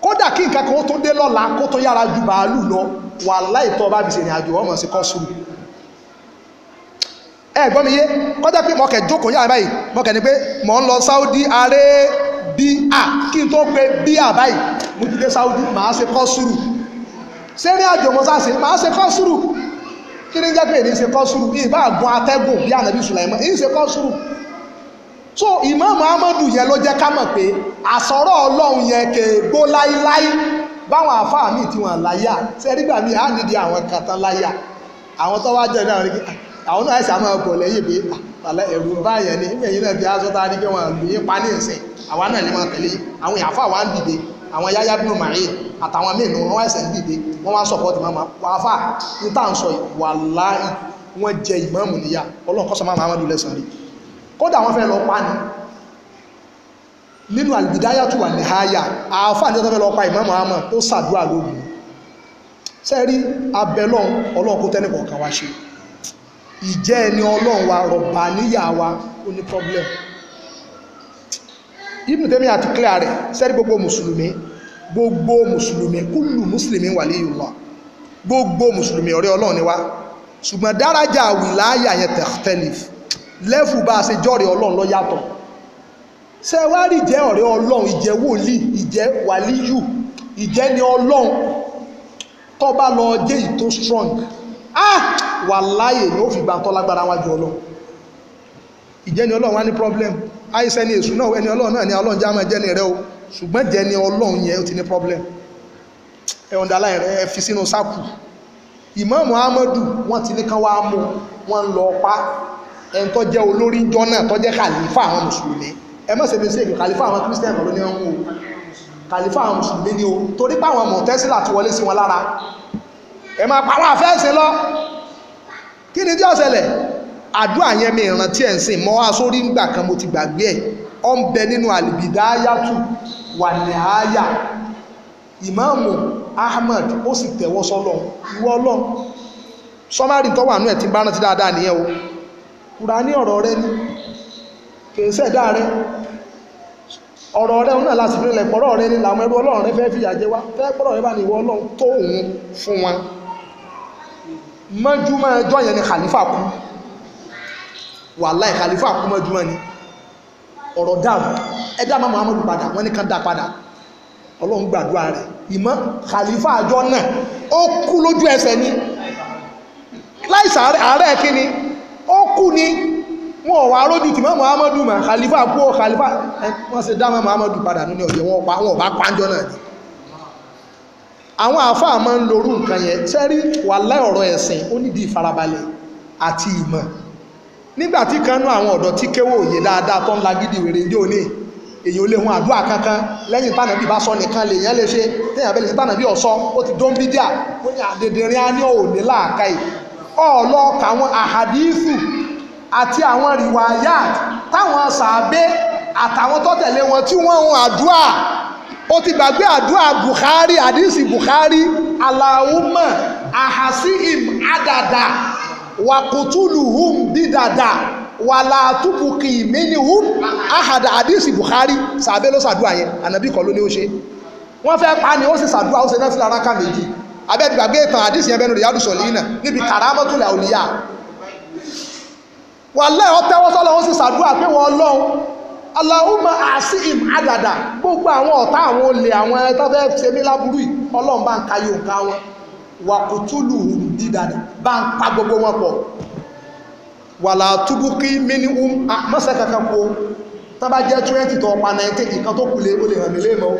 kódà kí nǹkan kan tó dé lọ́la kó tó yára ju bàálù lọ wàláì tó bá fi ṣèrìn àjò ọmọ sí kọ́ sùúrù ẹ gbọ́ mi yé kọ́jà pé mọ̀kẹ́ jókòó yàrá báyìí mọ̀kẹ́ ni pé mọ̀ ń lọ Saudi Arabia kí n tó pe bíà báyìí mo ti dé Saudi màá ṣe kọ́ sùúrù sẹ́rí àjò mo sá ṣe màá ṣe kọ́ sùúrù kí ni jẹ́ pé èyí ṣe kọ́ sùúrù ìbá gun atẹ́gùn bí ànábì Sùlàímọ̀ èyí ṣe kọ́ suru so ìmáàmù amadu yẹn ló jẹ́ ká mọ̀ pé àsọ̀rọ̀ ọlọ́run yẹn kè gbó láíláí báwọn àfáà míì tí wọ́n láyà sẹ́rí gbà míì á nídìí àwọn kàtán láyà àwọn tó wá jẹ́ ní àwọn àwọn náà ṣàmọ́ ọkọ̀ lẹ́yìn pé ah, àlẹ́ ẹ̀rù báyẹn ni ìgbẹ̀yìn náà fi aṣọ tá a ní kí wọ́n lù yín pa ní ìsìn àwa náà lè máa tẹ̀lé àwọn ìyàfọ́ àwa ń dìde àwọn yáyá bínú màáyé àtàwọn míì nù wọ́n wá ẹ̀sẹ̀ ń dìde wọ́n wá sọ̀pọ̀tì máma wàáfà ní tá à ń sọ wàláì wọ́n jẹ ìmáàmù níyà ọlọ́run kọ́sọ̀ máa máa lulẹ̀ sàn rí kódà wọ́n fẹ́ lọ pa ni nínú àlùbídáyà tó wà ní háyà àáfà ní tọ́tọ́ fẹ́ lọ pa ìmáàmù àmọ́ tó ṣàdúrà lónìí sẹ́ẹ̀rí abẹ́lọ́run ọlọ́run kó tẹ́nìkọ̀ọ̀kan wá ṣe ìjẹ́ ẹni ọlọ́run wa rọ̀bà níyà wa ó ní problem ibùn tẹ́mi àti clear rẹ̀ sẹ́rí gbogbo mùsùlùmí gbogbo mùsùlùmí kúlù mùsùlùmí waliyullah gbogbo mùsùlùmí ọ̀rẹ́ ọlọ́run ni wa ṣùgbọ́n dárájà wìláyà yẹn tẹ̀lif lẹ́fù bá a ṣe jọ́rẹ̀ ọlọ́run lọ yàtọ̀ ṣe wá rí ìjẹ́ ọ̀rẹ́ ọlọ́run ìjẹ́ wòlíì ìjẹ́ wàlíyù ìjẹ́ ni ọlọ́run tó bá lọ jẹ́ ìtó strong ah wàláyé ni ó fi gbà tọ́lágbára wájú ọlọ́run ìjẹni ọlọ́run wá ní problem àìsẹ́ ni èṣù náà ẹni ọlọ́run náà ni ọlọ́run já máa jẹ́ni rẹ o ṣùgbọ́n jẹ́ni ọlọ́run yẹn ó ti ní problem ẹ ọ̀dàlá rẹ ẹ fi sínú sáàkù ìmáàmù ahmadu wọ́n ti ní kán wá mú wọ́n ń lọ pa ẹni tó jẹ́ olórí jọ náà tó jẹ́ kàlífà àwọn mùsùlùmí ẹ mọ̀ sẹ́mi sẹ́mi kàlífà àwọn kírísítẹ́nì kàlífà àwọn mùsùlùmí ni o torí pé àwọn mọ̀tẹ́sílà ti wọlé sí wọn lára ẹ máa pàwọn àfẹ́sìn lọ kí ni tí ó àdúrà yẹn mi ìrántí ẹ̀ ń sìn mọ́ wá ńgbà kan mo ti gbàgbé ẹ̀ ọ ń bẹ nínú àlìbìdá ayátù wà ìmáàmù Ahmad ó sì tẹ̀wọ́ sọ́lọ́ sọ́márì tó wà nú o kùrà ní ọ̀rọ̀ rẹ ni kèé sẹ̀dá rẹ ọ̀rọ̀ rẹ? náà láti fi pọ̀rọ̀ rẹ ni làwọn ẹrú ọlọ́run fẹ́ fìyà jẹ wá fẹ́ pọ̀rọ̀ bá ní ọlọ́run tó òun fún mọ́júmọ́ ẹjọ́ yẹn ni khalifa kú wàláì khalifa kú mọ́júmọ́ ni ọ̀rọ̀ dáàmù ẹ̀dá máa muhammadu padà wọ́n ní kan dá padà ọlọ́run gbàdúrà rẹ̀ ìmọ̀ khalifa àjọ náà ó kú lójú ẹsẹ̀ ni láìsà àárẹ̀ kí ni ó kú ni wọn ò wá rójú tìmọ̀ muhammadu mà khalifa kú ó khalifa wọ́n ṣe dá muhammadu padà nínú ọ̀yẹ́ wọn ò bá pàǹjọ náà àwọn àáfàá máa ń lorú nǹkan yẹn sẹ́rí wàláì ọ̀rọ̀ ẹ̀sìn ó nídìí ìfarabalẹ̀ àti ìmọ̀ nígbà tí kan nú àwọn ọ̀dọ́ tí kéwò òye dáadáa tó ń la gidi wèrè ní òní èyí ò lè hun àdúrà kankan lẹ́yìn tánàbí bá sọ nìkan lè yẹn lè ṣe téèyàn bẹ́ẹ̀ lè ṣe tánàbí ọ̀sọ́ ó ti dó ń bí díà ó ní àdèdèrìn á ní òní láàka yìí ọ̀ọ́lọ́ọ̀ka àwọn àhàdíìsù àti àwọn rìwáyà táwọn sàábé àtàwọn tó tẹ̀lé wọn tí wọ́n hun àdúrà ó ti gbàgbé àdúrà Bukhari àdísì Bukhari aláwùmọ̀ àhásíìm àdàdà wàkùtùlùhùm dídàdà wàlà túbùkì mínihùm àhàdà àdísì Bukhari sàbẹ́ ló sàdúrà yẹn ànàbí kan ló ní ó ṣe wọ́n fẹ́ pa ni ó sì sàdúrà ó ṣe náà fìlà rákà méjì abẹ́ ti gbàgbé ìtàn àdísì yẹn bẹ́nu rìyádù sọ̀lìínà níbi kàrámọ́tòlà òníyà wàlẹ́ ọ̀tẹ́wọ́sọ́lọ́ ó sì sàdúrà pé wọ́n ọlọ́run aláwùmọ àṣìm àdàdà gbogbo àwọn ọ̀tá àwọn olè àwọn ẹni tó fẹ́ẹ́ ṣe mí láburú yìí ọlọ́run bá ń ka yóò ká wọn wàkùtùlù dídàdà bá ń pa gbogbo wọn pọ̀ wàlà túbúkí mínú mọ́sẹ̀ kankan po tó bá jẹ́ twenty tó pa nineteen nǹkan tó kulè ó lè hàn mí léèmọ́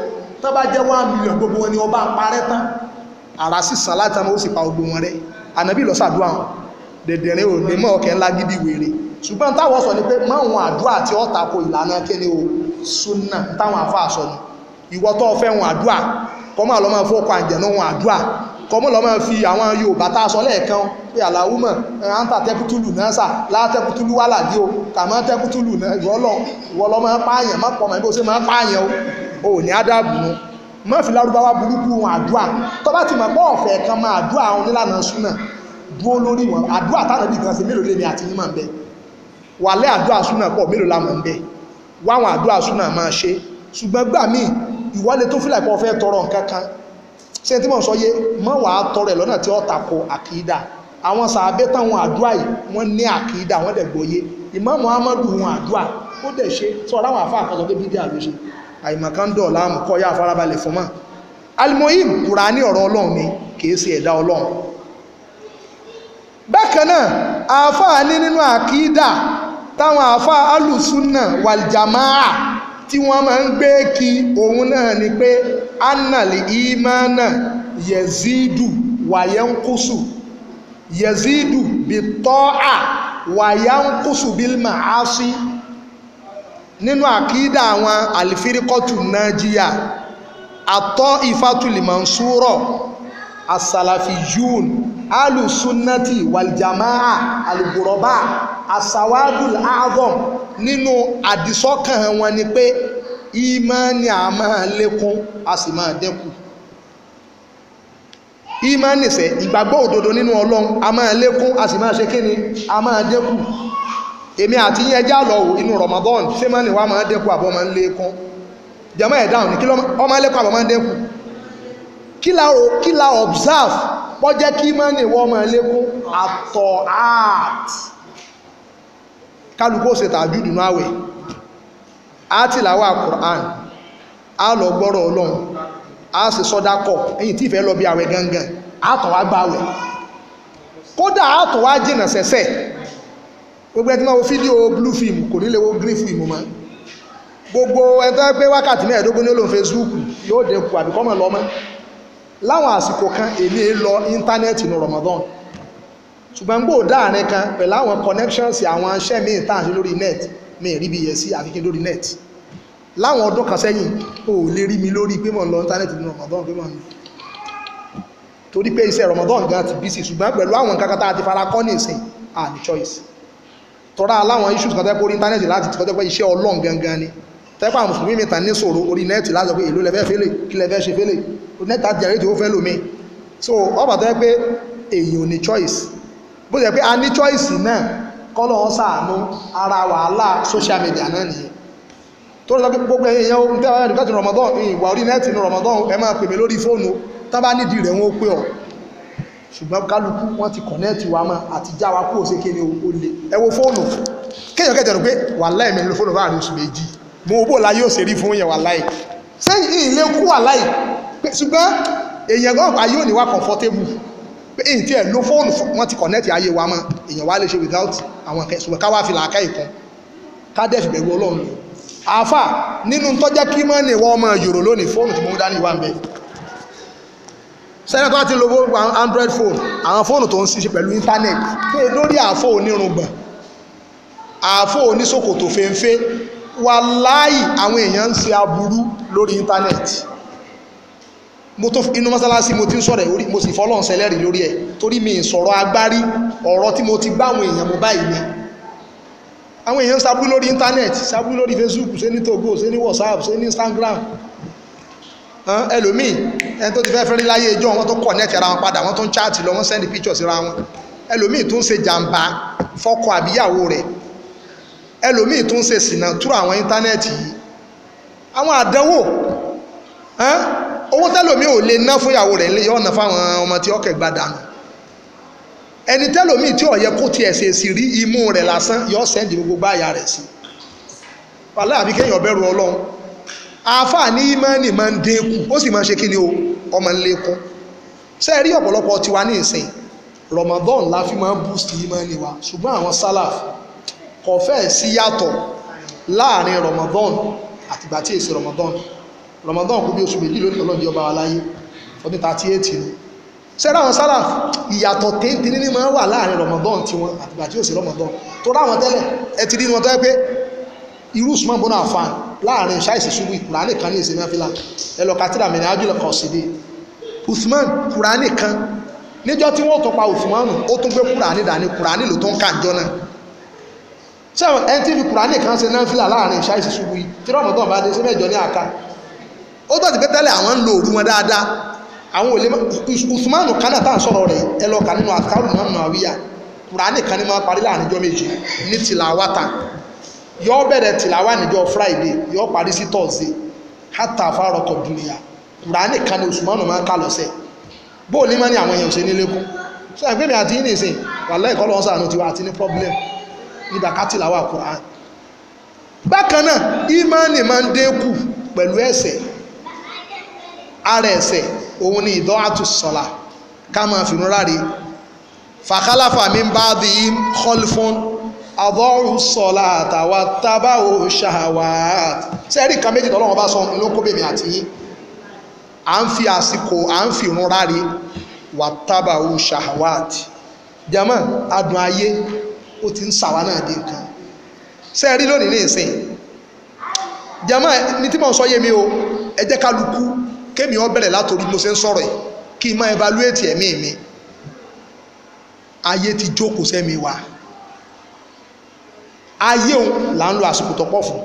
tó bá jẹ́ one million gbogbo wọn ni ọba ń parẹ́ tán ara sì sàlátà ó sì pa gbogbo wọn rẹ ànábì lọ́sàdúrà dẹ̀dẹ̀rẹ̀ ò mọ́ ọ̀kẹ́ ńlá gidi wèrè ṣùgbọ́n táwọn sọ ni pé máwọn àdúrà tí ó tako ìlànà kíni o súnà táwọn àfáà sọ ni ìwọ tó fẹ́ wọn àdúrà kọ́mọ̀ lọ́mọ fọ́kọ àjẹ̀nú wọn àdúrà kọ́mọ̀ lọ́mọ fi àwọn Yorùbá tá a sọ lẹ́ẹ̀kan pé àlàúmọ̀ àǹtà tẹ́kútùlù náà sà látẹ́kútùlù wà làdí o kàmọ́ tẹ́kútùlù ìwọ lọ́mọ pààyàn má pọ̀ mọ́ ibi ó sì máa pààyàn o ò ní ádàbùnú má fi lárúbáwá burúkú wọn àdúrà tó bá ti mọ̀ pọ̀ ọ̀fẹ́ kan máa àdúrà àwọn onílànà súnà dúró lórí wọn àdúrà tánàbì kan sí mélòó lèmi àti yín máa ń bẹ́ẹ̀ wàlẹ́ àdúrà súnà pọ̀ mélòó la mọ̀ ń bẹ wáwọn àdúrà súnà máa ṣe ṣùgbọ́n gbà míì ìwọ́lẹ̀ tó fìlà ìpọ̀ fẹ́ tọrọ nǹkan kan ṣe tí mò ń sọ yé mọ́ wàá tọrọ ẹ̀ lọ́nà tí ó tako àkìdá àwọn sàábé táwọn àdúrà yìí wọ́n ní àkìdá wọ́n dẹ̀ gbòye Imam Muhammadu wọn àdúrà ó dẹ̀ ṣe sọ láwọn àfa àkọsọ pé bídíà ló ṣe àìmọ̀kan dọ̀ láàmú kọ́ yá farabalẹ̀ fún mọ́ alimoyim Kùránì ọ̀rọ̀ Ọlọ́run ni kìí ṣe ẹ̀dá Ọlọ́run bákan náà àáfàá ní nínú àkìdá táwọn àáfà alùsùnà wàlìjàmáà tí wọ́n máa ń gbé kí òun náà ni pé annali imana yezidu wayankusu yezidu bitọ́à wayankusu bilmaasi nínú àkídà àwọn àlìfíríkọ́tù nájíyà àtọ́ ìfàtùlìmọ̀nsúrọ̀ asàlàfíyún alùsùnàtì wàlìjàmáà alùgbòrọ̀bá asawadul azom nínú àdìsọ́kàn wọn ni pé ìmánì a máa lékún a sì máa dẹ́kù ìmánì ṣe ìgbàgbọ́ òdodo nínú ọlọ́run a máa lékún a sì máa ṣe kí ni a máa dẹ́kù èmi àti yín ẹjá lọ inú Ramadan ṣé máa ní wàá máa dẹ́kù àbọ̀ máa ń lékún jẹ́mọ́ ẹ̀dá òní kí ọmọ lékún àbọ̀ máa dẹ́kù kí la kí la observe wọ́n jẹ́ kí ìmánì wọ́n máa lékún àtọ̀ art kálukú ó ṣe tàjúdù náà wẹ̀ á ti làwà Qur'an á lọ gbọ́rọ̀ ọlọ́run á sì sọ́dá kọ̀ ẹ̀yìn tí ìfẹ́ lọ bí àwẹ̀ gangan á tàn wá gbà wẹ̀ kódà á tàn wá jìnà sẹ́sẹ́ gbogbo ẹni tí wọ́n wo fídíò blue film kò ní lè wo green film mọ́ gbogbo ẹni tó pé wákàtí mẹ́ẹ̀ẹ́dógún ní olóhùn Facebook yóò dẹkù àbíkọ́mọ̀ lọ́mọ́ láwọn àsìkò kan èmi e lọ íńtánẹ́ẹ̀tì ní Ramadan ṣùgbọ́n gbò dáàrin kan pẹ̀lú àwọn connections àwọn iṣẹ́ míì tá à ń lórí net mi rí bí yẹn sí àfikín lórí net láwọn ọdún kan sẹ́yìn ò lè rí mi lórí pé mò lọ internet nínú Ramadan pé mò ń torí pé iṣẹ́ Ramadan gan ti bí sí ṣùgbọ́n pẹ̀lú àwọn kankan tá a ti ní ìsìn àní choice tọ́ra aláwọn issues kan tẹ́ pé orí internet láti ti kọjọ́ pé iṣẹ́ Ọlọ́run gangan ni tẹ́pà mùsùlùmí mi ta ní ṣòro orí nẹ́ẹ̀tì láti sọ pé èlò lẹ́fẹ́ fẹ́lẹ̀ kí lẹ́fẹ́ ṣe fẹ́lẹ̀ nẹ́ẹ̀tì àti jẹ̀rẹ́tì ó fẹ́ lómi so ọba tẹ́ pé èèyàn ní choice bó ṣe pé a ní choice náà kọ́lọ̀ wọn sàánú ara wàhálà social media náà nìyẹn tó lọ gbogbo èèyàn ohun tí a bá nìkan ti Ramadan ìwà orí nẹ́ẹ̀tì ní Ramadan ẹ máa pè mí lórí fóònù tá bá nídìí rẹ̀ wọn ó pé ọ ṣùgbọ́n kálukú wọn ti kọ̀nẹ́ẹ̀tì wa mọ́ àti já wa kúrò sí kíni o lè ẹ wo fóònù kéèyàn kẹjọ rò pé wàláì mi lo fóònù báàrin oṣù méjì mo bò láyé ò ṣèrí fún yẹn wàláì sẹ́yìn ilé kú wàláì ṣùgbọ́n èèyàn gan ayé ò ní èyí tí ẹ̀ ló fóònù wọ́n ti kọ̀nẹ́tì ayé wa mọ́ èèyàn wá lè ṣe without àwọn ẹ̀kẹ́ ṣùgbọ́n káwá fi làákà ìkan ká dẹ̀ fìbẹ̀rù ọlọ́run lò àáfà nínú tọ́jẹ́ kí mọ́ ní ìwọ ọmọ yòrò lónìí fóònù tí mo ń dání wà ń bẹ sẹ́yìn tó ti lo gbogbo android phone àwọn fóònù tó ń ṣiṣẹ́ pẹ̀lú íńtánẹ́ẹ̀tì pé lórí àáfò onírùngbọ̀n àáfò oníṣòkòtò fẹ́ńfẹ́ wàláì àwọn èèyàn ń ṣe aburú lórí íńtánẹ́ẹ̀tì mo tó inú mọ́sálásí mo ti ń sọ̀rọ̀ orí mo sì fọlọ́n sẹlẹ́rì lórí ẹ̀ torí mi sọ̀rọ̀ agbárí ọ̀rọ̀ tí mo ti bá àwọn èèyàn mo báyìí ni àwọn èèyàn ń sábú lórí íńtánẹ́ẹ̀tì sábú lórí facebook ṣe ní togo ṣe ní whatsapp ṣe ní instagram ẹlòmíì ẹni tó ti fẹ́ fẹ́ rí láyé ẹjọ́ wọn tó connect ara wọn padà wọn tó ń chat lọ wọn send pictures ra wọn ẹlòmíì tó ń ṣe jàǹbá fọ́kọ àbíyàwó rẹ̀ ẹlòmíì tó ń ṣe sìnà túrò àwọn íńtánẹ́ẹ̀tì yìí àwọn àdánwò owó tẹ́lòmí ò lè ná fúnyàwó rẹ̀ yóò ná fáwọn ọmọ tí ọkẹ̀ gbà dànù ẹni tẹ́lòmí tí ó yẹ kó tiẹ̀ ṣe sí rí imú rẹ̀ lásán yóò sẹ́ndì gbogbo àyà rẹ̀ sí wàhálà àbí kéèyàn bẹ̀rù ọlọ́run àáfàá ní ìmọ̀ọ́nì máa ń dínkù ó sì máa ń ṣe kí ni o ọmọ ń lékún ṣe rí ọ̀pọ̀lọpọ̀ tiwa ní ìsìn Ramadan la fi máa ń boost ìmọ̀ọ́nì wa ṣùgbọ́n àwọn sálàf kò fẹ́ẹ̀ sí yàtọ̀ láàrin Ramadan àtìgbà tí èsì Ramadan Ramadan kú bí oṣù méjì lónìí ọlọ́dí ọba aláyé ọdún 38 ni sẹ́rà àwọn sálàf ìyàtọ̀ téńté nínú máa wà láàrin Ramadan tiwọn àtìgbà tí ó sì Ramadan tó ráwọn tẹ́lẹ̀ ẹ ti rí wọn tẹ́lẹ̀ pé irú Usman bọ́nà àfàn láàrin ṣáìsì ṣubú ìkùránì kan ní ìsinmi afilá ẹ lọ katira mẹ́rin ájúlọ kan sí dé Usman kùránì kan níjọ́ tí wọ́n tọpa Usman ó tún gbé kùránì dání kùránì ló tó ń kàjọ náà sẹ́wọ̀n ẹni tí fi kùránì kan ṣe náà fìlà láàrin ṣáìsì ṣubú yìí tí Ramadan bá dé sí mẹ́jọ ní àká ó tọ́ sí pé tẹ́lẹ̀ àwọn ń lo òru wọn dáadáa àwọn ò lè má Usman kánà tá à ń sọ̀rọ̀ rẹ̀ ẹ lọ kà nínú àkàrù náà nù àwíyà kùránì kan ní máa parí láàrin ọjọ́ méje ní tìlàwátà yọ bẹ̀rẹ̀ tìlàwá níjọ́ Friday yọ parí sí Thursday hátà fárọkọ̀ dùnìyà kùránì kan ní Usman máa ń kà lọ́sẹ̀ bóò ní má ní àwọn èèyàn ṣe nílé kú sọ ẹgbẹ́ mi àti yín nìsín wàlẹ́ ìkọlọ́ sàánú tiwa àti ní problem nígbà kátìlàwà kùránì bákan náà ìmánì máa ń dínkù pẹ̀lú ẹ̀ṣẹ̀ ara ẹ̀ṣẹ̀ òun ni ìdọ́ àtúnṣọlá ká máa fi rúnra rè fàkálàfà mi ń bá bí i kọlifọ́n àbọ̀rù sọ̀lá àtàwà tábàwò ṣàwà sẹ́ẹ̀rì kan méjì tọ́lọ́wọ́n bá sọ ló kó bèmí àti yín à ń fi àsìkò à ń fi ìrun ráre wà tábàwò ṣàwà jẹ́mọ́ adùn ayé ó ti ń sàwà náà dé nǹkan sẹ́ẹ̀rì lónìí ní ìsìn jẹ́mọ́ ní tí mò sọ yé mi o ẹ jẹ́ kálukú kémi ọ bẹ̀rẹ̀ látòrí mo ṣe ń sọ̀rọ̀ yìí kí n máa evaluate ẹ̀mí mi ayé ti jókòó sẹ́mi wa ayé òun là ń lo àsìkò tọ́pọ̀ fún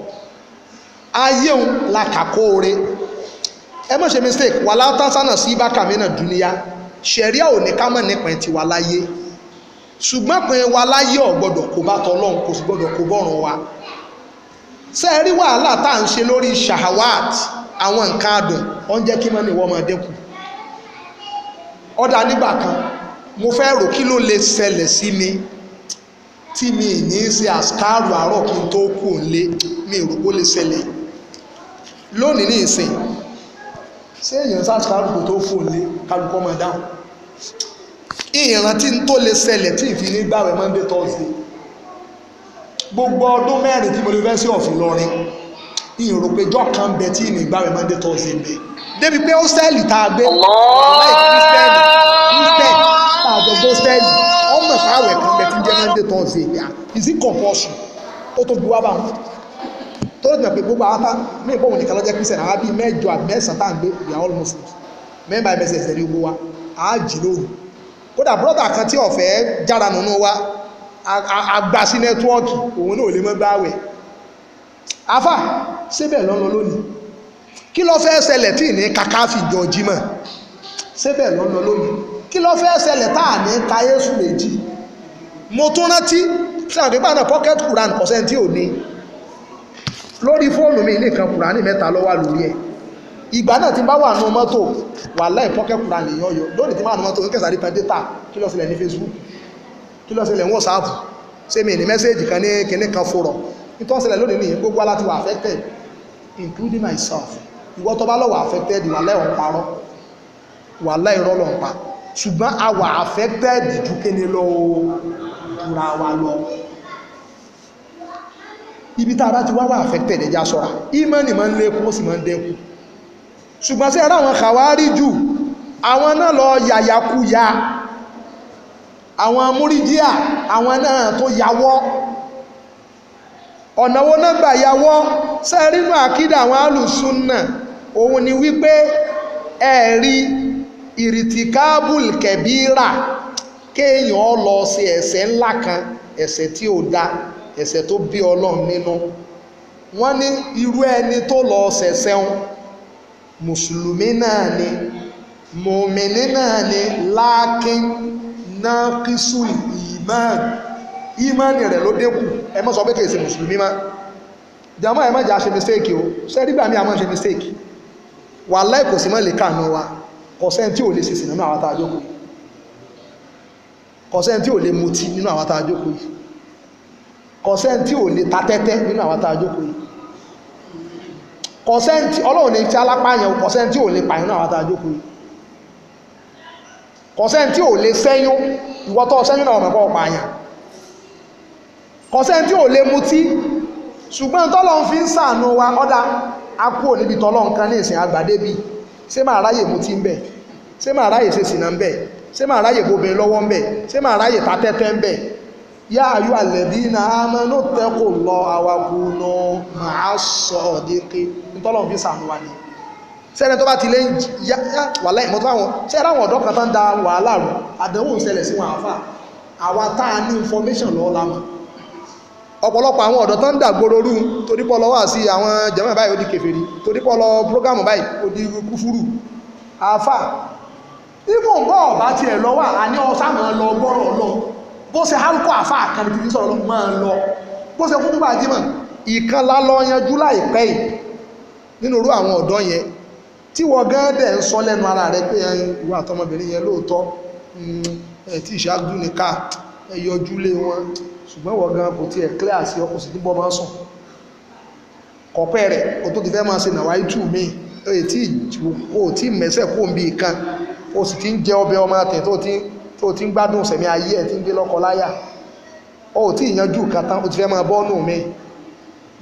ayé òun la kàkó ore ẹ má ṣe mistake wà látàsánà sí ibáka mi náà dúníyá ṣẹ̀ríà ò ní ká mọ̀ nípa ti wà láyé ṣùgbọ́n pé wà láyé ò gbọ́dọ̀ kó bá tọlọ́run kò sì gbọ́dọ̀ kó bọ́rùn wa ṣe wàhálà tá à ń ṣe lórí shahawat àwọn nǹkan adùn ó ń jẹ́ kí mọ́ni ìwọ́ máa ọ̀dà nígbà kan mo fẹ́ rò kí ló lè ṣẹlẹ̀ sí mi tí mi ní ṣe àṣkáàrù àárọ̀ kí n tó kù mi rò kó lè ṣẹlẹ̀ lónìí ní ìsìn ṣé èèyàn ṣàṣkáàrù kò tó fò nílé kálukọ́ máa dáhùn ìrántí tó lè ṣẹlẹ̀ tí ìfi ní gbàwẹ̀ Monday Thursday gbogbo ọdún mẹ́rin tí mo lè fẹ́ sí ọ̀fìn ìrò péjọ kan bẹ tí ìní gbàwẹ̀ mọ́ndé tó ṣe bẹ débi pé hósẹ́ẹ̀lì tá a gbé láì kírísítẹ́ẹ̀lì kírísítẹ́ẹ̀lì tá a gbogbo hósẹ́ẹ̀lì ọmọ ìfàwẹ̀ kan bẹ tí ń jẹ́ mọ́ndé tó ṣe bẹ ìsí kọ̀ǹpọ̀ṣù ó tó bu wá bá wọn tó lè pè gbogbo àwọn mí ìbọn òun nìkan lọ́jọ́ kírísítẹ́ẹ̀lì àwọn bíi mẹ́jọ àbí mẹ́sàn-án tá à ń gbé we are all Muslims mẹ́mbà mẹ́sẹ̀ ẹ̀sẹ̀ ní gbogbo wa àá jì lóru kódà brọ́dà kan tí ọ̀fẹ́ jára nínú wa agbá sí nẹ́tíwọ́ọ̀kì òun náà ò lè mọ́ gbáwẹ̀ afa síbẹ̀ lọ́nà lónìí kí ló fẹ́ ṣẹlẹ̀ tí ní kàkà fi jọ jímọ̀ síbẹ̀ lọ́nà lónìí kí ló fẹ́ ṣẹlẹ̀ tá à ní ka yéṣu méjì mo tún rántí sáà pípa náà pocket quran kọ̀sẹ́ tí ò ní lórí fóònù mi nìkan quran mẹ́ta ló wà lórí ẹ̀ ìgbà náà ti bá wà nù mọ́tò wà láì pocket quran nìyọ́ yọ lónìí ti bá wà nù mọ́tò kẹsàrí pẹ́ data kí ló ṣẹlẹ̀ ní facebook kí ló ṣẹlẹ̀ ní whatsapp sẹ́mi ní mẹ́sẹ́ẹ̀jì kan ní kinní kan fòrọ̀ ìtọ́sẹ̀lẹ̀ lónìí nìyí gbogbo aláti wà affected including myself ìwọ tó bá lọ wà affected wà láì ọ̀n parọ́ wà láì rọ́ lọ́n pa ṣùgbọ́n a wà affected ju kéne lọ dúra wa lọ ibi tá a bá ti wá wà affected ẹja sọ́ra ìmọ̀nì máa ń lékún ó sì máa ń dẹ́kun ṣùgbọ́n sí ẹ̀rọ àwọn kàwárí jù àwọn náà lọ yàyàkúya àwọn amúrídíà àwọn náà tó yàwọ́ ọ̀nà wo náà gbà ya wọ́ sẹ́rínú àkídà àwọn alùsùnà òun ni wípé ẹ̀rí ìrìtìkáàbùl kẹ̀bíra kéèyàn lọ sí ẹ̀ṣẹ̀ ńlá kan ẹ̀ṣẹ̀ tí ò da ẹ̀ṣẹ̀ tó bí ọlọ́run nínú wọ́n ní irú ẹni tó lọ ṣẹ̀ṣẹ̀ mùsùlùmí náà ni mùmìnì náà ni náà imani rẹ ló dínkù ẹ mọ́ sọ pé kèsì mùsùlùmí má jàmọ́ ẹ má jà ṣe mistake o ṣe rí gbàmí àmọ́ ṣe mistake kò sí wa kọ̀sẹ́ni tí ò lè ṣèṣì nínú àwọn àtàjókòó kọ̀sẹ́ni tí ò lè mutí nínú àwọn àtàjókòó yìí tí ò lè ta nínú àwọn àtàjókòó yìí tí ọlọ́run ní ti tí ò lè pààyàn nínú àwọn àtàjókòó kọ̀sẹ́ni tí ò lè mutí ṣùgbọ́n tọ́lọ́n fi ń sàánú wa ọ́dá akúò níbi tọ́lọ́n kan ní ìsìn àgbàdé bí ṣé máa ráyè mutí ń bẹ̀ máa ráyè ṣe ma ń bẹ̀ ṣé máa ráyè ṣe lọ́wọ́ ń bẹ̀ ṣé máa ráyè ta ń bẹ̀ yá ayú àlẹ́bí na lọ awakùnà máa ni sẹ́ni tó bá ti lé wàhálà àwọn sẹ́ni a ọ̀pọ̀lọpọ̀ àwọn ọ̀dọ́ tó ń dàgbòrò rú torí pọ́ lọ́wọ́ sí àwọn jẹ́mọ̀ báyìí ó di kèfèrí torí pọ́ lọ prógámù báyìí ó di kúfúrú àfà ìfò ń bọ́ ọ̀bá ti ẹ̀ lọ́wọ́ àní ọ̀sánà lọ gbọ́rọ̀ lọ bó ṣe hálùkọ́ àfà àkànní ti sọ̀rọ̀ máa lọ bó ṣe kúkú bá jímọ̀ ìkan lálọ́ yanjú láìpẹ́ yìí nínú irú àwọn ọ̀dọ́ yẹn tí wọ́n gán dẹ̀ ń sọ lẹ́nu ara rẹ pé ìwà àtọmọbìnrin yẹn lóòótọ́ mm, ẹ̀ tí ìṣáájú nìka ẹ̀ yọjú lé wọn ṣùgbọ́n ìwọ gan kò tiẹ̀ clear sí ọkùnrin sí díbọ́ máa sùn kọ̀pẹ́ rẹ̀ o tó ti fẹ́ máa ṣe nàwa ìtù mi o tí mẹ́sẹ̀ kó ń bi kan o sì ti ń jẹ ọbẹ̀ ọmọ àtẹ̀ tó ti ń gbádùn sẹ̀mí ayé ẹ̀ tí ń gbé lọ́kọ láyà o tí ìyanjú kàtà o ti fẹ́ máa bọ́ọ̀nù mi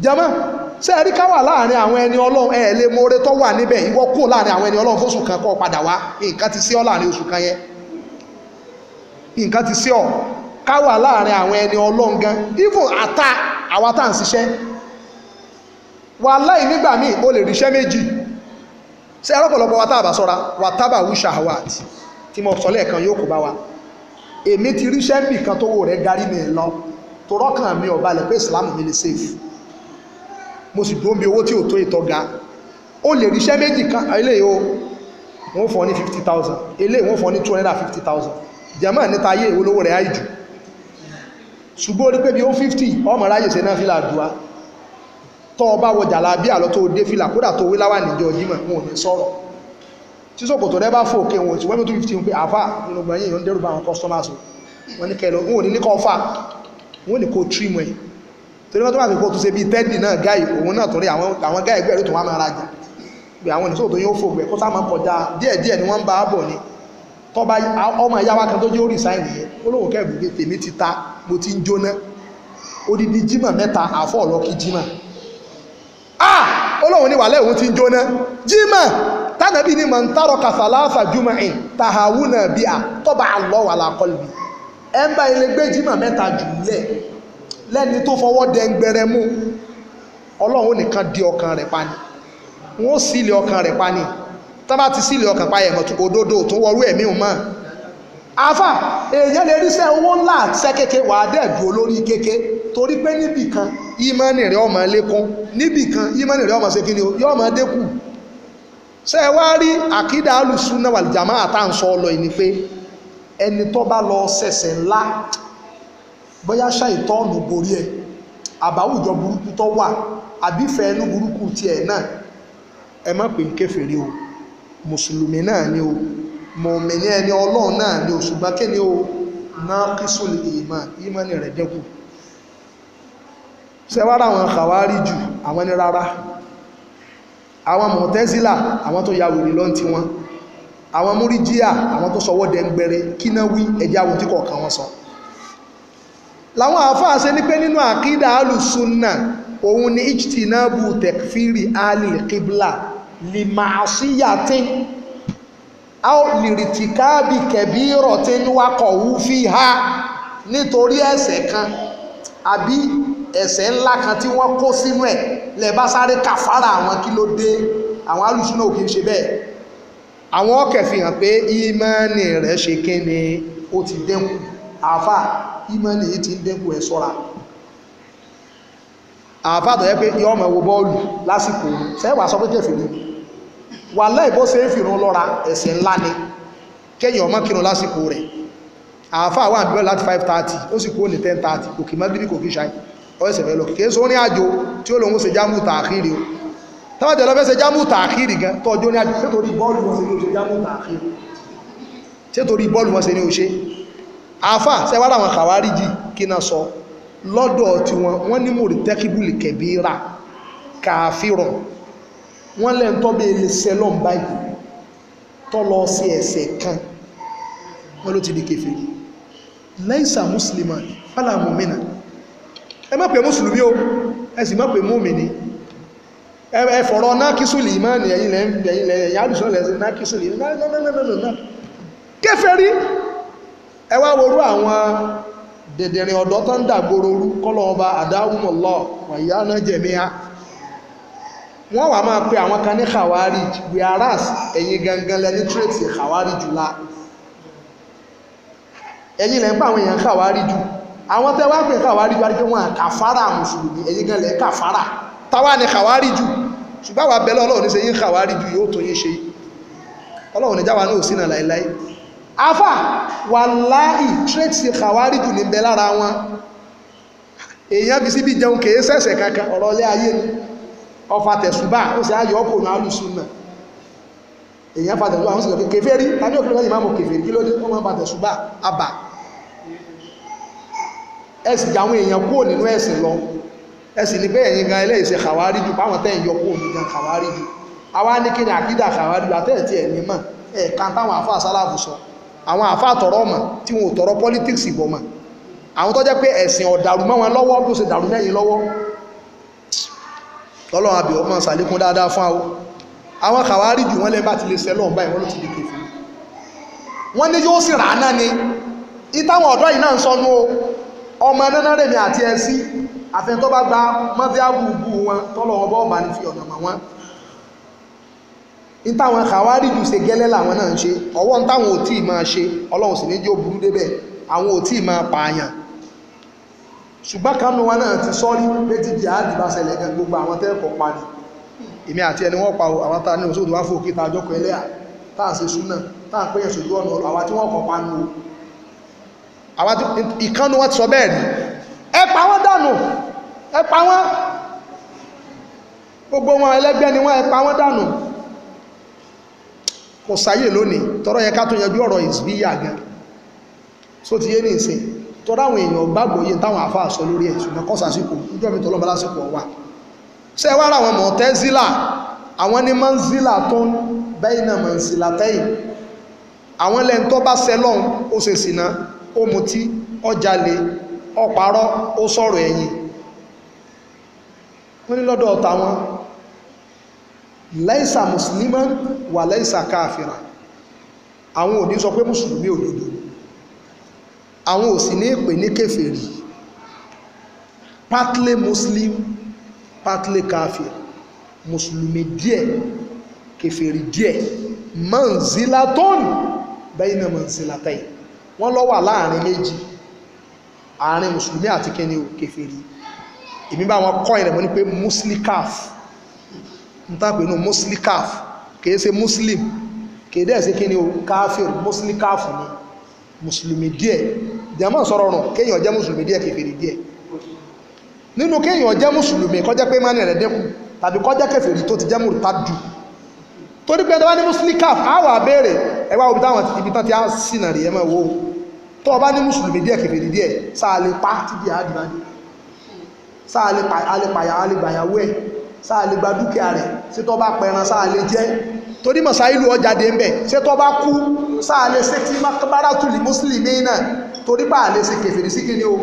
jama ṣe ẹ̀rí ká wà láàrin àwọn ẹni ọlọ́run ẹ̀ lè mọ́ọ́rẹ́ tó wà níbẹ̀ ìwọ kó láàrin àwọn ẹni ọlọ́run fóṣù kan kọ́ padà wá nǹkan ti sí ọ láàrin oṣù kan yẹn nǹkan ti sí ọ káwà láàrin àwọn ẹni ọlọ́ngan even ata àwa tá à ń ṣiṣẹ́ wàláì nígbà míì o lè ríṣẹ́ méjì ṣe ọlọ́pọ̀lọpọ̀ wa tá a bá sọ́ra wà tábà wù ṣàwàt tí mo sọ lẹ́ẹ̀kan yóò kó bá wa èmi ti ríṣẹ́ bì kan tó wò rẹ̀ darí mi lọ tó rọ́kàn mi ò balẹ̀ pé ìsìlámù mi lè safe mo sì dúró bí owó tí ò tó ìtọ́ga o lè ríṣẹ́ méjì kan eléyìí o wọ́n fọ́ ní fifty thousand eléyìí wọ́n fọ́ ní two hundred and fifty thousand jẹ́mọ́ níta ayé ìwolówó rẹ̀ áì jù ṣùgbọ́n orí pé bí ó 50 ọmọ ráyè ṣe náà fílà dùá tọ́ ọba wọ jàlábí àlọ́ tó dé fílà kódà tó wí láwà níjọ jímọ̀ wọn ò ní sọ̀rọ̀ tí sòkòtò rẹ bá fò òkè wọn tí wọ́n tó 50 pé àfà nínú gbọ̀n yìí ń dẹ́rù bá àwọn customers wọn ní kẹlọ wọn ò ní ní kọ́ fà wọn ò ní kó trim ẹ̀ torí wọ́n tó máa fi kó tó ṣe bí tẹ́dì náà gáì òun náà torí àwọn gáì gbẹ̀rù tó wá máa rajà pé àwọn ìṣòwò tó yóò fò gbẹ̀ kó sá máa kọjá díẹ̀díẹ̀ ni wọ́n ń bá bọ̀ ni tọ́ba ọmọ ìyá wa kan tó jẹ́ ó resign yẹn olóhùn kẹ́ẹ̀bùgbé tèmi ti ta mo ti ń jóná odidi jímọ̀ mẹ́ta àfọ́ ọ̀lọ́kí jímọ̀ ah olóhùn ni wàlẹ́ òun ti ń jóná jímọ̀ tánàbí ni mọ̀ ń tàrọ kàsàlásà jùmọ̀ ìn tàhàwùnà bí a tọ́ba àlọ́ wà lákọ́lùbí ẹ ń bá ilé gbé jímọ̀ mẹ́ta jù lẹ̀ lẹ́ni tó fọwọ́ dẹ́ngbẹrẹ mú ọlọ́run nìkan di ọkàn rẹ̀ pani wọ́n sì lè ọkàn rẹ̀ pani tọ́ba ti sílẹ̀ ọkàn pa ẹ̀mọ̀ òdodo tó wọrú ẹ̀mí mọ́ afa èèyàn lè rí sẹ́ owó ńlá sẹ́ kéke wàá dẹ̀dù olórí kéke torí pé níbì kan ìmọ̀nì rẹ̀ ọmọ lékún níbì kan ìmọ̀nì rẹ̀ ọmọ sékìní yọ ọmọ dẹ́kù sẹ́ wá rí àkídà alùsùnà wàlìjàmá àtàǹsọ ọlọ ìní pé ẹni tó bá lọ sẹ̀sẹ̀ ńlá bóyá ṣàìtọ́ọ̀nù borí ẹ̀ àbáwùjọ burúkú tó wà burúkú tiẹ̀ náà ẹ má pè ń kéfèrè o mùsùlùmí náà ni o mọ̀mìnì ẹni ọlọ́run náà ni o ṣùgbọ́n kí ni o naqisul iman ìmánì rẹ̀ dínkù ṣẹwàrà àwọn kàwárí jù àwọn ní rárá àwọn mọ̀tẹ́sílà àwọn tó ya wèrè lọ́n ti wọn àwọn múríjíà àwọn tó sọwọ́ dẹ̀ngbẹ̀rẹ̀ kí náà wí ẹjá wọn tí kọ̀ọ̀kan wọn sọ láwọn àáfàá ṣe ní pé nínú àkídà alùsùnà òun ni ijtinabu tekfiri alì kíblà lìmàṣíyàtín áò lìrìtìkáàbì kẹ̀bí rọ̀tín wákọ̀ wúfí ha nítorí ẹ̀ṣẹ̀ kan àbí ẹ̀ṣẹ̀ ńlá kan tí wọ́n kó sínú ẹ̀ lẹ́bá sáré kàfàrà àwọn kí ló dé àwọn alùsùnà ò kí ń ṣe bẹ́ẹ̀ àwọn ọkẹ̀ fi hàn pé ìmọ̀ọ́nì rẹ̀ ṣe kí ó ti dẹ́kun àáfà ìmọ̀ọ́nì yìí ti dẹ́kun ẹ̀ sọ́ra àfáàdọ̀ yẹ pé yọ ọmọ ẹwọ bọ́ọ̀lù lásìkò sẹ́wà sọ pé kẹfìrí wà láì bó ṣe ń fìrún lọ́ra ẹ̀ṣẹ̀ ńlá ni kẹ́yìn ọmọ kírun lásìkò rẹ̀ àfáà wà níbẹ̀ láti 5:30 ó sì kúrò ní 10:30 kò kì mọ́ gírí kò kí ṣáì ọ̀ẹ́sẹ̀ fẹ́ lọ kìí sọ ní àjò tí ó lòun ṣe jámù tààkiri o tọ́jọ́ lọ fẹ́ ṣe jámù tààkiri gan tọ́jọ́ ní àjò ṣé torí bọ́ọ̀lù wọn ṣe ní oṣe jámù tààkiri ṣé torí bọ́ọ̀lù wọn ṣe ní oṣe àfáà sẹ́wárà wọn kàwárí jì kí náà sọ lọ́dọ̀ tiwọn wọ́n ní mòrìtẹ́kíbùlì kẹ̀bíra kàáfíràn wọ́n lẹ́nu tó bẹ́ẹ̀ lè sẹ́lọ̀ báyìí tó lọ sí ẹ̀ṣẹ̀ kan wọ́n ló ti di kèfèrí lẹ́yìnsà mùsùlùmá fàlà mùmínà ẹ má pè mùsùlùmí o ẹ sì má pè mùmínì ẹ fọ̀rọ̀ nákísùlì ìmáàni ẹ̀yìn lẹ́yìn yàdùsọ́ lẹ́sìn nákísùlì náà kèfèrí ẹ wá worú àwọn dèdèrìn ọ̀dọ́ tó ń dàgbòrò orú kọ́lọ́ọba àdáhùnmọ̀lọ́ wàyá náà jẹ̀míà wọ́n wà máa pe àwọn kan ní khawarij whereas ẹ̀yin gangan lẹni traits khawarij la ẹ̀yin lẹ́ ń pa àwọn èèyàn khawarij àwọn tẹ́ wá pè khawarij wá rí pé wọ́n à kàfárà mùsùlùmí ẹ̀yin gan lẹ́ kàfárà táwa ni khawarij ṣùgbọ́n àwọn abẹ́lẹ́ ọlọ́run ní ṣe yín khawarij yóò tó yín ṣe ọlọ́run níjà náà ò sí náà láéláé afa wàláì tracy kawari jù ní bẹ lára wọn èèyàn fi síbi jẹun kèé sẹ̀sẹ̀ kankan ọ̀rọ̀ ilé ayé ni ọfà tẹ̀sùbà ó sì ayọ̀ ọkọ̀ náà lùsùn náà èèyàn fa tẹ̀sùbà wọ́n sì lọ kèfèrí tàbí òkè lọ́yìn máa mọ̀ kèfèrí kí ló dé wọ́n máa fa tẹ̀sùbà àbà ẹ̀sìn jà àwọn èèyàn kúrò nínú ẹ̀sìn lọ ẹ̀sìn ní pé ẹ̀yin gan eléyìí kàwárí jù báwọn tẹ́ ń yọ kúrò ní kàwárí jù àwa ní kí ni àkídà kàwárí jù àtẹ́ẹ̀tì ẹ̀ mọ̀ ẹ̀ẹ̀kan táwọn àfọ́ àsálàfù sọ àwọn àfa àtọ̀rọ̀ ọmọ tí wọn ò tọrọ politics ìbọ̀ mọ̀ àwọn tó jẹ́ pé ẹ̀sìn ọ̀dàrú mọ́ wọn lọ́wọ́ bó ṣe dàrú mẹ́yìn lọ́wọ́ lọ́lọ́run àbẹ̀wò máa ṣàlékún dáadáa fún àwọn àwọn kàwárí jù wọ́n lẹ́bàá ti lè sẹ́lọ̀ báyìí wọ́n ló ti di kèfì wọ́n ní yóò sì rà náà ni o ọmọ náná rèmi àti ẹ̀sí àfẹ́ntọ́ bá gba mọ́fíà gbùgbù wọn tọ́lọ̀ ọbọ̀ ọ̀bà ní fi ọ̀nà ìtàwọn kàwárìjù ṣe gẹ́lẹ́ làwọn náà ń ṣe ọwọ́ ń táwọn ò tí ì máa ṣe ọlọ́run sì ní jẹ́ òburú débẹ̀ àwọn ò tí ì máa pààyàn ṣùgbọ́n kánú wa náà ti sọ́rí pé ti jihad bá ṣẹlẹ̀ gan gbogbo àwọn tẹ́ẹ̀kọ́ pa ni èmi àti ẹni wọ́n pa àwọn tá ní òṣòdò wá fòkè tá àjọkọ̀ ẹlẹ́à tá à ń ṣe súnà tá à ń péyàn ṣòjú ọ̀nà àwa tí wọ́n kọ̀ pa nù o ìkánú wọn ti sọ bẹ́ẹ̀ ni ẹ pa wọ́n dànù ẹ pa wọ́n gbogbo wọn ẹlẹ́gbẹ́ ni wọ́n ẹ pa wọ́n dànù kò sáyè lónìí tọ́rọ yẹ ká tó yanjú ọ̀rọ̀ ìsbíyà gan so ti yé ní ìsìn tọ́rọ àwọn èèyàn gbàgbọ́ yé táwọn àfa àsọ lórí ẹ̀ ṣùgbọ́n kọ́ sàsìkò ìjọ mi tọ́lọ́mọ lásìkò wà ṣe wá ra àwọn mọ̀tẹ́zílà àwọn ní mọ́ńzílà tó ń bẹ́yìn náà mọ̀ńzílà tẹ́yìn àwọn lẹ́ni tó bá ṣẹ lọ́hùn ó ṣe sìnà ó mutí ó jalè ó ó sọ̀rọ̀ ẹ̀yìn wọ́n ní lọ́dọ̀ ọ̀tá wọn láìsà mùsùlùmí wà láìsà káàfìrà àwọn òní sọ pé mùsùlùmí òdodo àwọn ò sì ní ìpè ní kèfèrí partly muslim partly káfìr mùsùlùmí díẹ̀ kèfèrí díẹ̀ manzilaton bayna manzilatayn wọ́n lọ wà láàrin méjì àárín mùsùlùmí àti kẹ́ni kèfèrí èmi bá wọn kọ́ ìrẹ̀mọ́ ní pé muslikaf ntàpé nù muslikaf kìí ṣe muslim kìí dẹ̀ ṣe kí ni o káfíìr muslikaf ni mùsùlùmí díẹ̀ jẹ́mọ́ sọ̀rọ̀ ọ̀rùn kéèyàn jẹ́ mùsùlùmí díẹ̀ kèfèrí díẹ̀ nínú kéèyàn jẹ́ mùsùlùmí kọjá pé mánì rẹ̀ dínkù tàbí kọjá kèfèrí tó ti jẹ́ mùrùtádù torí pé ẹ̀dọ́ bá ní muslikaf á wà béèrè ẹ̀wá òbí táwọn ibi tán ti á sínà rí ẹ̀mọ́ ìwó tó o bá ní mùsùlùmí díẹ̀ kèfèrí díẹ̀ sáà lè pa tí di àdìbàdì sáà lè pàyà á lè gbàyàwó ẹ̀ sáà lè gba dúkìá rẹ̀ ṣé tó bá pẹran sáà lè jẹ́ torí mọ̀sáìlú ọjà dé ń bẹ̀ ṣé tó bá kú sáà lè ṣe tí báratùlì mùsùlùmí náà torí bá lè ṣe kèfèrí sí kíni o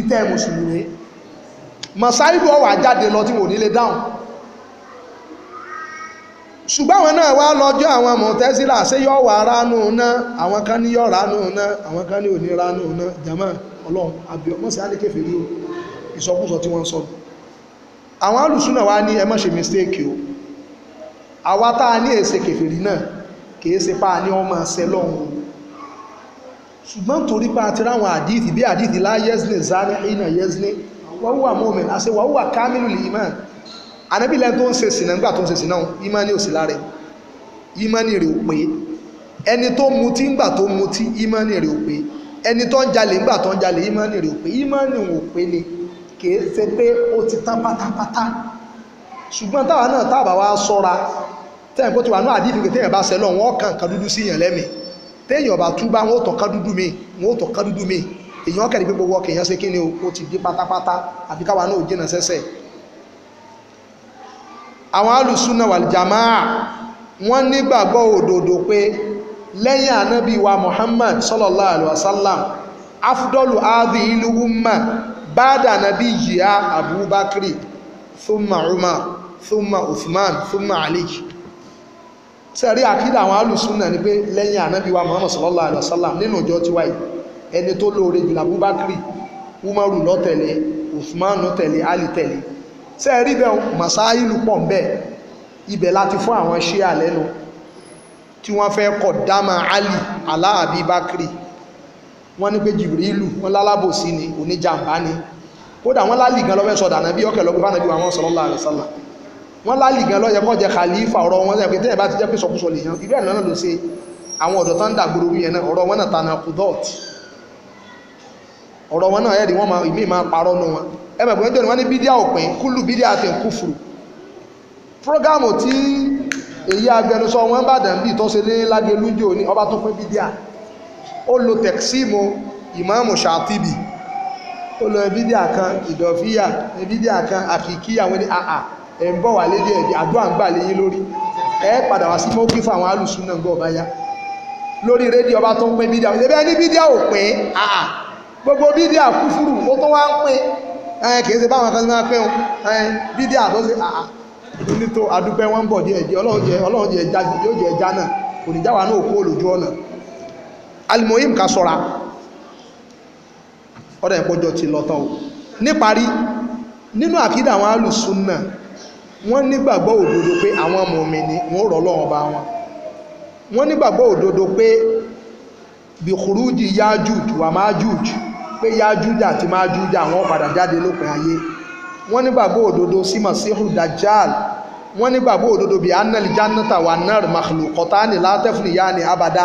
ìtẹ́ mùsùlùmí mọ̀sáìlú ọwà jáde lọ tí wò ní lè dáhùn ṣùgbọ́n àwọn náà wá lọ́jọ́ àwọn mọ̀tẹ́sílà ṣé yọ wà ránú náà àwọn kan ní yọ ránú náà àwọn kan ní òní ránú náà jama ọlọ́run àbí ọmọ sí alékèfèrí o ìsọkúsọ tí wọ́n sọ̀rọ̀ àwọn alùsúnà wá ní ẹ ṣe mistake o àwa ní èsè náà kìí se pa ní ọmọ ẹsẹ lọ́hùn ṣùgbọ́n torí pa àti ráwọn bí àdíìtì lá yẹ́sìnì zani iná yẹ́sìnì àṣẹ kámílù ìmọ̀ tó ń tó ń ìmọ̀ ní òsì lára ìmọ̀ ní ẹni tó ńgbà tó ìmọ̀ ní ẹni tó ni. kìí ṣe pé ó ti tán pátápátá ṣùgbọ́n táwa náà tábà wá sọ́ra tẹ́yìn kó ti wà bá kàn kan dúdú sí èèyàn lẹ́mìí téèyàn ọba tú bá wọn ó tọ̀ dúdú mi wọn ó tọ̀ dúdú mi kẹ́rin pé gbogbo ọkẹ̀ ṣe kí ni ó ti di pátápátá káwa náà ò jìnà sẹ́sẹ̀ Muhammad sallallahu alaihi adi ilu báàdà nàbí yìá abubakri thumma umar thumma uthman thumma ali sẹ́rí àkídà àwọn alùsùnà ni pé lẹ́yìn ànábì wa muhammad sallallahu alaihi wasallam nínú ìjọ ti wáyé ẹni tó lóore jùlọ abubakri umaru ló tẹ̀lé uthman ló tẹ̀lé ali tẹ̀lé sẹ́rí bẹ́ẹ̀ masáìlú pọ̀ ń bẹ́ẹ̀ ibẹ̀ láti fún àwọn ṣíà lẹ́nu tí wọ́n fẹ́ kọ̀ dáma ali aláàbí bakri wọ́n ní pé jìbìrìlù wọ́n lálábòsí ni oníjàmbá ni kódà wọ́n lálì gan lọ́fẹ́ sọ̀dà náà bí ọkẹ̀ lọ́gbẹ́ fánàbí wọn sallallahu alaihi wasallam wọ́n lálì gan lọ́yẹ kọ́ jẹ khalifa ọ̀rọ̀ wọn sẹ́yìn pé tẹ́yìn bá ti jẹ́ pé sọkúsọ lè yan irú ẹ̀ náà ló ṣe àwọn ọ̀dọ́ tó ń dàgbòrò yẹn náà ọ̀rọ̀ wọn náà kudot ọ̀rọ̀ wọn ó lo tẹ̀síìmù ìmáàmù ṣàtìbì ó lo ẹbídíà kan ìdọ̀fíyà ẹbídíà kan àkìkí àwọn ẹni àà ẹ̀ ń bọ̀ wà lédè ẹ̀dì àdúrà ń gbà léyìn lórí ẹ padà wá sí mọ́kí fún àwọn alùsùn náà gbọ́ ọba yá lórí rédíò ọba tó ń pín bídíà ṣe bẹ́ẹ̀ ní bídíà ò pín àà gbogbo bídíà kúfúrù ó tó wá ń pín kì í ṣe báwọn kan máa pẹ́hùn bídíà tó ṣe àà nítò adúpẹ́ wọn ń bọ̀ díẹ̀ díẹ̀ ọlọ́run jẹ́ ọlọ́run jẹ́ ẹja náà kò ní jáwa náà kó olùjú ọ̀nà alimoyim ká sọ́ra ọ̀dọ̀ ìpọ́jọ́ ti lọ tán o níparí nínú àkídà àwọn alùsùnà wọ́n nígbàgbọ́ òdodo pé àwọn mọ̀mìnì wọ́n rọ̀ lọ́wọ́ bá wọn wọ́n nígbàgbọ́ òdodo pé bìkúrújì yájúj wà májúj pé yájúj àti májúj àwọn padà jáde lópin ayé wọ́n nígbàgbọ́ òdodo sí masihu wọ́n nígbàgbọ́ òdodo bí annal jannata wà nar makhlukotani látẹ́fìnìyà ni abada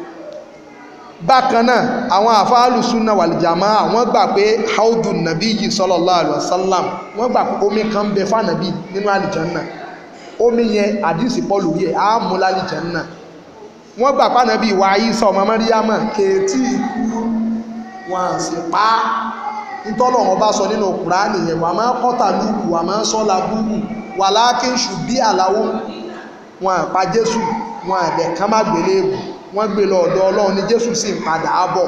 bákan náà àwọn àfáàlù súnà wàlìjàmá wọ́n gbà pé haudu nàbí yìí sọlọ, alaihi wasallam wọn gbà pé omi kan bẹ fànàbí nínú àlìjánà omi yẹn àdìsí yẹ á mú lálìjánà wọn gbà fànàbí ìwà ayíṣà ọmọ mẹ́ríyàmọ̀ ikú wọn sì pa á ìtọ́lọ̀ wọn bá sọ nínú kùránì yẹn wà máa kọ́ta wà máa wà wọn wọn wọ́n gbé lọ ọ̀dọ̀ ọlọ́run ní jésù sì ń padà bọ̀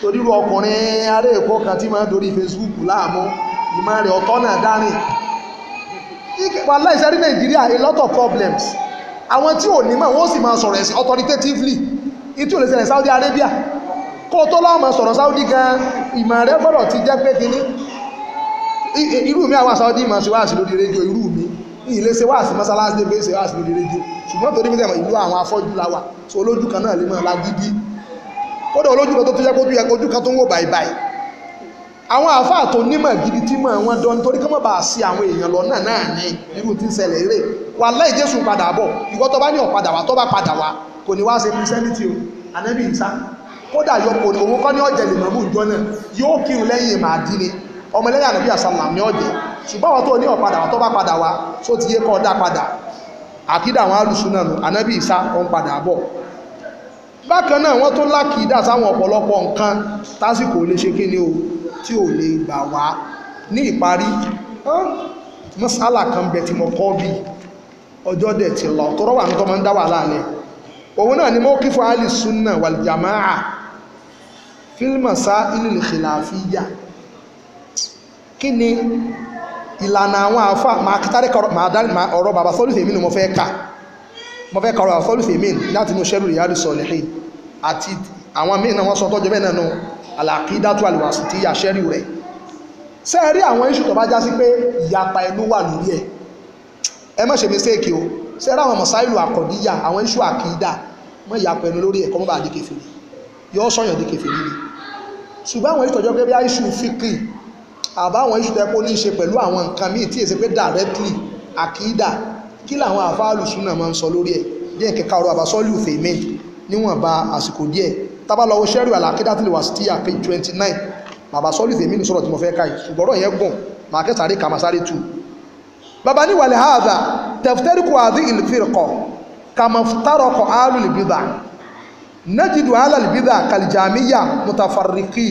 torírú ọkùnrin ará èkó kan tí máa ń dorí facebook láàmú ìmọ̀ rẹ̀ ọ̀tọ́ náà dárìn wàhálà ìṣẹ́rí nàìjíríà a lot of problems àwọn tí ò ní mọ̀ wọ́n sì máa sọ̀rọ̀ ẹ̀sìn authoritatively ìtú lè ṣẹlẹ̀ Saudi Arabia kó tó láwọn máa sọ̀rọ̀ Saudi gan ìmọ̀ rẹ̀ gbọ́dọ̀ ti jẹ́ pé kínní irú mi àwọn Saudi máa ṣe wáàsí lórí rédíò irú mi ilé ṣe wáàsí mọ́sálásí dé bẹ́ẹ̀ ṣe wáàsí lórí rédíò ṣùgbọ́n torí bíi ìlú àwọn afọ́jú la wà so olójú kan náà lè máa lágídí kódà olójú kan tó tó yẹ kó yẹ ojú kan tó ń wò báyìí àwọn àáfàá tó nímọ̀ gidi tí mọ̀ wọn dán nítorí kọ́mọ̀ bá sí àwọn èèyàn lọ náà náà ní irú tí ń ṣẹlẹ̀ eré wà láì jésù padà bọ̀ ìwọ tó bá ní ọ̀padà wá tó bá padà wá kò ní wá ṣe christianity o ànábì ìsá kódà yọ kò ní òun kọ́ ní ọ̀jẹ̀ lè mọ̀mú ìjọ náà yóò kírun lẹ́yìn màdí ni ọmọlẹ́yìn ànábì àsàlà ní ọ̀jẹ̀ ṣùgbọ́n àwọn tó ní ọ̀padà àwọn tó bá padà wá tó ti yé kọ́ dá padà àkídà àwọn alùsùnà nù ànábì ìsá kan padà bọ̀ bákan náà wọ́n tó lákìídà sáwọn ọ̀pọ̀lọpọ̀ nǹkan tásìkò lè ṣe kíni o tí ò lè gbà wá ní ìparí mọ́sálà kan bẹ̀ tí mo kọ́ bí ọjọ́ dẹ̀ ti lọ tọrọ wà ní tọmọ ń dá wà láàlẹ́ òun náà ni mo kí fún alùsùnà wàlìjàmáà fílmọ̀sá ilẹ̀ khilafiyya kí ni ìlànà àwọn àfa máa kátàrí ọ̀rọ̀ bàbá sọ́lùfẹ̀ mi ni mo fẹ́ kà mo fẹ́ kà ọ̀rọ̀ bàbá sọ́lùfẹ̀ mi láti inú sẹ́rù ìyá sọ̀lẹ̀hìn àti àwọn míì náà wọ́n sọ tọ́jú bẹ́ẹ̀ náà nù àlàkídàtú àlùwàsì tí yà sẹ́rù rẹ̀ sẹ́ẹ̀rí àwọn iṣu tó bá já sí pé ìyapa ẹnu wà lórí ẹ̀ ẹ má ṣe mistake o sẹ́ẹ̀rí àwọn mọ̀sáìlù àkọ̀díyà àwọn iṣu àkìdá mọ́ ìyapa ẹnu lórí ẹ̀ kọ́ mọ́ bá di kèfèrí yọ àbáwọn iṣu tẹ́ kó ní í ṣe pẹ̀lú àwọn nǹkan míì tí èsì pé directly àkídà kí làwọn àfáàlù súnà máa ń sọ lórí ẹ̀ díẹ̀ kẹka ọ̀rọ̀ àbásọ́lù fèmí níwọ̀nba àsìkò díẹ̀ tábàlọ́wọ́ sẹ́rù àlàkídà tí lè wà sí tíyà page twenty nine àbásọ́lù fèmí ní sọ̀rọ̀ tí mo fẹ́ ká yìí ṣùgbọ́n ọ̀rọ̀ yẹn gùn màá kẹsàárẹ̀ kà máa sáré tù. bàbá ní wàlẹ̀ hàdà tẹ̀fùtẹ́rìkù àdí ìlfìrìkọ̀ kàmọ̀fùtàrọ̀kọ̀ àlùlìbìdà najidu alàlìbìdà kàlìjàmíyà mutafarriqi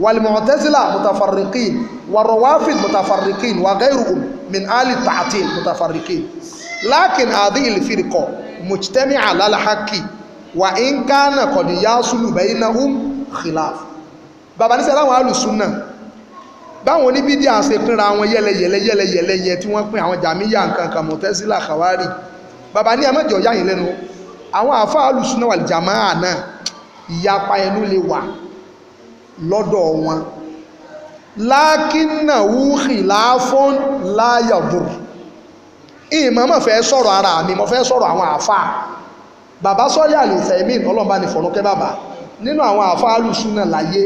والمعتزلة متفرقين والروافد متفرقين وغيرهم من آل التعطيل متفرقين لكن هذه الفرقة مجتمعة على الحق وان كان قد يصل بينهم خلاف bàbá ní sẹ́láwọn alùsùnà báwọn oníbídíà ṣe pínra àwọn yẹ́lẹyẹ̀lẹ yẹ́lẹyẹ̀lẹ yẹn tí wọ́n pín àwọn jàmíyà nkankan mọ̀tẹ́sílà kàwárì bàbá ní ẹmọ́jọ̀ yáyìn lẹ́nu àwọn àfáà alùsùnà wà lìjàmáà náà ìyapa ẹnu lè wà lọ́dọ̀ wọn lákínàwú khilafun láyàbùrù ìmọ̀ mọ̀ fẹ́ sọ̀rọ̀ ara mi mo fẹ́ sọ̀rọ̀ àwọn àáfàá bàbá sọ́yà lè tẹ̀mí ọlọ́mbà ní fọ̀rọ̀kẹ́ bàbá nínú àwọn àáfàá alùsúnà láyé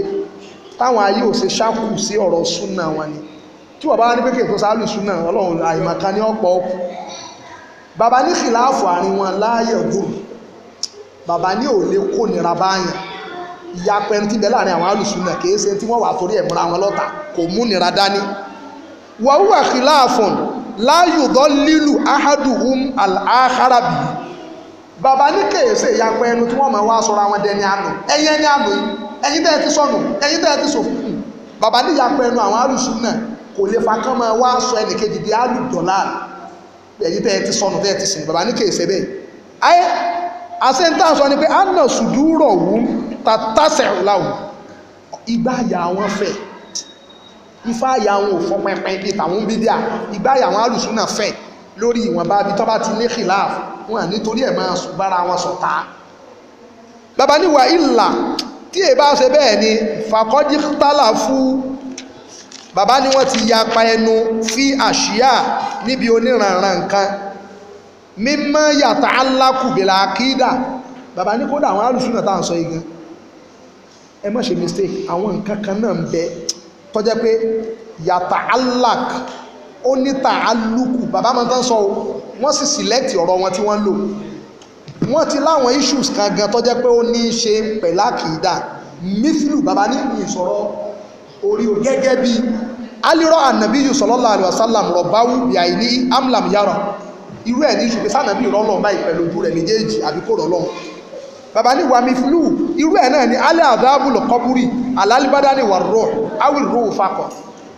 táwọn ayé ò ṣe ṣákù sí ọ̀rọ̀ súnà wọn ni tí bàbá wá ní pékè tó sálù súnà ọlọ́run àìmọ̀kan ní ọ̀pọ̀ ọkù bàbá ní khilafun àárín wọn láyàbùrù bàbá ní ò lè nira báyàn ìyapẹ ti bẹ láàrin àwọn alùsùnà kì í ṣe tí wọ́n wà torí ẹ̀ múra wọn lọ́ta kò múnira dání. wàhùwà kìláàfọ̀n láyùdọ́ lílù áhádùhùm àláhárabì bàbá ní kèèṣe ìyapẹ ẹnu tí wọ́n mọ̀ wá sọ́ra wọn dẹni àná ẹ̀yìn ẹni àná ẹ̀yìn tẹ́ ẹ ti sọnù ẹ̀yìn tẹ́ ẹ ti sòfò bàbá ní ìyapẹ ẹnu àwọn alùsùnà kò lè fa kán máa wá sọ ẹnìkejì di alùdọ̀lá ni pé anna sùdúrọ̀ wù tàtàṣẹ̀ làwọn ìgbáyà wọn fẹ̀ ifá àyà wọn ò fọ pẹpẹ bíi tàwọn bídíà ìgbáyà wọn alùsùnà fẹ̀ lórí ìwọ̀nba bí tọ́ba ti ní khilaf wọn à nítorí ẹ̀ máa sùn bára wọn sọ̀tá bàbá ní ìlà tí èyí bá ṣe bẹ́ẹ̀ ni fàkọ́jí tálà fún bàbá ní wọ́n ti yapa ẹnu fi àṣìyà níbi oníranran nǹkan mímọ́ yàtà alákùbìlà akídà bàbá ní kódà àwọn alùsùnà tá sọ yìí gan ẹ má ṣe mistake àwọn nǹkan kan náà ń bẹ tọ́jẹ́ pé yàtà alak ó níta alukù bàbá máa tán sọ wọ́n sì select ọ̀rọ̀ wọn tí wọ́n lò wọ́n ti láwọn issues kan gan tọ́jẹ́ pé ó ní í ṣe pẹ̀lá kìídà mithlu bàbá ní ìsọ̀rọ̀ orí o gẹ́gẹ́ bí alirọ́ ànàbíyù sallallahu alaihi wasallam rọ̀báwù bíàì ní amlam yàrá irú ẹ̀ ní ìṣùgbẹ́sà ànàbí rọ́lọ́ báyìí pẹ̀lú ojú rẹ̀ méjèèjì àbí kò rọ́lọ́run bàbá ní wàmí flu irú ẹ̀ náà ni alẹ́ àdáàbùlù kọ́búrì alálìbádá ni wà rọ̀ awìl rò fakọ̀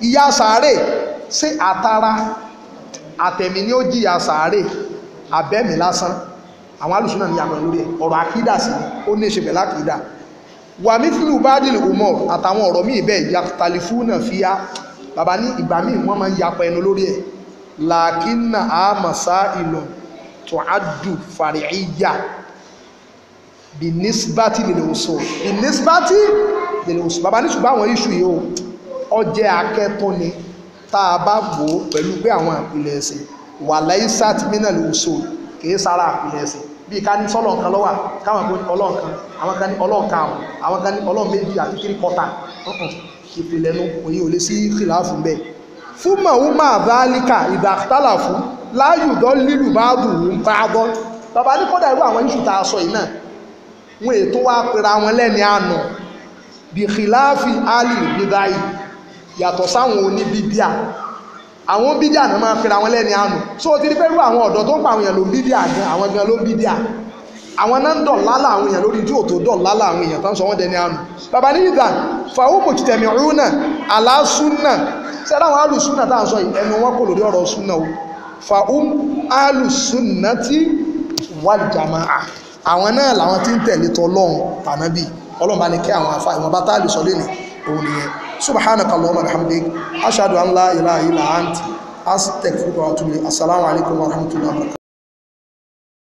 ìyà sàárè ṣé àtara àtẹ̀mí ni ó jìyà sàárè abẹ́mí lásán àwọn alùsùn náà ní àmọ́ lórí ẹ̀ ọ̀rọ̀ àkídà sí ó ní ṣe pẹ̀lú àkídà wàmí flu bádìlì umar àtàwọn ọ̀rọ̀ míì bẹ́ẹ̀ yàtàlífù náà fíyà bàbá ní ìgbà míì wọ́n máa ń yapa ẹnu lórí ẹ̀ làákínà àmàṣá ìlọ tó àdù fàríyà binisbati lè wòsàn binisbati lè wòsàn bàbá ní ṣùgbọ́n àwọn iṣu yìí ó ọjẹ́ akẹ́tọ́ ni tá a bá wò ó pẹ̀lú pé àwọn àpilẹ̀ ẹ̀sìn wà láyé sátìmínà lè wòsàn kìí sára àpilẹ̀ ẹ̀sìn bíi ká ní sọ́lọ̀ nǹkan lọ́wà káwọn kan ní ọlọ́ọ̀ kan àwọn kan ní ọlọ́ọ̀ kan àwọn kan ní ọlọ́ọ̀ méjì àti kiri kọta ìpìlẹ̀ nu òye ò lè sí kìláàfù bẹ́ẹ̀ fún màwú máa ìdàkítàlà fún láyùdọ́ lílù bá dùn ún bá dọ́ bàbá ní kódà irú àwọn iṣu tá a sọ yìí náà wọn ètò wá pera wọn lẹ́ni àná bìkìláàfì alì bíbáyì yàtọ̀ sáwọn oníbíbíà àwọn bíbíà náà máa pera wọn lẹ́ni àná so ti rí pẹ́lú àwọn ọ̀dọ́ tó ń pa àwọn èèyàn ló bíbíà gan àwọn gan ló bíbíà àwọn náà ń dọ̀lá láwọn èèyàn lórí tí ò tó dọ̀lá láwọn èèyàn tán sọ wọ́n dẹni àánú bàbá ní ìdá fàwọn mòtítẹ̀mì ọ̀rún náà aláṣúnà sẹ́dá àwọn alùsúnà tá à ń sọ ẹnu wọn kò lórí ọ̀rọ̀ súnà o fàwọn alùsúnà tí wal jamaa àwọn náà làwọn tí ń tẹ̀lé tọlọ́run tànábì ọlọ́run bá ní kí àwọn afá ìwọ̀n bá tá lè sọ lẹ́nu òun nìyẹn subhanaka allahumma wa bihamdik ashhadu an la ilaha illa ant astaghfiruka wa atubu assalamu alaikum wa rahmatullahi wa barakatuh